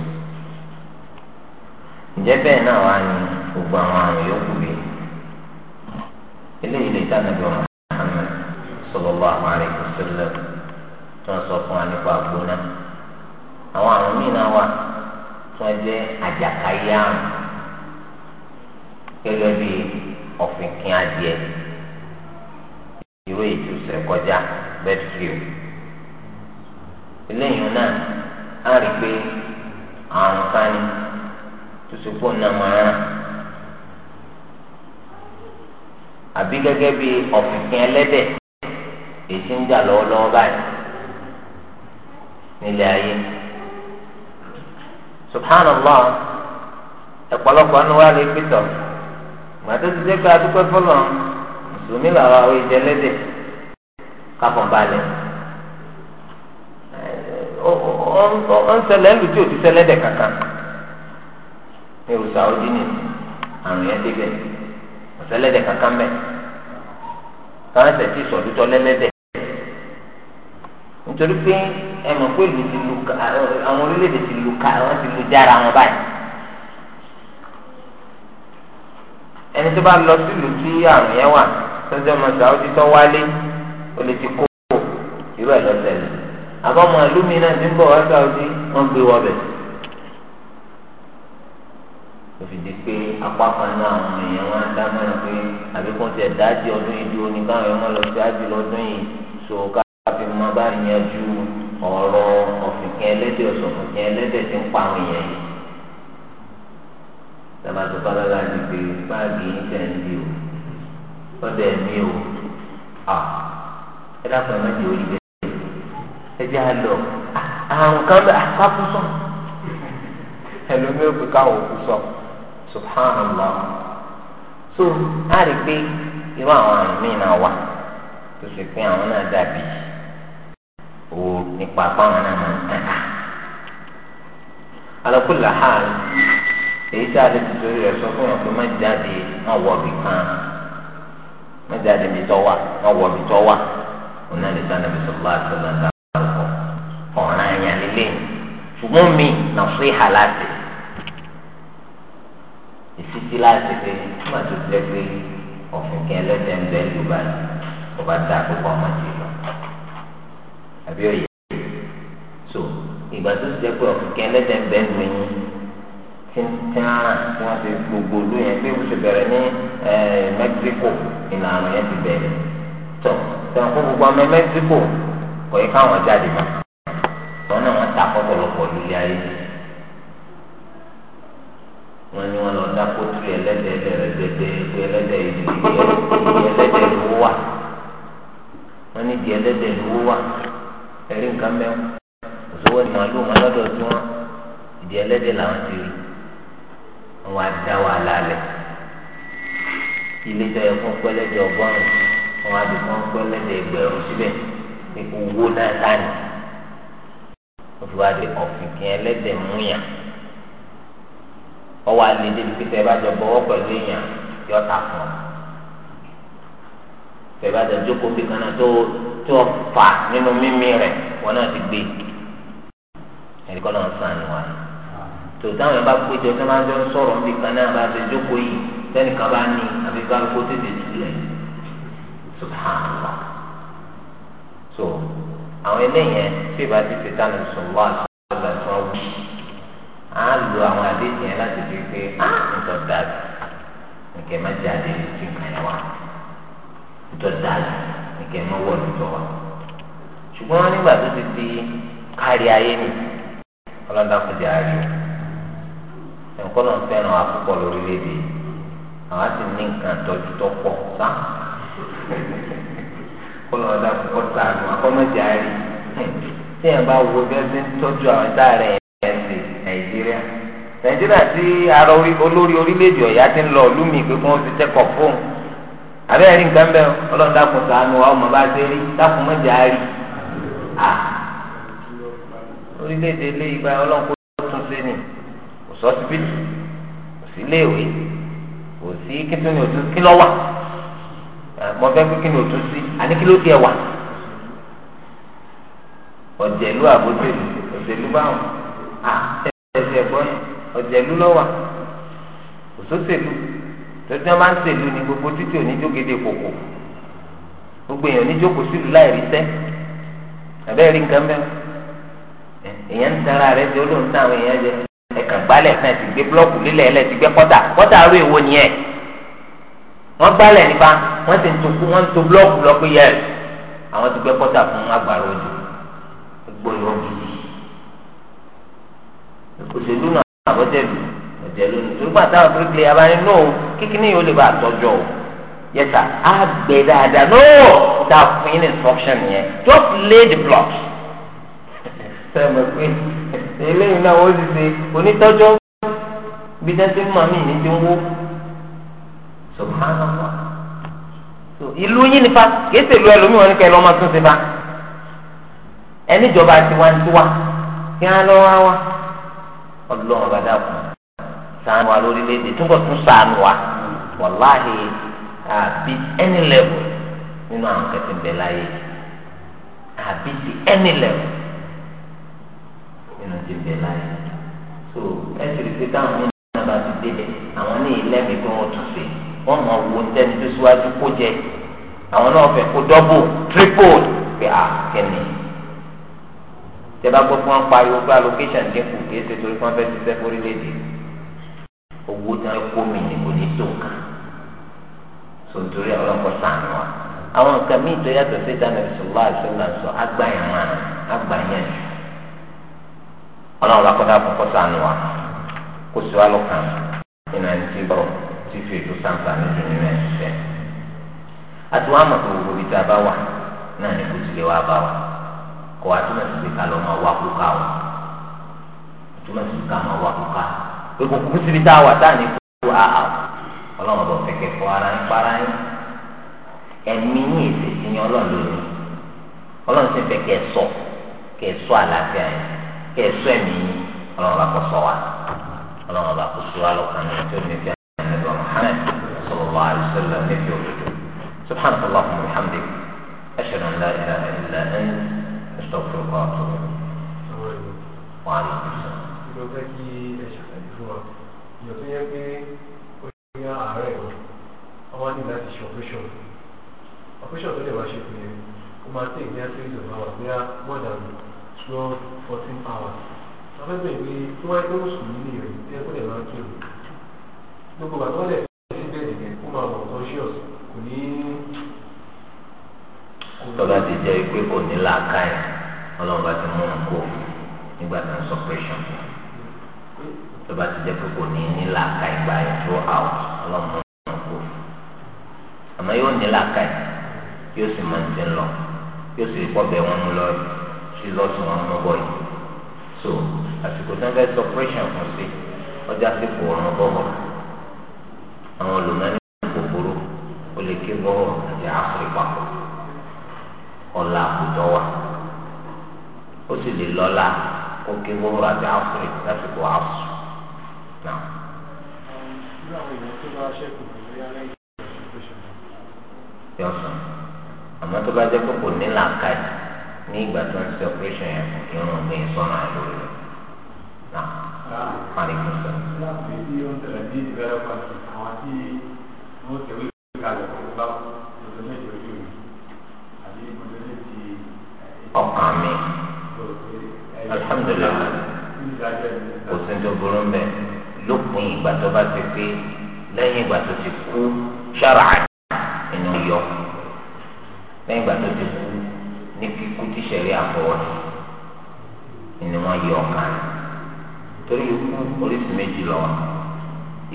ǹjẹ́ bẹ́ẹ̀ náà wà ní gbogbo àwọn àrùn yòókù bíi eléyìí lè dáná bí wọn sallallahu alaihi wasallam tí wọn sọ fún wa nípa àgbóná àwọn àrùn míì náà wà tí wọn jẹ àjàkáyé àrùn gẹ́gẹ́ bí ọ̀fìnkìn adìẹ ìwé ìtúsẹ kọjá bẹtìrìù eléyìí náà á rí i pé àrùn kan ní náà máa rán àbí gẹ́gẹ́ bí ọ̀fìnkìn ẹlẹ́dẹ̀ẹ́. èyí tí ń jà lọ́wọ́lọ́wọ́ báyìí nílé ayé subhanallah ẹ̀pọ̀lọpọ̀ ọ̀nà wa lè pítọ̀ gbàtó ti dé pé adúpẹ́ fọlọ́ mùsùlùmí làwọn àwọn ìjẹ lẹ́dẹ̀ kápọ̀ balẹ̀ ó ń ṣẹlẹ̀ ẹlù tí ò ti dẹ̀ kankan ní ìrùsà ojú ni àrùn yẹn débẹ̀ ọ̀sẹ̀lẹ̀ dẹ̀ kankan bẹ̀ káwọn ẹsẹ̀ tí sọ̀dútọ̀ lẹ́lẹ́dẹ̀ nítorí pé ẹ mọ̀ pé ìlú ti lu àwọn orílẹ̀-èdè ti lu ká wọ́n ti lu dára wọn báyìí. ẹni tó bá lọ sílùú tí àrùn yẹn wà tọ́jú ọmọ sàwọ́dí tó wálé ó lè ti kó kó irú ẹ̀ lọ́sẹ̀ lọ. àbámu àlùmí náà ti ń bọ̀ wá sàwọ́dí wọ́n gbé wọbẹ̀. ó fi di pé apá kan náà àwọn èèyàn wọn á dá mẹ́rin pé àbíkún tiẹ̀ dájú ọdún yìí dúró ní káwọn lọ sí ájú lọ́dún yìí àfi mọ bá yanjú ọ̀rọ̀ ọ̀fìnkẹ́ ẹlẹ́dẹ̀ ọ̀sọ̀fìnkẹ́ ẹlẹ́dẹ̀ ti ń pa àwọn èèyàn yìí. Tàbátì Bálára ti pè báàgì yín tẹ̀ ń di o, lọ́dọ̀ ẹ̀mí o, à ẹ dákun ẹ̀mí ti orí bẹ́ẹ̀. Ẹ jẹ́ àlọ́ àrùn kan bẹ́ẹ̀ àkákú sọ. Ẹlòmí ò pé káwọn òkú sọ, subhanallah. So, a rí pé irú àwọn àmì náà wà tó ṣe pé àwọn náà dàbí yìí. o nípa pàwọn náà máa ń tẹ̀lé. alákùlà ha èyí tí a lè ti torí rẹ̀ sọ fún yàn na má jáde má wọ ibì kan má jáde ibi tó wà má wọ mi na láti ìsítí láti tó jẹ́ pé ọ̀fìn kí ń bẹ́ẹ̀ ló bá ọba tá àbí òye so ìgbà tó ti jẹ pé ọ̀kẹ́kẹ́ ẹlẹ́dẹ̀ ń bẹ ń yín tí tí wọ́n ti gbogbo ló yẹn pé bẹ̀rẹ̀ ní mẹ́tíríkò ìlànà yẹn ti bẹ̀rẹ̀ kó gbogbo ọmọ mẹ́tíríkò yẹ káwọn jáde wọn náà ta ayé wọn ni wọn lọ dá kótó ìdílé ìlú wọn di ìlú ẹ̀rí nǹkan mẹ́wọ́n òṣòwò ni màálùú wọn lọ́dọ̀ tí wọ́n ìdí ẹlẹ́dẹ̀ làwọn ti rí wọn á dá wàhálà lẹ̀ ilé tó yẹ fún pẹ́lẹ́dẹ̀ ọgọ́rùn wọn á di fún pẹ́lẹ́dẹ̀ ẹgbẹ̀rún síbẹ̀ ní owó náà sáni wọ́n fi wá di ọ̀fìnkìn ẹlẹ́dẹ̀ múyà ọwọ́ alẹ́ débi pé tẹ́ bá jọ bọ́wọ́ pẹ̀lú èèyàn yọ̀ọ́ta fún ọ tẹ́ bá jọ jókòó bí tó fà nínú mímí rẹ̀ wọn náà ti gbé ẹ̀rí kọ́ náà sàn wá tó táwọn yẹn bá péjọ tó máa ń jọ sọ̀rọ̀ níbi kan náà bá ti jókòó yìí sẹ́nìkan bá ní àbí bá kó tètè sílẹ̀ subhanallah so àwọn eléyẹn tí ìbá ti ṣètà ní sọ̀rọ̀ àṣọ àṣọ wí á lo àwọn àdéhùn yẹn láti fi pé á nǹkan dáàbò nǹkan má jáde ní ti kàn yẹn wá nǹkan dáàbò kẹnu wọ̀ lójọ wa ṣùgbọ́n nígbà tó ti di kárí ayé ni ọlọ́dà kò jẹ́ àárẹ̀ o ẹ̀kọ́ náà fẹ́ràn àkókò lórílẹ̀‐èdè àwọn àti ní nǹkan tọ́jú tó pọ̀ sá kó lọ́dà kókó sàánù akọ́mọ̀jẹ́ àárẹ̀ tí ẹ̀ bá wo bí ẹ ti ń tọ́jú àwọn ẹ̀dá rẹ̀ ẹ̀ ṣe nàìjíríà nàìjíríà tí olórí orílẹ̀-èdè ọ̀yá ti ń lọ lùmí pé kí wọ́n ti tẹ́kọ̀ọ́ fóun àbẹ ẹrí nǹkan bẹ Ọlọ́run dákun ṣàánú wa ọmọ bá ṣe rí dákun mọ jà á rí a orílẹ̀-èdè ilé ìgbà Ọlọ́run kó tún ṣe ni kò sọ síbi kò sí iléèwé kò sí kíntúni òtún kí lọ wà mo fẹ́ pé kíni òtún sí àní kí ló tiẹ̀ wà ọ̀jẹ̀lú àbójẹ̀lú ọ̀jẹ̀lú báwọn a ẹ̀ṣẹ̀ ẹ̀gbọ́n ọ̀jẹ̀lú lọ́wà òṣòṣèlú lójú wọn máa ń ṣèlú ní gbogbo títí oníjókèdè kòkò gbogbo èèyàn níjókòó sílùú láì rí sẹ́ àbẹ́ rí nǹkan mẹ́rin èèyàn ń tara rẹ jẹ olóhùn táwọn èèyàn jẹ ẹ̀ka gbálẹ̀ náà ti gbé blọ́ọ̀kù lílẹ̀ ẹ̀lẹ́ ti gbé kọ́tà kọ́tà aró èwo nìyẹn wọ́n gbálẹ̀ nípa wọ́n ti ń to wọ́n ń to blọ́ọ̀kù lọ pé yẹ àwọn ti gbé kọ́tà fún agbára ojú gbogbo ìwọ́n jẹ lónìí torí pàtó àwọn torí pé abáyé nù kíkíní yóò lè bá àtọjọ o yẹta á gbé dáadáa no ta fún yín instruction yẹn just lay the blocks. ṣé mo pé eléyìí náà wọ́n ti ṣe onítọ́jọ́ bí dẹ́sẹ̀ mọ̀ mí ní ti ń wó subhanallah ìlú yín nípa kìí ṣèlú ẹlòmíràn ní kẹlẹ́ ọmọ tún ṣe bá ẹníjọba tiwantiwa kí á lọ́wọ́ wá ọlọ́run bá dákun ṣàánú wa lórílẹ̀‐èdè túbọ̀ tún ṣàánú wa wàláhì àbí any level nínú àwọn kẹtì bẹ́ẹ̀ láyé àbí ti any level nínú ti bẹ́ẹ̀ láyé so ẹ sì rí i pé táwọn mí náà bá ti débẹ̀ àwọn ní ìlẹ́mìí pé wọ́n tún ṣe wọ́n mọ̀ wo tẹ́ni tó síwájú kó jẹ àwọn náà fẹ́ kó dọ́bù triple pé à kẹ́ni tẹ́ bá gbọ́ fún wọn pariwo pé allocation dínkù kì í ṣe torí fún wọn fẹ́ ti sẹ́kórí léde owó tí wọn kó mi ní kò ní tó nǹkan sòtúrí ọlọ́pàá sànù wa àwọn nǹkan míì tó yàtọ̀ sí dánilẹ sọlá àṣọlá sọ agbáyàn máa agbáyàn ọlọ́run lakọ́dá kọ́kọ́ sànù wa kó sọ alọ́kàn nínú ẹni tí bọ̀ tí fi ètò sàǹfà nínú nínú ẹni tẹ àti wọn àmọ̀ tó gbogbo ibi tá a bá wà náà ní kò tilẹ̀ wá bá wa kọ́ wa túmọ̀ sí ká lọ́ọ́ máa wá kó ká wa sí ká máa wá kó ká gbogbo kùsìbí tá a wà tá a ní kú àá ọlọ́run bọ̀ kẹ̀kẹ́ fọ ara ń para yín ẹ̀mí ní èsì ti yan ọlọ́run lónìí ọlọ́run sì fẹ́ kẹ́ ẹ sọ kẹ́ ẹ sọ àlàáfíà yín kẹ́ ẹ sọ ẹ̀mí yín ọlọ́run bá kọ sọ wa ọlọ́run bá kọ sọ wa lọ́kàn ní ọjọ́ nífẹ̀ẹ́ àyẹ̀wò Muhammad sallallahu alaihi wasallam nífẹ̀ẹ́ òdodo subhanahu wa ta'ala la ilaha wa atubu fún wa ìyọ̀ tó yẹ pé ó ní àárẹ̀ wọn ọmọ ní láti ṣe operation operation tó lè wá ṣe fún yẹn ó máa tẹ̀ ní àtúntò náà bí a more than twelve fourteen hours afẹ́fẹ́ ìwé tó wáyé pé mùsùlùmí ní ìrìn tí ẹkún lè máa kírun gbogbo àtọ́lẹ̀ sí bẹ́ẹ̀ nìyẹn ó máa wọ̀ conscious kò ní. tọ́lá ti jẹ́ pé kò ní làákàyè ọlọ́run bá ti mú un kó nígbà tí wọ́n sọ pé ṣọ́ọ̀ṣì tó bá ti jẹ́ pé kò ní ní làákà ìgbà yẹn throughout ọlọ́mọ náà kú àmọ́ yóò ní làákà yìí yóò sì máa ń ti lọ yóò sì kọ́bẹ̀ wọn mú lọ jesus wọn mú bọ̀ yìí so àsìkò tí wọ́n fẹ́ sọ pressure fún sí ọjà sí kò rán bọ́bọ̀ àwọn olùmọ̀ọ́nì kòkòrò ó lè ké bọ́ọ̀ àti àfọ̀ ìpapọ̀ ọ̀la àkùtọ̀ wa ó sì lè lọ́la kó ké bọ́ọ̀ àti àfọ̀ ìpapọ̀ àfọ̀ yọ sàn àmọ́ tó bá jẹ́ pé kò ní làákàyè ní ìgbà tó ń ṣe operation yẹn irun mi sọnà lórí rẹ náà parí kò sọ. láti bí ó ń tẹ̀lé bí developer àwọn tí wọ́n tẹ̀wé kalẹ̀ kó bá ọdún méjì ojú mi àbí ọdún méjì. ọkàn mi alhamdulilayi kò sí ní tó burú mbẹ lópin ìgbà tó bá ti pé lẹ́yìn ìgbà tó ti kú ṣára ẹnu yọ lẹ́yìn ìgbà tó ti kú ní kíkú tí sẹ̀rí àfọwọ́ ni ni wọ́n yọ ọ̀kan torí ikú oríṣi méjì lọ́wọ́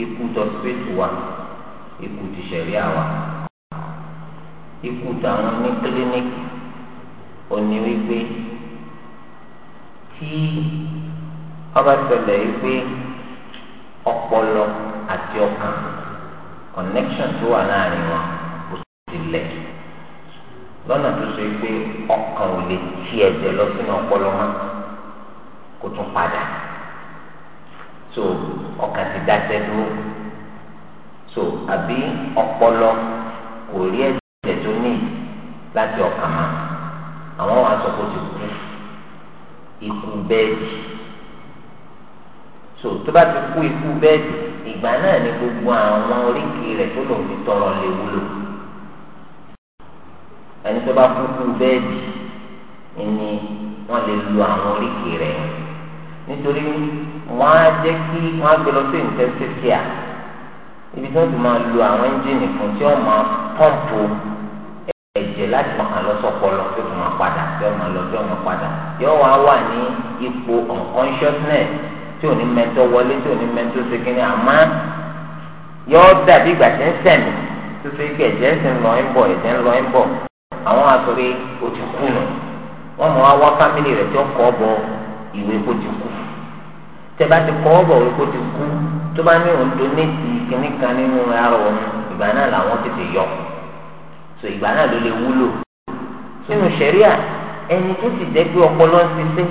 ikú tọ́sípẹ́tù wa ikú ti sẹ̀rí àwa ikú tàwọn ní kílíníkì òní wípé tí ọba tẹlẹ̀ wípé ọpọlọ àti ọkàn connection tó wà láàrin wọn kò sì lẹ̀ lọ́nà tó ṣe pé ọkàn ò lè ti ẹ̀jẹ̀ lọ sínú ọpọlọ mọ́ kó tún padà so ọkàn ti dáṣẹ́ dúró so àbí ọpọlọ kò rí ẹ̀jẹ̀ tó ní láti ọkàn mọ́ àwọn wàá sọ pé ó ti kú ikú bẹ́ẹ̀ jì so tó bá ti kú ikú bẹ́ẹ̀dì ìgbà náà ni gbogbo àwọn oríkì rẹ̀ tó lòun fi tọrọ lè wúlò ẹni tó bá kú kú bẹ́ẹ̀dì ni wọ́n lè lo àwọn oríkì rẹ̀ nítorí wọ́n á jẹ́ kí wọ́n á gbé lọ sí intensive care ibi tí wọ́n ti máa lo àwọn ẹ́ńjìnì fún tí wọ́n máa pọ́ǹpù ẹ̀jẹ̀ láti máa lọ sọ́pọlọ tí wọ́n máa padà tí wọ́n máa lọ tí wọ́n máa padà yóò wá wà ní ipò unconsciousness tí ò ní mẹ́tọ́ wọlé tí ò ní mẹ́tọ́ ṣe kínní àmọ́ yọ dàbí ìgbà tí ń sẹ̀mí tó ṣe kí ẹ̀jẹ̀ ń lọ ń bọ̀ ẹ̀jẹ̀ ń lọ ń bọ̀ àwọn àtòrí o ti kú nù wọ́n mọ̀ wá fámìlì rẹ̀ tí ó kọ́ bọ ìwé kó ti kú tẹ́bá ti kọ́ bọ̀ ìwé kó ti kú tó bá ní òun donate kínní kan nínú ara òun ìgbà náà làwọn tètè yọ so ìgbà náà ló lè wúlò sínú sẹ́ríà ẹni tó ti dẹ́gbẹ́ ọpọlọ ń ṣiṣẹ́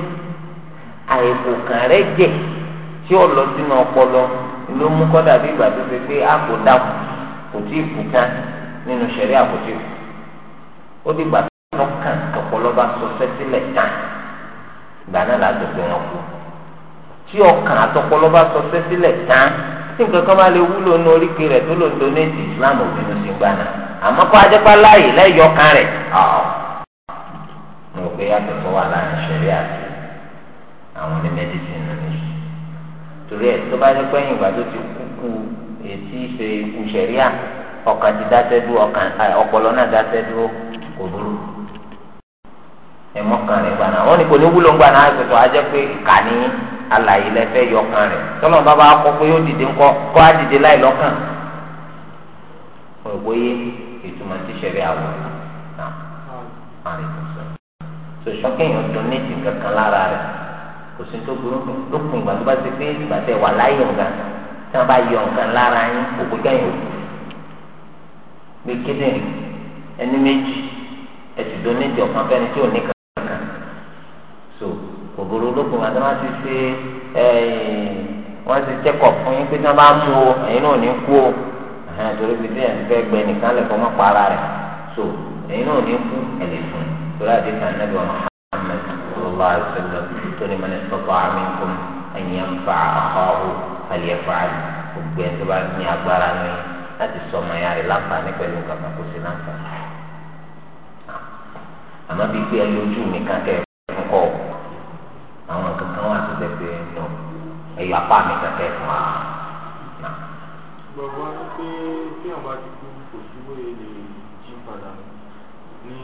àìkòkàn rẹ jẹ tí ó lọ sínú ọpọlọ ló mú kọ́ dàbí ìgbà tó ṣe pé àpò dàpọ̀ kò tí ì kú tán nínú sẹ̀rí àpótí ó di gbà tó kàn ọpọlọ bá sọ sẹ́sílẹ̀ tán ìgbà náà láti kú tí ọkàn àtọpọlọ bá sọ sẹ́sílẹ̀ tán tí nǹkan kan bá lè wúlò oríkèé kan rẹ̀ ọ̀ mo pé yàtọ̀ tó wà láàrin àwọn ní mẹdísìnì na torí ẹ tó bá ní pẹ́yìn ìgbà tó ti kúkú etí ṣe ikú sẹ̀ríà ọkàn ti dáṣẹ́ dúró ọkàn ọpọlọ náà dáṣẹ́ dúró kò burú ẹmọkàn rẹ wọn ni kò ní wúlò ń gbaná àtẹtọ pé ìkànnì alàyè lẹfẹ yọkàn rẹ tọlọ bá bá kọ pé yóò dìde ńkọ kọ á dìde láì lọkàn ìtumọ̀ ti ṣẹlẹ̀ àwọn na àrègbèsọ. kò sí tó burú lókun ìgbà tó bá ti pé ìgbà tẹ wà láyé nǹkan tí wọn bá yọ nǹkan lára yín òkú kẹyìn òkú pé kíndìn ẹni méjì ẹtì tó ní ìjọba fẹni tí ò ní kankan so kò burú lókun ìgbà tí wọn ti ṣe wọn ti tẹkọ fún yín pé tí wọn bá mú o ẹ̀yin náà ní kú o torí pé tí ẹni fẹ́ gbẹ nìkan lè fọ́ mọ́ pa ara rẹ̀ so ẹ̀yin náà ní kú ẹ̀ lè fún un torí àdéhùn ànábì wọn. الله عليه وسلم tóní man istata'a minkum an yanfa'a akhahu falyaf'al gbogbo ẹni tó bá ní agbára ní láti sọ ọmọ ya rẹ̀ láǹfààní pẹ̀lú kàkà kó sí láǹfààní. àmọ́ bíi pé ẹlójú mi kan kẹ́ fún kọ́ àwọn kankan wà tó lè pe nù ẹ̀yọ apá mi kan kẹ́ fún wa. gbogbo wọn pé bí ọba ti kú kò sí wòye lè jí padà ní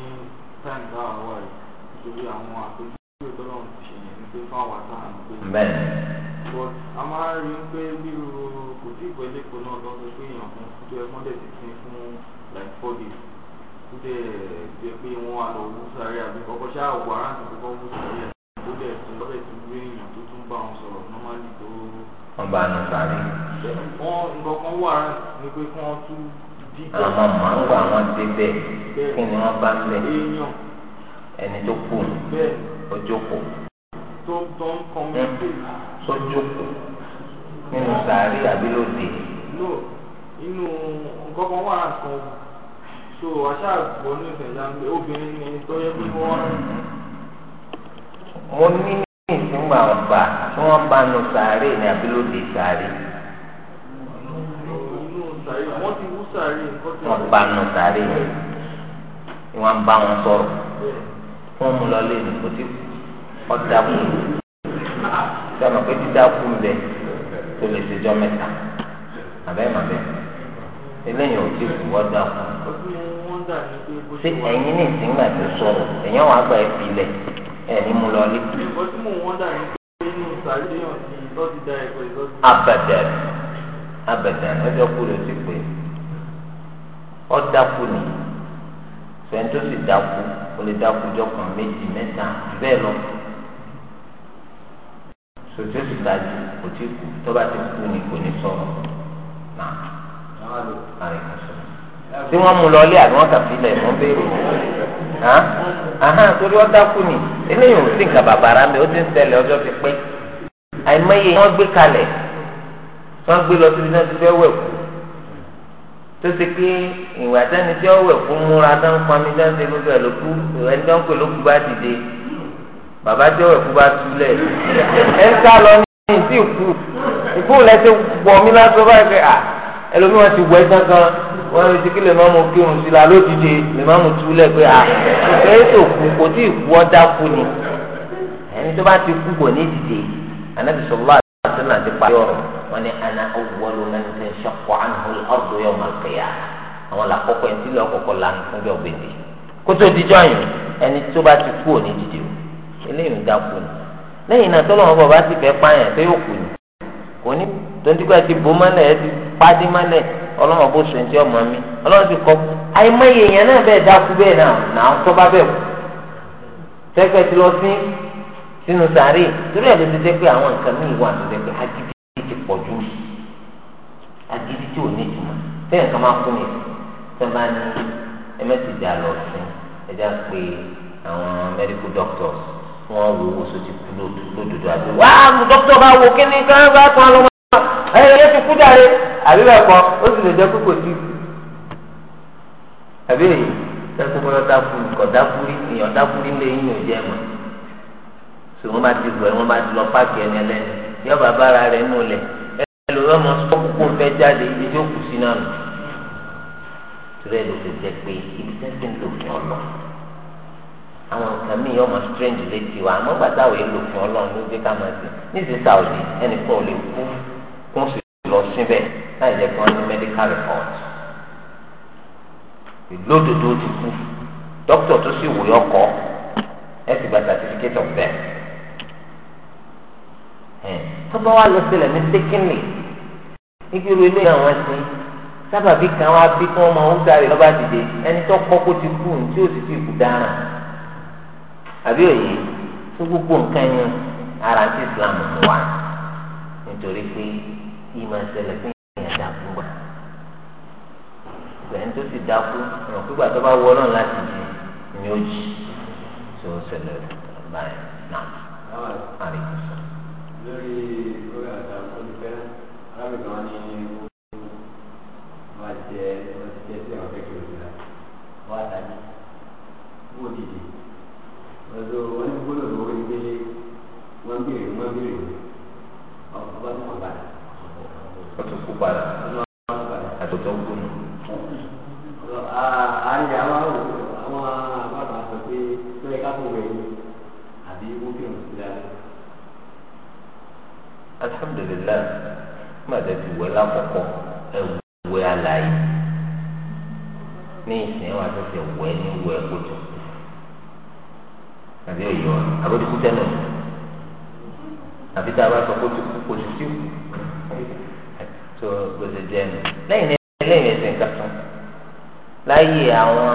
táǹkà àwọn rẹ̀ nítorí àwọn àpéjọ bẹ́ẹ̀ a máa rí pé bí o kò tí ì pẹ́lẹ́ pọ̀ náà lọ́sọ pé èèyàn kan kú tó ti sin fún like four days kú dẹ̀ jẹ́ pé wọ́n á lọ wú sáré àbí kọ́kọ́ ṣá àwọ̀ ara ti kọ́kọ́ wú sáré kó dẹ̀ tún lọ́bẹ̀ tún gbé èèyàn tó tún bá wọn sọ̀rọ̀ normally tó. wọ́n bá ní sáré. nǹkan kan wà ní pé kí wọ́n tún dí. àwọn màá ń gbà wọn débẹ̀ kí ni wọ́n bá ń bẹ̀ ojoko sojoko nínú sàárì àbí lóde. inú nǹkan kan wà kan so àṣà àgbọ̀ ní ìfẹ̀yà obìnrin ni tó yẹ kí wọ́n. mo ní ìsìngbà ọba tí wọ́n bá nu sàárì ní àbí lóde sàárì. wọ́n ti wú sàárì. wọ́n bá nu sàárì ni wọ́n bá wọn sọ̀rọ̀ wọ́n mú lọ lé ní kò ọ̀dàkù sọ̀nà pé dídàkù ń bẹ tó lè ṣèjọ́ mẹ́ta àbẹ́ màbẹ́ eléyìí ò tí kù ọ̀dàkù. ṣé ẹ̀yin ní ìsìngbà tó sọ̀rọ̀ ẹ̀yàn wàá gba ẹ̀fì lẹ̀ ẹ̀ní mú lọ lé. abẹ́dẹ̀ abẹ́dẹ̀ ẹjọ́ kú ló ti pè ọ̀dàkù ni fẹ̀ntó sì dàkú olè dàkú jọkàn méjì mẹ́ta bẹ́ẹ̀ lọ sotí ó sì ga jù kò tí kù tó ti kú ni kò ní sọ̀rọ̀ náà tí wọ́n mú lọ ilé àbí wọ́n kàfi ilẹ̀ wọ́n béèrè ahán torí wọ́n dákú ni eléyìí ò sí nǹkan bàbàrà mi ó ti ń ṣẹlẹ̀ ọjọ́ ti pẹ́ àìmọye wọ́n gbé kalẹ̀ wọ́n gbé lọ síbi náà ti fẹ́ wẹ̀ kú tó ti pé ìwà sẹ́ni tí ó wẹ̀ kú múra tó ń pọnmi tó ń ṣe gbogbo ẹ̀ ló kú ẹni ń pè ló kú bá dìde bàbá jẹ́wọ́ ẹ̀kú bá túlẹ̀ ẹ̀ ń sá lọ ní ìsí ìkú ìkú rẹ̀ ti wọ̀ mí lásán báyìí pé à ẹlòmí wọn ti wọ ẹ kankan wọn lè ti kí lè má mú kírun sí la lódìde lè má mú túlẹ̀ pé à ìfẹ́ ètò kù kò tí ì kú ọ́dá kú ni ẹni tó bá ti kú kò ní dìde anabi sọlá àti náà ti parí ọ̀rọ̀ wọn ni ana awuwalu mẹnusẹ sọkọ anahol ọdọ yọ ọmọ kẹyà àwọn làkọkọ ẹni tí lọ kọkọ la ń fún bí ọgbẹdẹ eléyìí ń dákú ni na náà tọ́lọ́wọ́n bọ̀ bá ti fẹ́ pààyàn pé ó kù ni kò ní tontigbà ti bò ẹ ti pàdé ọlọ́wọ́n bó sọ ẹni ọmọ mi ọlọ́wọ́n ti kọ́ àìmọye èèyàn náà bẹ́ẹ̀ bẹ́ẹ̀ náà tọ́ bá bẹ́ẹ̀ tẹ́gbẹ́ ti lọ sí sínú sàárè torí ẹ̀ ló ti àwọn nǹkan ti pọ̀ kí wọ́n wo owó sọ́tì kú lódodo àbí wá àwọn dókítà bá wo kí ni kí wọ́n bá tán lọ́wọ́ ẹ̀yẹ yẹn ti kú dáre àbí bẹ́ẹ̀ kọ́ ó sì lè jẹ́ kókò tí àbí èyí sẹ́kù bọ́lá dákú kọ̀ dákú rí èèyàn dákú rí lé yín òjẹ́ mọ̀ sọ wọ́n bá ti gbọ́ ẹ̀ wọ́n bá ti lọ páàkì ẹni ẹlẹ́ni yọ bàbá ara rẹ̀ nù lẹ̀ ẹ lò lọ́mọ sọ́kùkù fẹ́ jáde ibi tó kù sí náà àwọn nǹkan míì ọmọ strange létí wa àmọ́ gbàtà wòye lò fún ọlọ́run ló gbé ká máa sè níṣẹ́ Saudi ẹnì kan ò lè kú kún sí lọ síbẹ̀ láì jẹ́ kí wọ́n ní medical report lódodo ti kú dókítà tó sì wòye ọkọ ẹ sì gba certificate of death tó bá wà lọ sílẹ̀ ní sékìnì ìgbìrò ilé àwọn ẹ̀sìn sábàbí kan wá bí kí wọ́n máa ń sáré lọ́ba dìde ẹni tó kọ́ kó ti kú ní tí ó sì fi kú dára àbí òye tó gbogbo nǹkan yẹn ara ti islam wà nítorí pé ìmọ̀ ìṣẹ̀lẹ̀ fún ìyẹn dàkú gbà ìgbẹ̀yìn tó sì dàkú ìràn pípa tó bá wọ náà láti jẹ ni ó jì tó ṣẹlẹ̀ báyìí náà àríkù sọ. lórí lórí àṣà olùfẹ́ arábìnrin kan ní máa jẹ ọtí jẹ sí àwọn akẹ́kọ̀ọ́ ìlú náà wọ́n á dàbí wọ́n dìde ọ̀dọ̀ wọn ní gbọ́dọ̀ lórí pé wọ́n béèrè wọ́n béèrè ọkọ̀ bá tó padà. ọtún kú padà àtúntò gbónú. àyè àwọn àwọn àbábà sọ pé pé ká tó wẹ̀ yín àbí wọ́n kí wọ́n ti dá. alhamdulilayi mọ̀tẹ́ ti wẹ̀ lákọ̀ọ́kọ́ ẹ̀ wẹ̀ àlàyé ní ìsìn wa tó ti wẹ̀ ní wẹ̀ kótó àbí ẹ̀yọ́ àbójú kú tẹ́lẹ̀ àbí tá a bá sọ kó ti kú kó ti sí kú tó gbèsè jẹ́ ẹnu lẹ́yìn lẹ́yìn ẹsẹ̀ nǹkan tán láyé àwọn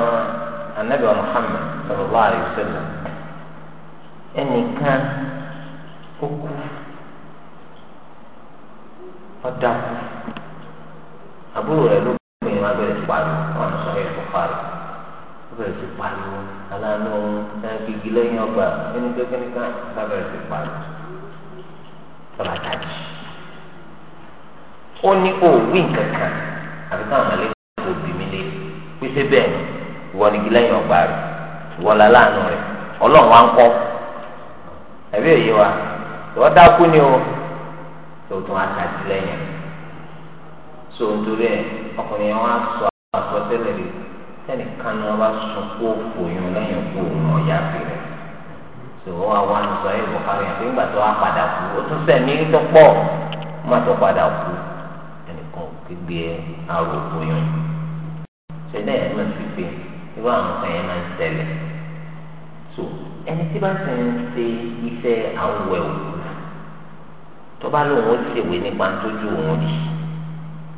anabi Muhammad sallallahu alaihi wasallam ẹnìkan ó kú ọ̀dà kú àbúrò rẹ̀ ló kú ìwà bẹ̀rẹ̀ pariwo wọn sọ yẹ kó pariwo ó bẹ̀rẹ̀ pariwo aláàánú ẹnìkejì lẹ́yìn ọgbà ẹni kékeré ní kan lábẹ́ ẹ̀sìn pààlù pàtàkì. ó ní òwì kankan àti táwọn alẹ́kọ̀ọ́ kò bí mi lé pèsè bẹ́ẹ̀ ìwọ nìkí lẹ́yìn ọgbà rẹ̀ ìwọ làlánú rẹ̀ ọlọ́run wa ń kọ́ ẹ̀bí èyí wa ìwọ dákú ni o tó tún àtàtì lẹ́yìn so nítorí ẹ ọkùnrin yẹn wá sọ àsọtẹ́lẹ̀ rẹ̀ tẹnìkan ni wọn bá sùn kó fòyún lẹ́yìn kó òun ọ̀yà bẹ̀rẹ̀ tó wọn wá wọn sọ ẹ bọ̀kárí àti nígbà tó wá padà kú ó tún sẹ̀mí tó pọ̀ má tó padà kú ẹnìkan gbígbé arò fòyún ṣẹlẹ̀ ẹ̀ máa fi pé irú àwọn kan yẹn máa ń ṣẹlẹ̀ tó ẹni tí bá ti ń ṣe iṣẹ́ awọ ẹ̀wù tó bá lóun ó ṣèwé nípa tójú òun rí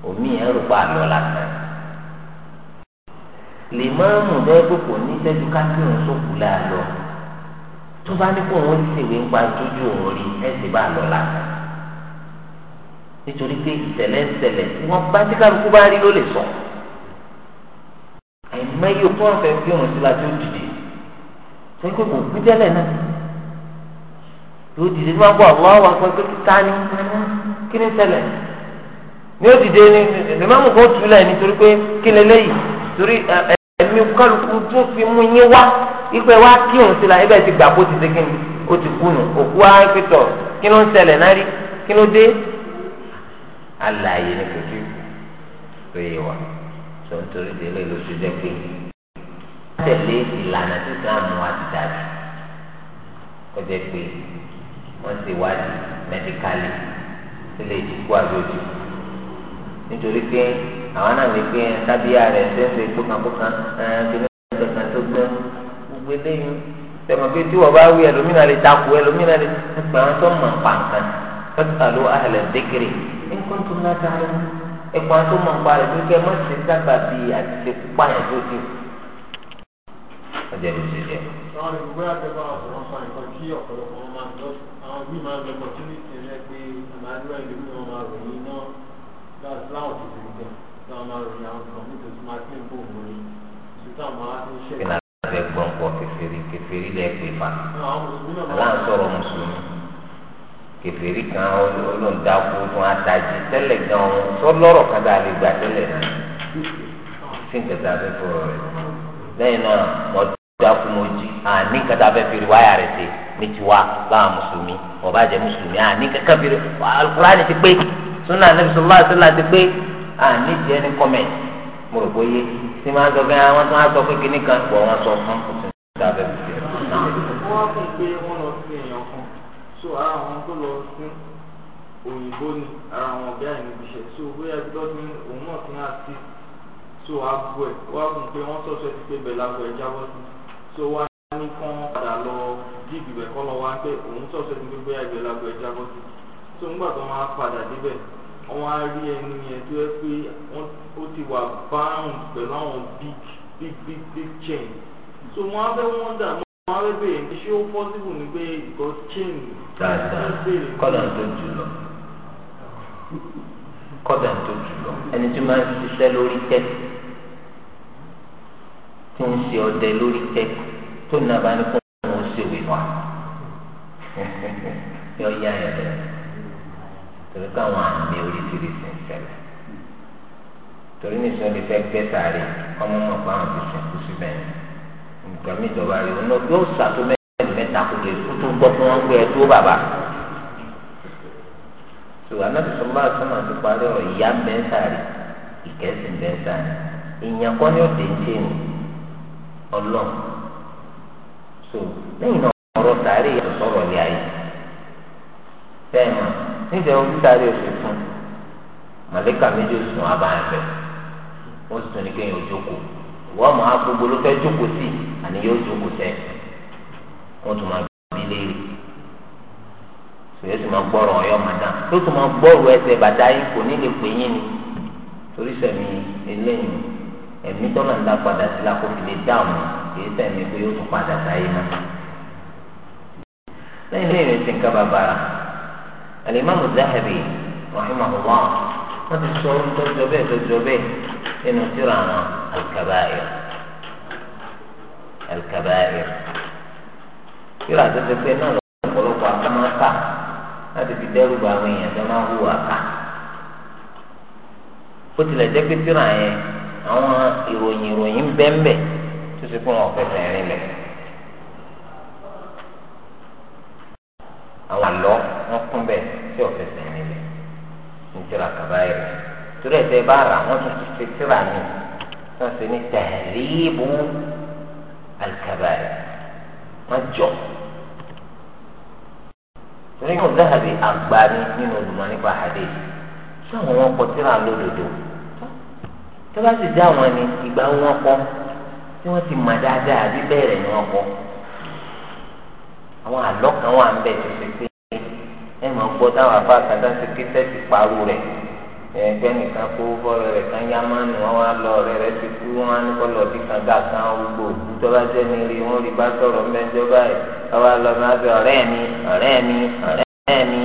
omi ẹ̀rù pa àlọ́ lásán lè máa mú dẹ́gbẹ́ kò ní sẹ́jú kákìrún sókù láàlọ́ tó bá ní kó òun ṣèwé ń pa tójú òun rí ẹ̀sìn bá lọ lánàá nítorí pé ìṣẹ̀lẹ̀ ìṣẹ̀lẹ̀ tí wọ́n bá tí kálukú bá rí ló lè sọ àìmọye òkú ọ̀fẹ́ bí òun sí la tó dìde tó ń pè kò kú tẹ́lẹ̀ náà yóò dìde ní wàá bọ̀ àwọn àwọn akọ pé kíta ni kí ni ṣẹlẹ̀ ni ó dìde ni ìmáàmù kan túlẹ̀ nítorí pé kí lélẹ́yìí torí ẹ ẹ̀mí kálukú tún fi mú yín wá ipe wá kí òun sí la ibẹ̀ ti gbà kó ti ṣe kíni ó ti kùnù òkú wa ń fi tọ̀ kí ló ń ṣẹlẹ̀ náà rí kí ló dé alààyè ni kò tí tó yé wa tó ń torí délé ló ṣe jẹ́ pé tẹ̀lé ìlànà tí sáàmù wa ti dàbí kó jẹ́ pé wọ́n ti wádìí mẹ́díkálì sílé ìdìbò àbí òjò nítorí pé àwọn náà lè gbé tábíyà rẹ̀ ṣẹ́ṣe kókankókan ẹ̀ẹ́dẹ́gbẹ̀kan tó gbẹ́ gbogbo eléyìí tẹmọ pé tí wọ́n bá wí ẹlòmínà lè takò ẹlòmínà lè gbà wọn tó mọ̀ pàǹkan fẹ́tàlú ahẹlẹ̀ dẹ́gẹ̀rẹ̀ nǹkan tó ná ta ló ẹ̀kọ́ tó mọ̀ pa rẹ̀ tó kẹ́ mọ́ ti sábà bí àti pààyàn tó ti. ọjà ló ṣe jẹ. àwọn ìwé àgbẹ̀bá ọ̀sán pa nǹkan kí ọ̀pọ̀lọpọ̀ wọn máa ń lọ àwọn bí máa ń lọ láti láwọn ti fi gbẹ tí wọn máa ròyìn àwọn kan nítorí máa fi ń bò wọn ni ṣùgbọ́n àwọn á ti ṣe. kí náà láti gbọ̀ngbọ̀ kẹfẹ́rí kẹfẹ́rí lẹ́ pè fa aláǹsọ̀rọ̀ mùsùlùmí kẹfẹ́rí kan olóńdàkú fún àtàjì tẹ́lẹ̀ gan-an sọlọ́rọ̀ kadà lè gbà tẹ́lẹ̀ sí nkẹta fẹ́ fọ̀rọ̀ rẹ̀ lẹ́yìn náà mọ̀ dákú mo jí àní kẹta fẹ́ fi wáyà rẹ̀ sunna anabi sọlá àtúnlá ti pé àní jẹ ní kọmẹt mo rò bóyé tí máa ń sọ pé àwọn tó ń sọ pé kíní kan pọ̀ wọn sọ fún kò sí ní abẹ́ mi. wọ́n fi pé so ara àwọn tó lọ sí òyìnbó ni ara àwọn ọ̀gá ìlú ibiṣẹ́ so bóyá gbọ́dọ̀ ní òun náà ti so agbo ẹ̀ wá fún pé wọ́n so wá ní kán padà lọ gíìgì bẹ̀ kọ́ lọ wá pé òun sọ̀tọ̀ ti pé bóyá ìbẹ̀rẹ̀ agbo jábọ́ sí so ńgbà tó máa padà débẹ̀ wọ́n á rí ẹni yẹn tó yẹ pé ó ti wà bound pẹ̀lú àwọn big big big big chain so wọ́n á fẹ́ wọ́n dà wọ́n á fẹ́ bèèrè pé ṣé ó possible ni pé because chain kọ́dà tó jù lọ kọ́dà tó jù lọ ẹni tí máa ń ṣiṣẹ́ lórí tẹ́ tí ń ṣe ọdẹ lórí tẹ́ tó nàbà ní kó wọn ṣe wíwá yọ ya yẹn lẹ́yìn torí pé àwọn àmì oríṣiríṣi ń ṣẹlẹ̀ torí nìṣó lè fẹ́ gbé sàárè ọmọ ọmọ pa àwọn tó sùn kú síbẹ̀ nǹkan mi ìjọba rẹ̀ ọ̀nà yóò ṣàtò mẹ́rin mẹ́ta kò lè kú tó ń gbọ́ tí wọ́n ń gbé ẹ tó bàbá. tó anábì sọ bá sọ́nà tó parí ọ̀rọ̀ ìyá ń bẹ́ sàárè ìkẹ́sìn bẹ́ sàárè ìyẹn kọ́ ní òde ń ni ọlọ́run so lẹ́yìn náà ọ̀rọ̀ sàárè yàtọ̀ sọ̀rọ̀ ní ayé. bẹ́ẹ̀ mọ̀ níjẹ́ ojú sáré oṣù fún màlẹ́kà méjì sùn abáyé bẹ́ẹ̀ ó sùn ní kéèyàn ojókòó wọ́n mọ̀ agbogbo ló fẹ́ jókòó sí àní yóò jókòó sẹ́ wọ́n tún máa bí léèrè máa gbọ́rọ̀ ọ̀yọ́ màdá tó tún máa gbọ́rọ̀ ẹsẹ̀ bàtà yìí kò ní lè ni torí alimami zahabi rahimahullah wọn ti sọ ohun tó jọ bẹ́ẹ̀ tó jọ bẹ́ẹ̀ nínú tírà àwọn alkabair alkabair tírà tó ti pé náà lọ́pọ̀lọpọ̀ akámáká láti fi dẹ́rù bá àwọn èèyàn tó máa hùwà ká ó tilẹ̀ jẹ́ pé tírà yẹn àwọn ìròyìn ìròyìn bẹ́ẹ̀ bẹ́ẹ̀ tó ti fún wọn fẹsẹ̀ rinlẹ̀. àwọn àlọ́ wọn kún bẹ́ẹ̀ tí ọ̀fẹ́ sẹ́yìn lẹ̀ ní tíra kaba yẹn torí ẹ̀sẹ̀ bá rà wọ́n tún ti tíra mi wọ́n sì ní tẹ̀lébù alikaba yẹn wọ́n jọ torí yóò dáhàbí àgbáni nínú olùmọ̀ nípa àdé tí àwọn wọn kọ tíra lódodo tí wọ́n ti dá wọn ni ìgbà wọn kọ tí wọ́n ti mọ̀ dáadáa àbí bẹ́ẹ̀ rẹ̀ ni wọ́n kọ àwọn àlọ́ kan wà ń bẹ̀ tó ṣe pé ẹ mọ̀ gbọ́ táwọn afá kàtà ṣe ké sẹ́ẹ̀tì parú rẹ̀ ẹgbẹ́ nìkan kó bọ́ọ̀rọ̀ rẹ̀ kan yá máa nù wọn á lọ ọ̀rẹ́ rẹ̀ ti kú wọn á ní kọ́lọ̀ bí kan gà kan gbogbo òkú tọ́ba jẹ́ ní rí wọn rí bá sọ̀rọ̀ mẹ́jọ báyìí tọ́ba lọ bá bẹ ọ̀rẹ́ mi ọ̀rẹ́ mi ọ̀rẹ́ mi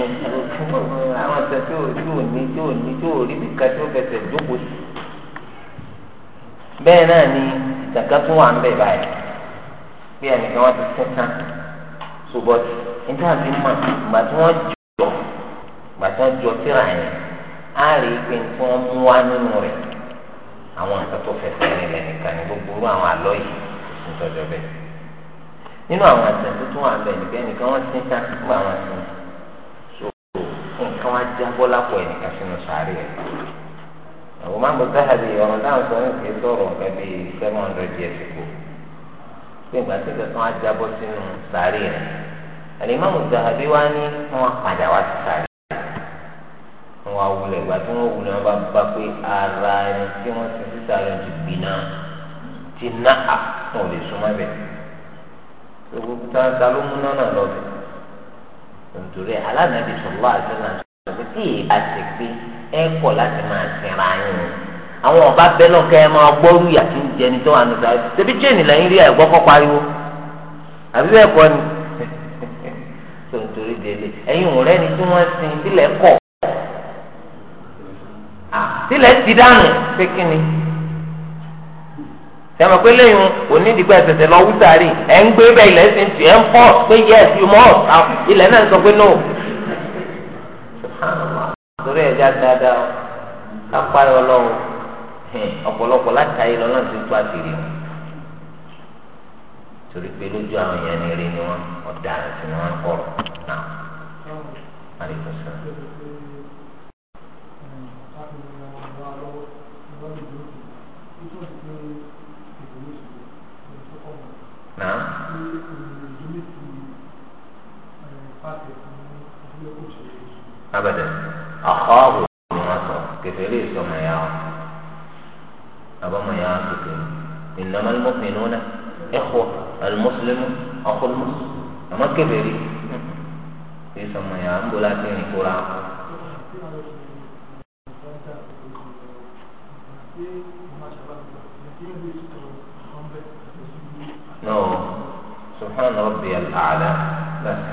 àwọn ọ̀sẹ̀ tí ò ní tí ò ní tí ò rí nìkan tí ó fẹsẹ̀ jókòó sí. bẹ́ẹ̀ náà ni ìtàkà tún wà ń bẹ̀ báyìí bí ẹnìkan wọn ti tún tán ṣùgbọ́n níta fi mọ̀ ìgbà tí wọ́n jọ ìgbà tí wọ́n jọ síra yẹn á rí i pé tí wọ́n mú wá nínú rẹ̀ àwọn nǹkan tó fẹsẹ̀ nílẹ̀ nìkan ní gbogbo àwọn àlọ́ yìí nítọ́jọ́ bẹ́ẹ̀. nínú àwọn àṣà tó tún wà bẹ́ẹ̀ nìkan nìkan wọ́n ti ń ta nígbà wọn sí so nǹkan wá já bọ́lá pọ̀ ẹnìkan sínú sàárè rẹ̀. àwọn máa ń bọ́ sáhàbì ọ̀rọ̀ táwọn sọ ní kì í sọ̀rọ̀ nǹkan bíi seven hundred years ago pé ìgbà tí kankan á jábọ́ sínú sàárì rẹ̀ àlìmáàmù Zahabi wá ní wọn padà wá sí sàárì wọn wá wulẹ̀ ìgbà tí wọ́n wulẹ̀ wọn bá bá pé ara ẹni tí wọ́n ti sí sàárì ti gbiná ti ná à wọn lè súnmọ́ bẹ̀ gbogbo ta ló mú náà lọ bẹ̀ nítorí alánàbì sọ̀rọ̀ àti náà sọ̀rọ̀ pé tí àti pé láti máa sinra yín o àwọn ọba bẹ́lọ̀ kẹ́ ẹ máa gbọ́ orí àti ìjẹni tó wà nùtà ṣebí chain lẹ́yìn rí ẹ̀gbọ́ kọ́ pariwo àbí bẹ́ẹ̀ kọ́ ni tó ń torí délé ẹ̀yin òun rẹ́ni tí wọ́n sin sílẹ̀ kọ̀ sílẹ̀ ti dànù pé kí ni sẹ́mi pé lẹ́yìn òní ìdìgbà ẹ̀sẹ̀sẹ̀ lọ wúsàárì ẹ̀ ń gbé bẹ́ẹ̀ ilẹ̀ ẹ̀sìn tì ẹ̀ ń pọ̀ pé yes you must ilẹ̀ náà sọ pé no torí ẹ̀já dáadáa ká parí ọlọ́run ọ̀pọ̀lọpọ̀ látàrí lọ́nà tó tó àṣírí wọn torí pé lójú àwọn èèyàn ní eré ni wọn ọ̀daràn tí wọ́n ń kọ̀rọ̀ náà àríkùn sọ. Nah. Abadan. Akhahu. Kefeli sama ya. أبما يا أفكر إنما المؤمنون إخوة المسلم أخو المسلم أما كبيري يسمى إيه يا أمبولاتين كورا نو سبحان ربي الأعلى بس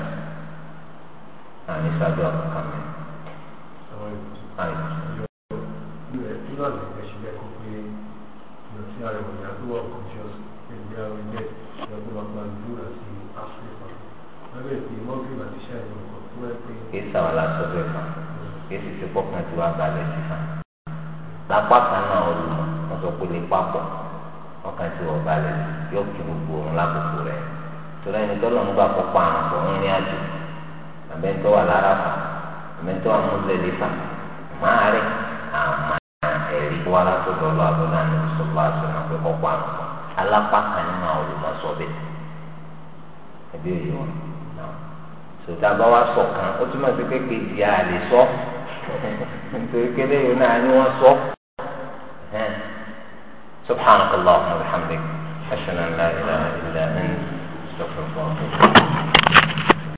يعني سابقا كمان أيوة أيوة lára ìwọ̀n yàtọ̀ wà conscious ẹgbẹ́ àwọn ilẹ̀ ìyàgbọ́ máa gba ìdúró àti áfíríkà lábẹ́ ìpè mọ́gìrì àti ṣáàyẹ̀ ọkọ̀ tó wáyé pé. kí sàwọn aláṣọ bẹ́ẹ̀ fà kí sì ti pọ̀ kan tí wàá balẹ̀ sí fà lápá kan náà olùmọ̀ wọn sọ pé lè papọ̀ wọn kàn ti wọ̀ balẹ̀ yóò kí gbogbo òun lákòókò rẹ̀ torí ẹni tọ́lọ̀ ń gbà kó lọ́wọ́ àtúnà pé kọ́kọ́ àrùn alápá kan nínú àwọn olùmọ̀sọ bẹ́ẹ̀ ẹbí òye wọn náà sọtà bá wá sọ kan ó túmọ̀ sí pé kejì á lè sọ nítorí kéde yìí náà ni wọ́n sọ. سبحانك اللهم وبحمدك أشهد أن لا إله إلا أنت استغفرك وأتوب إليك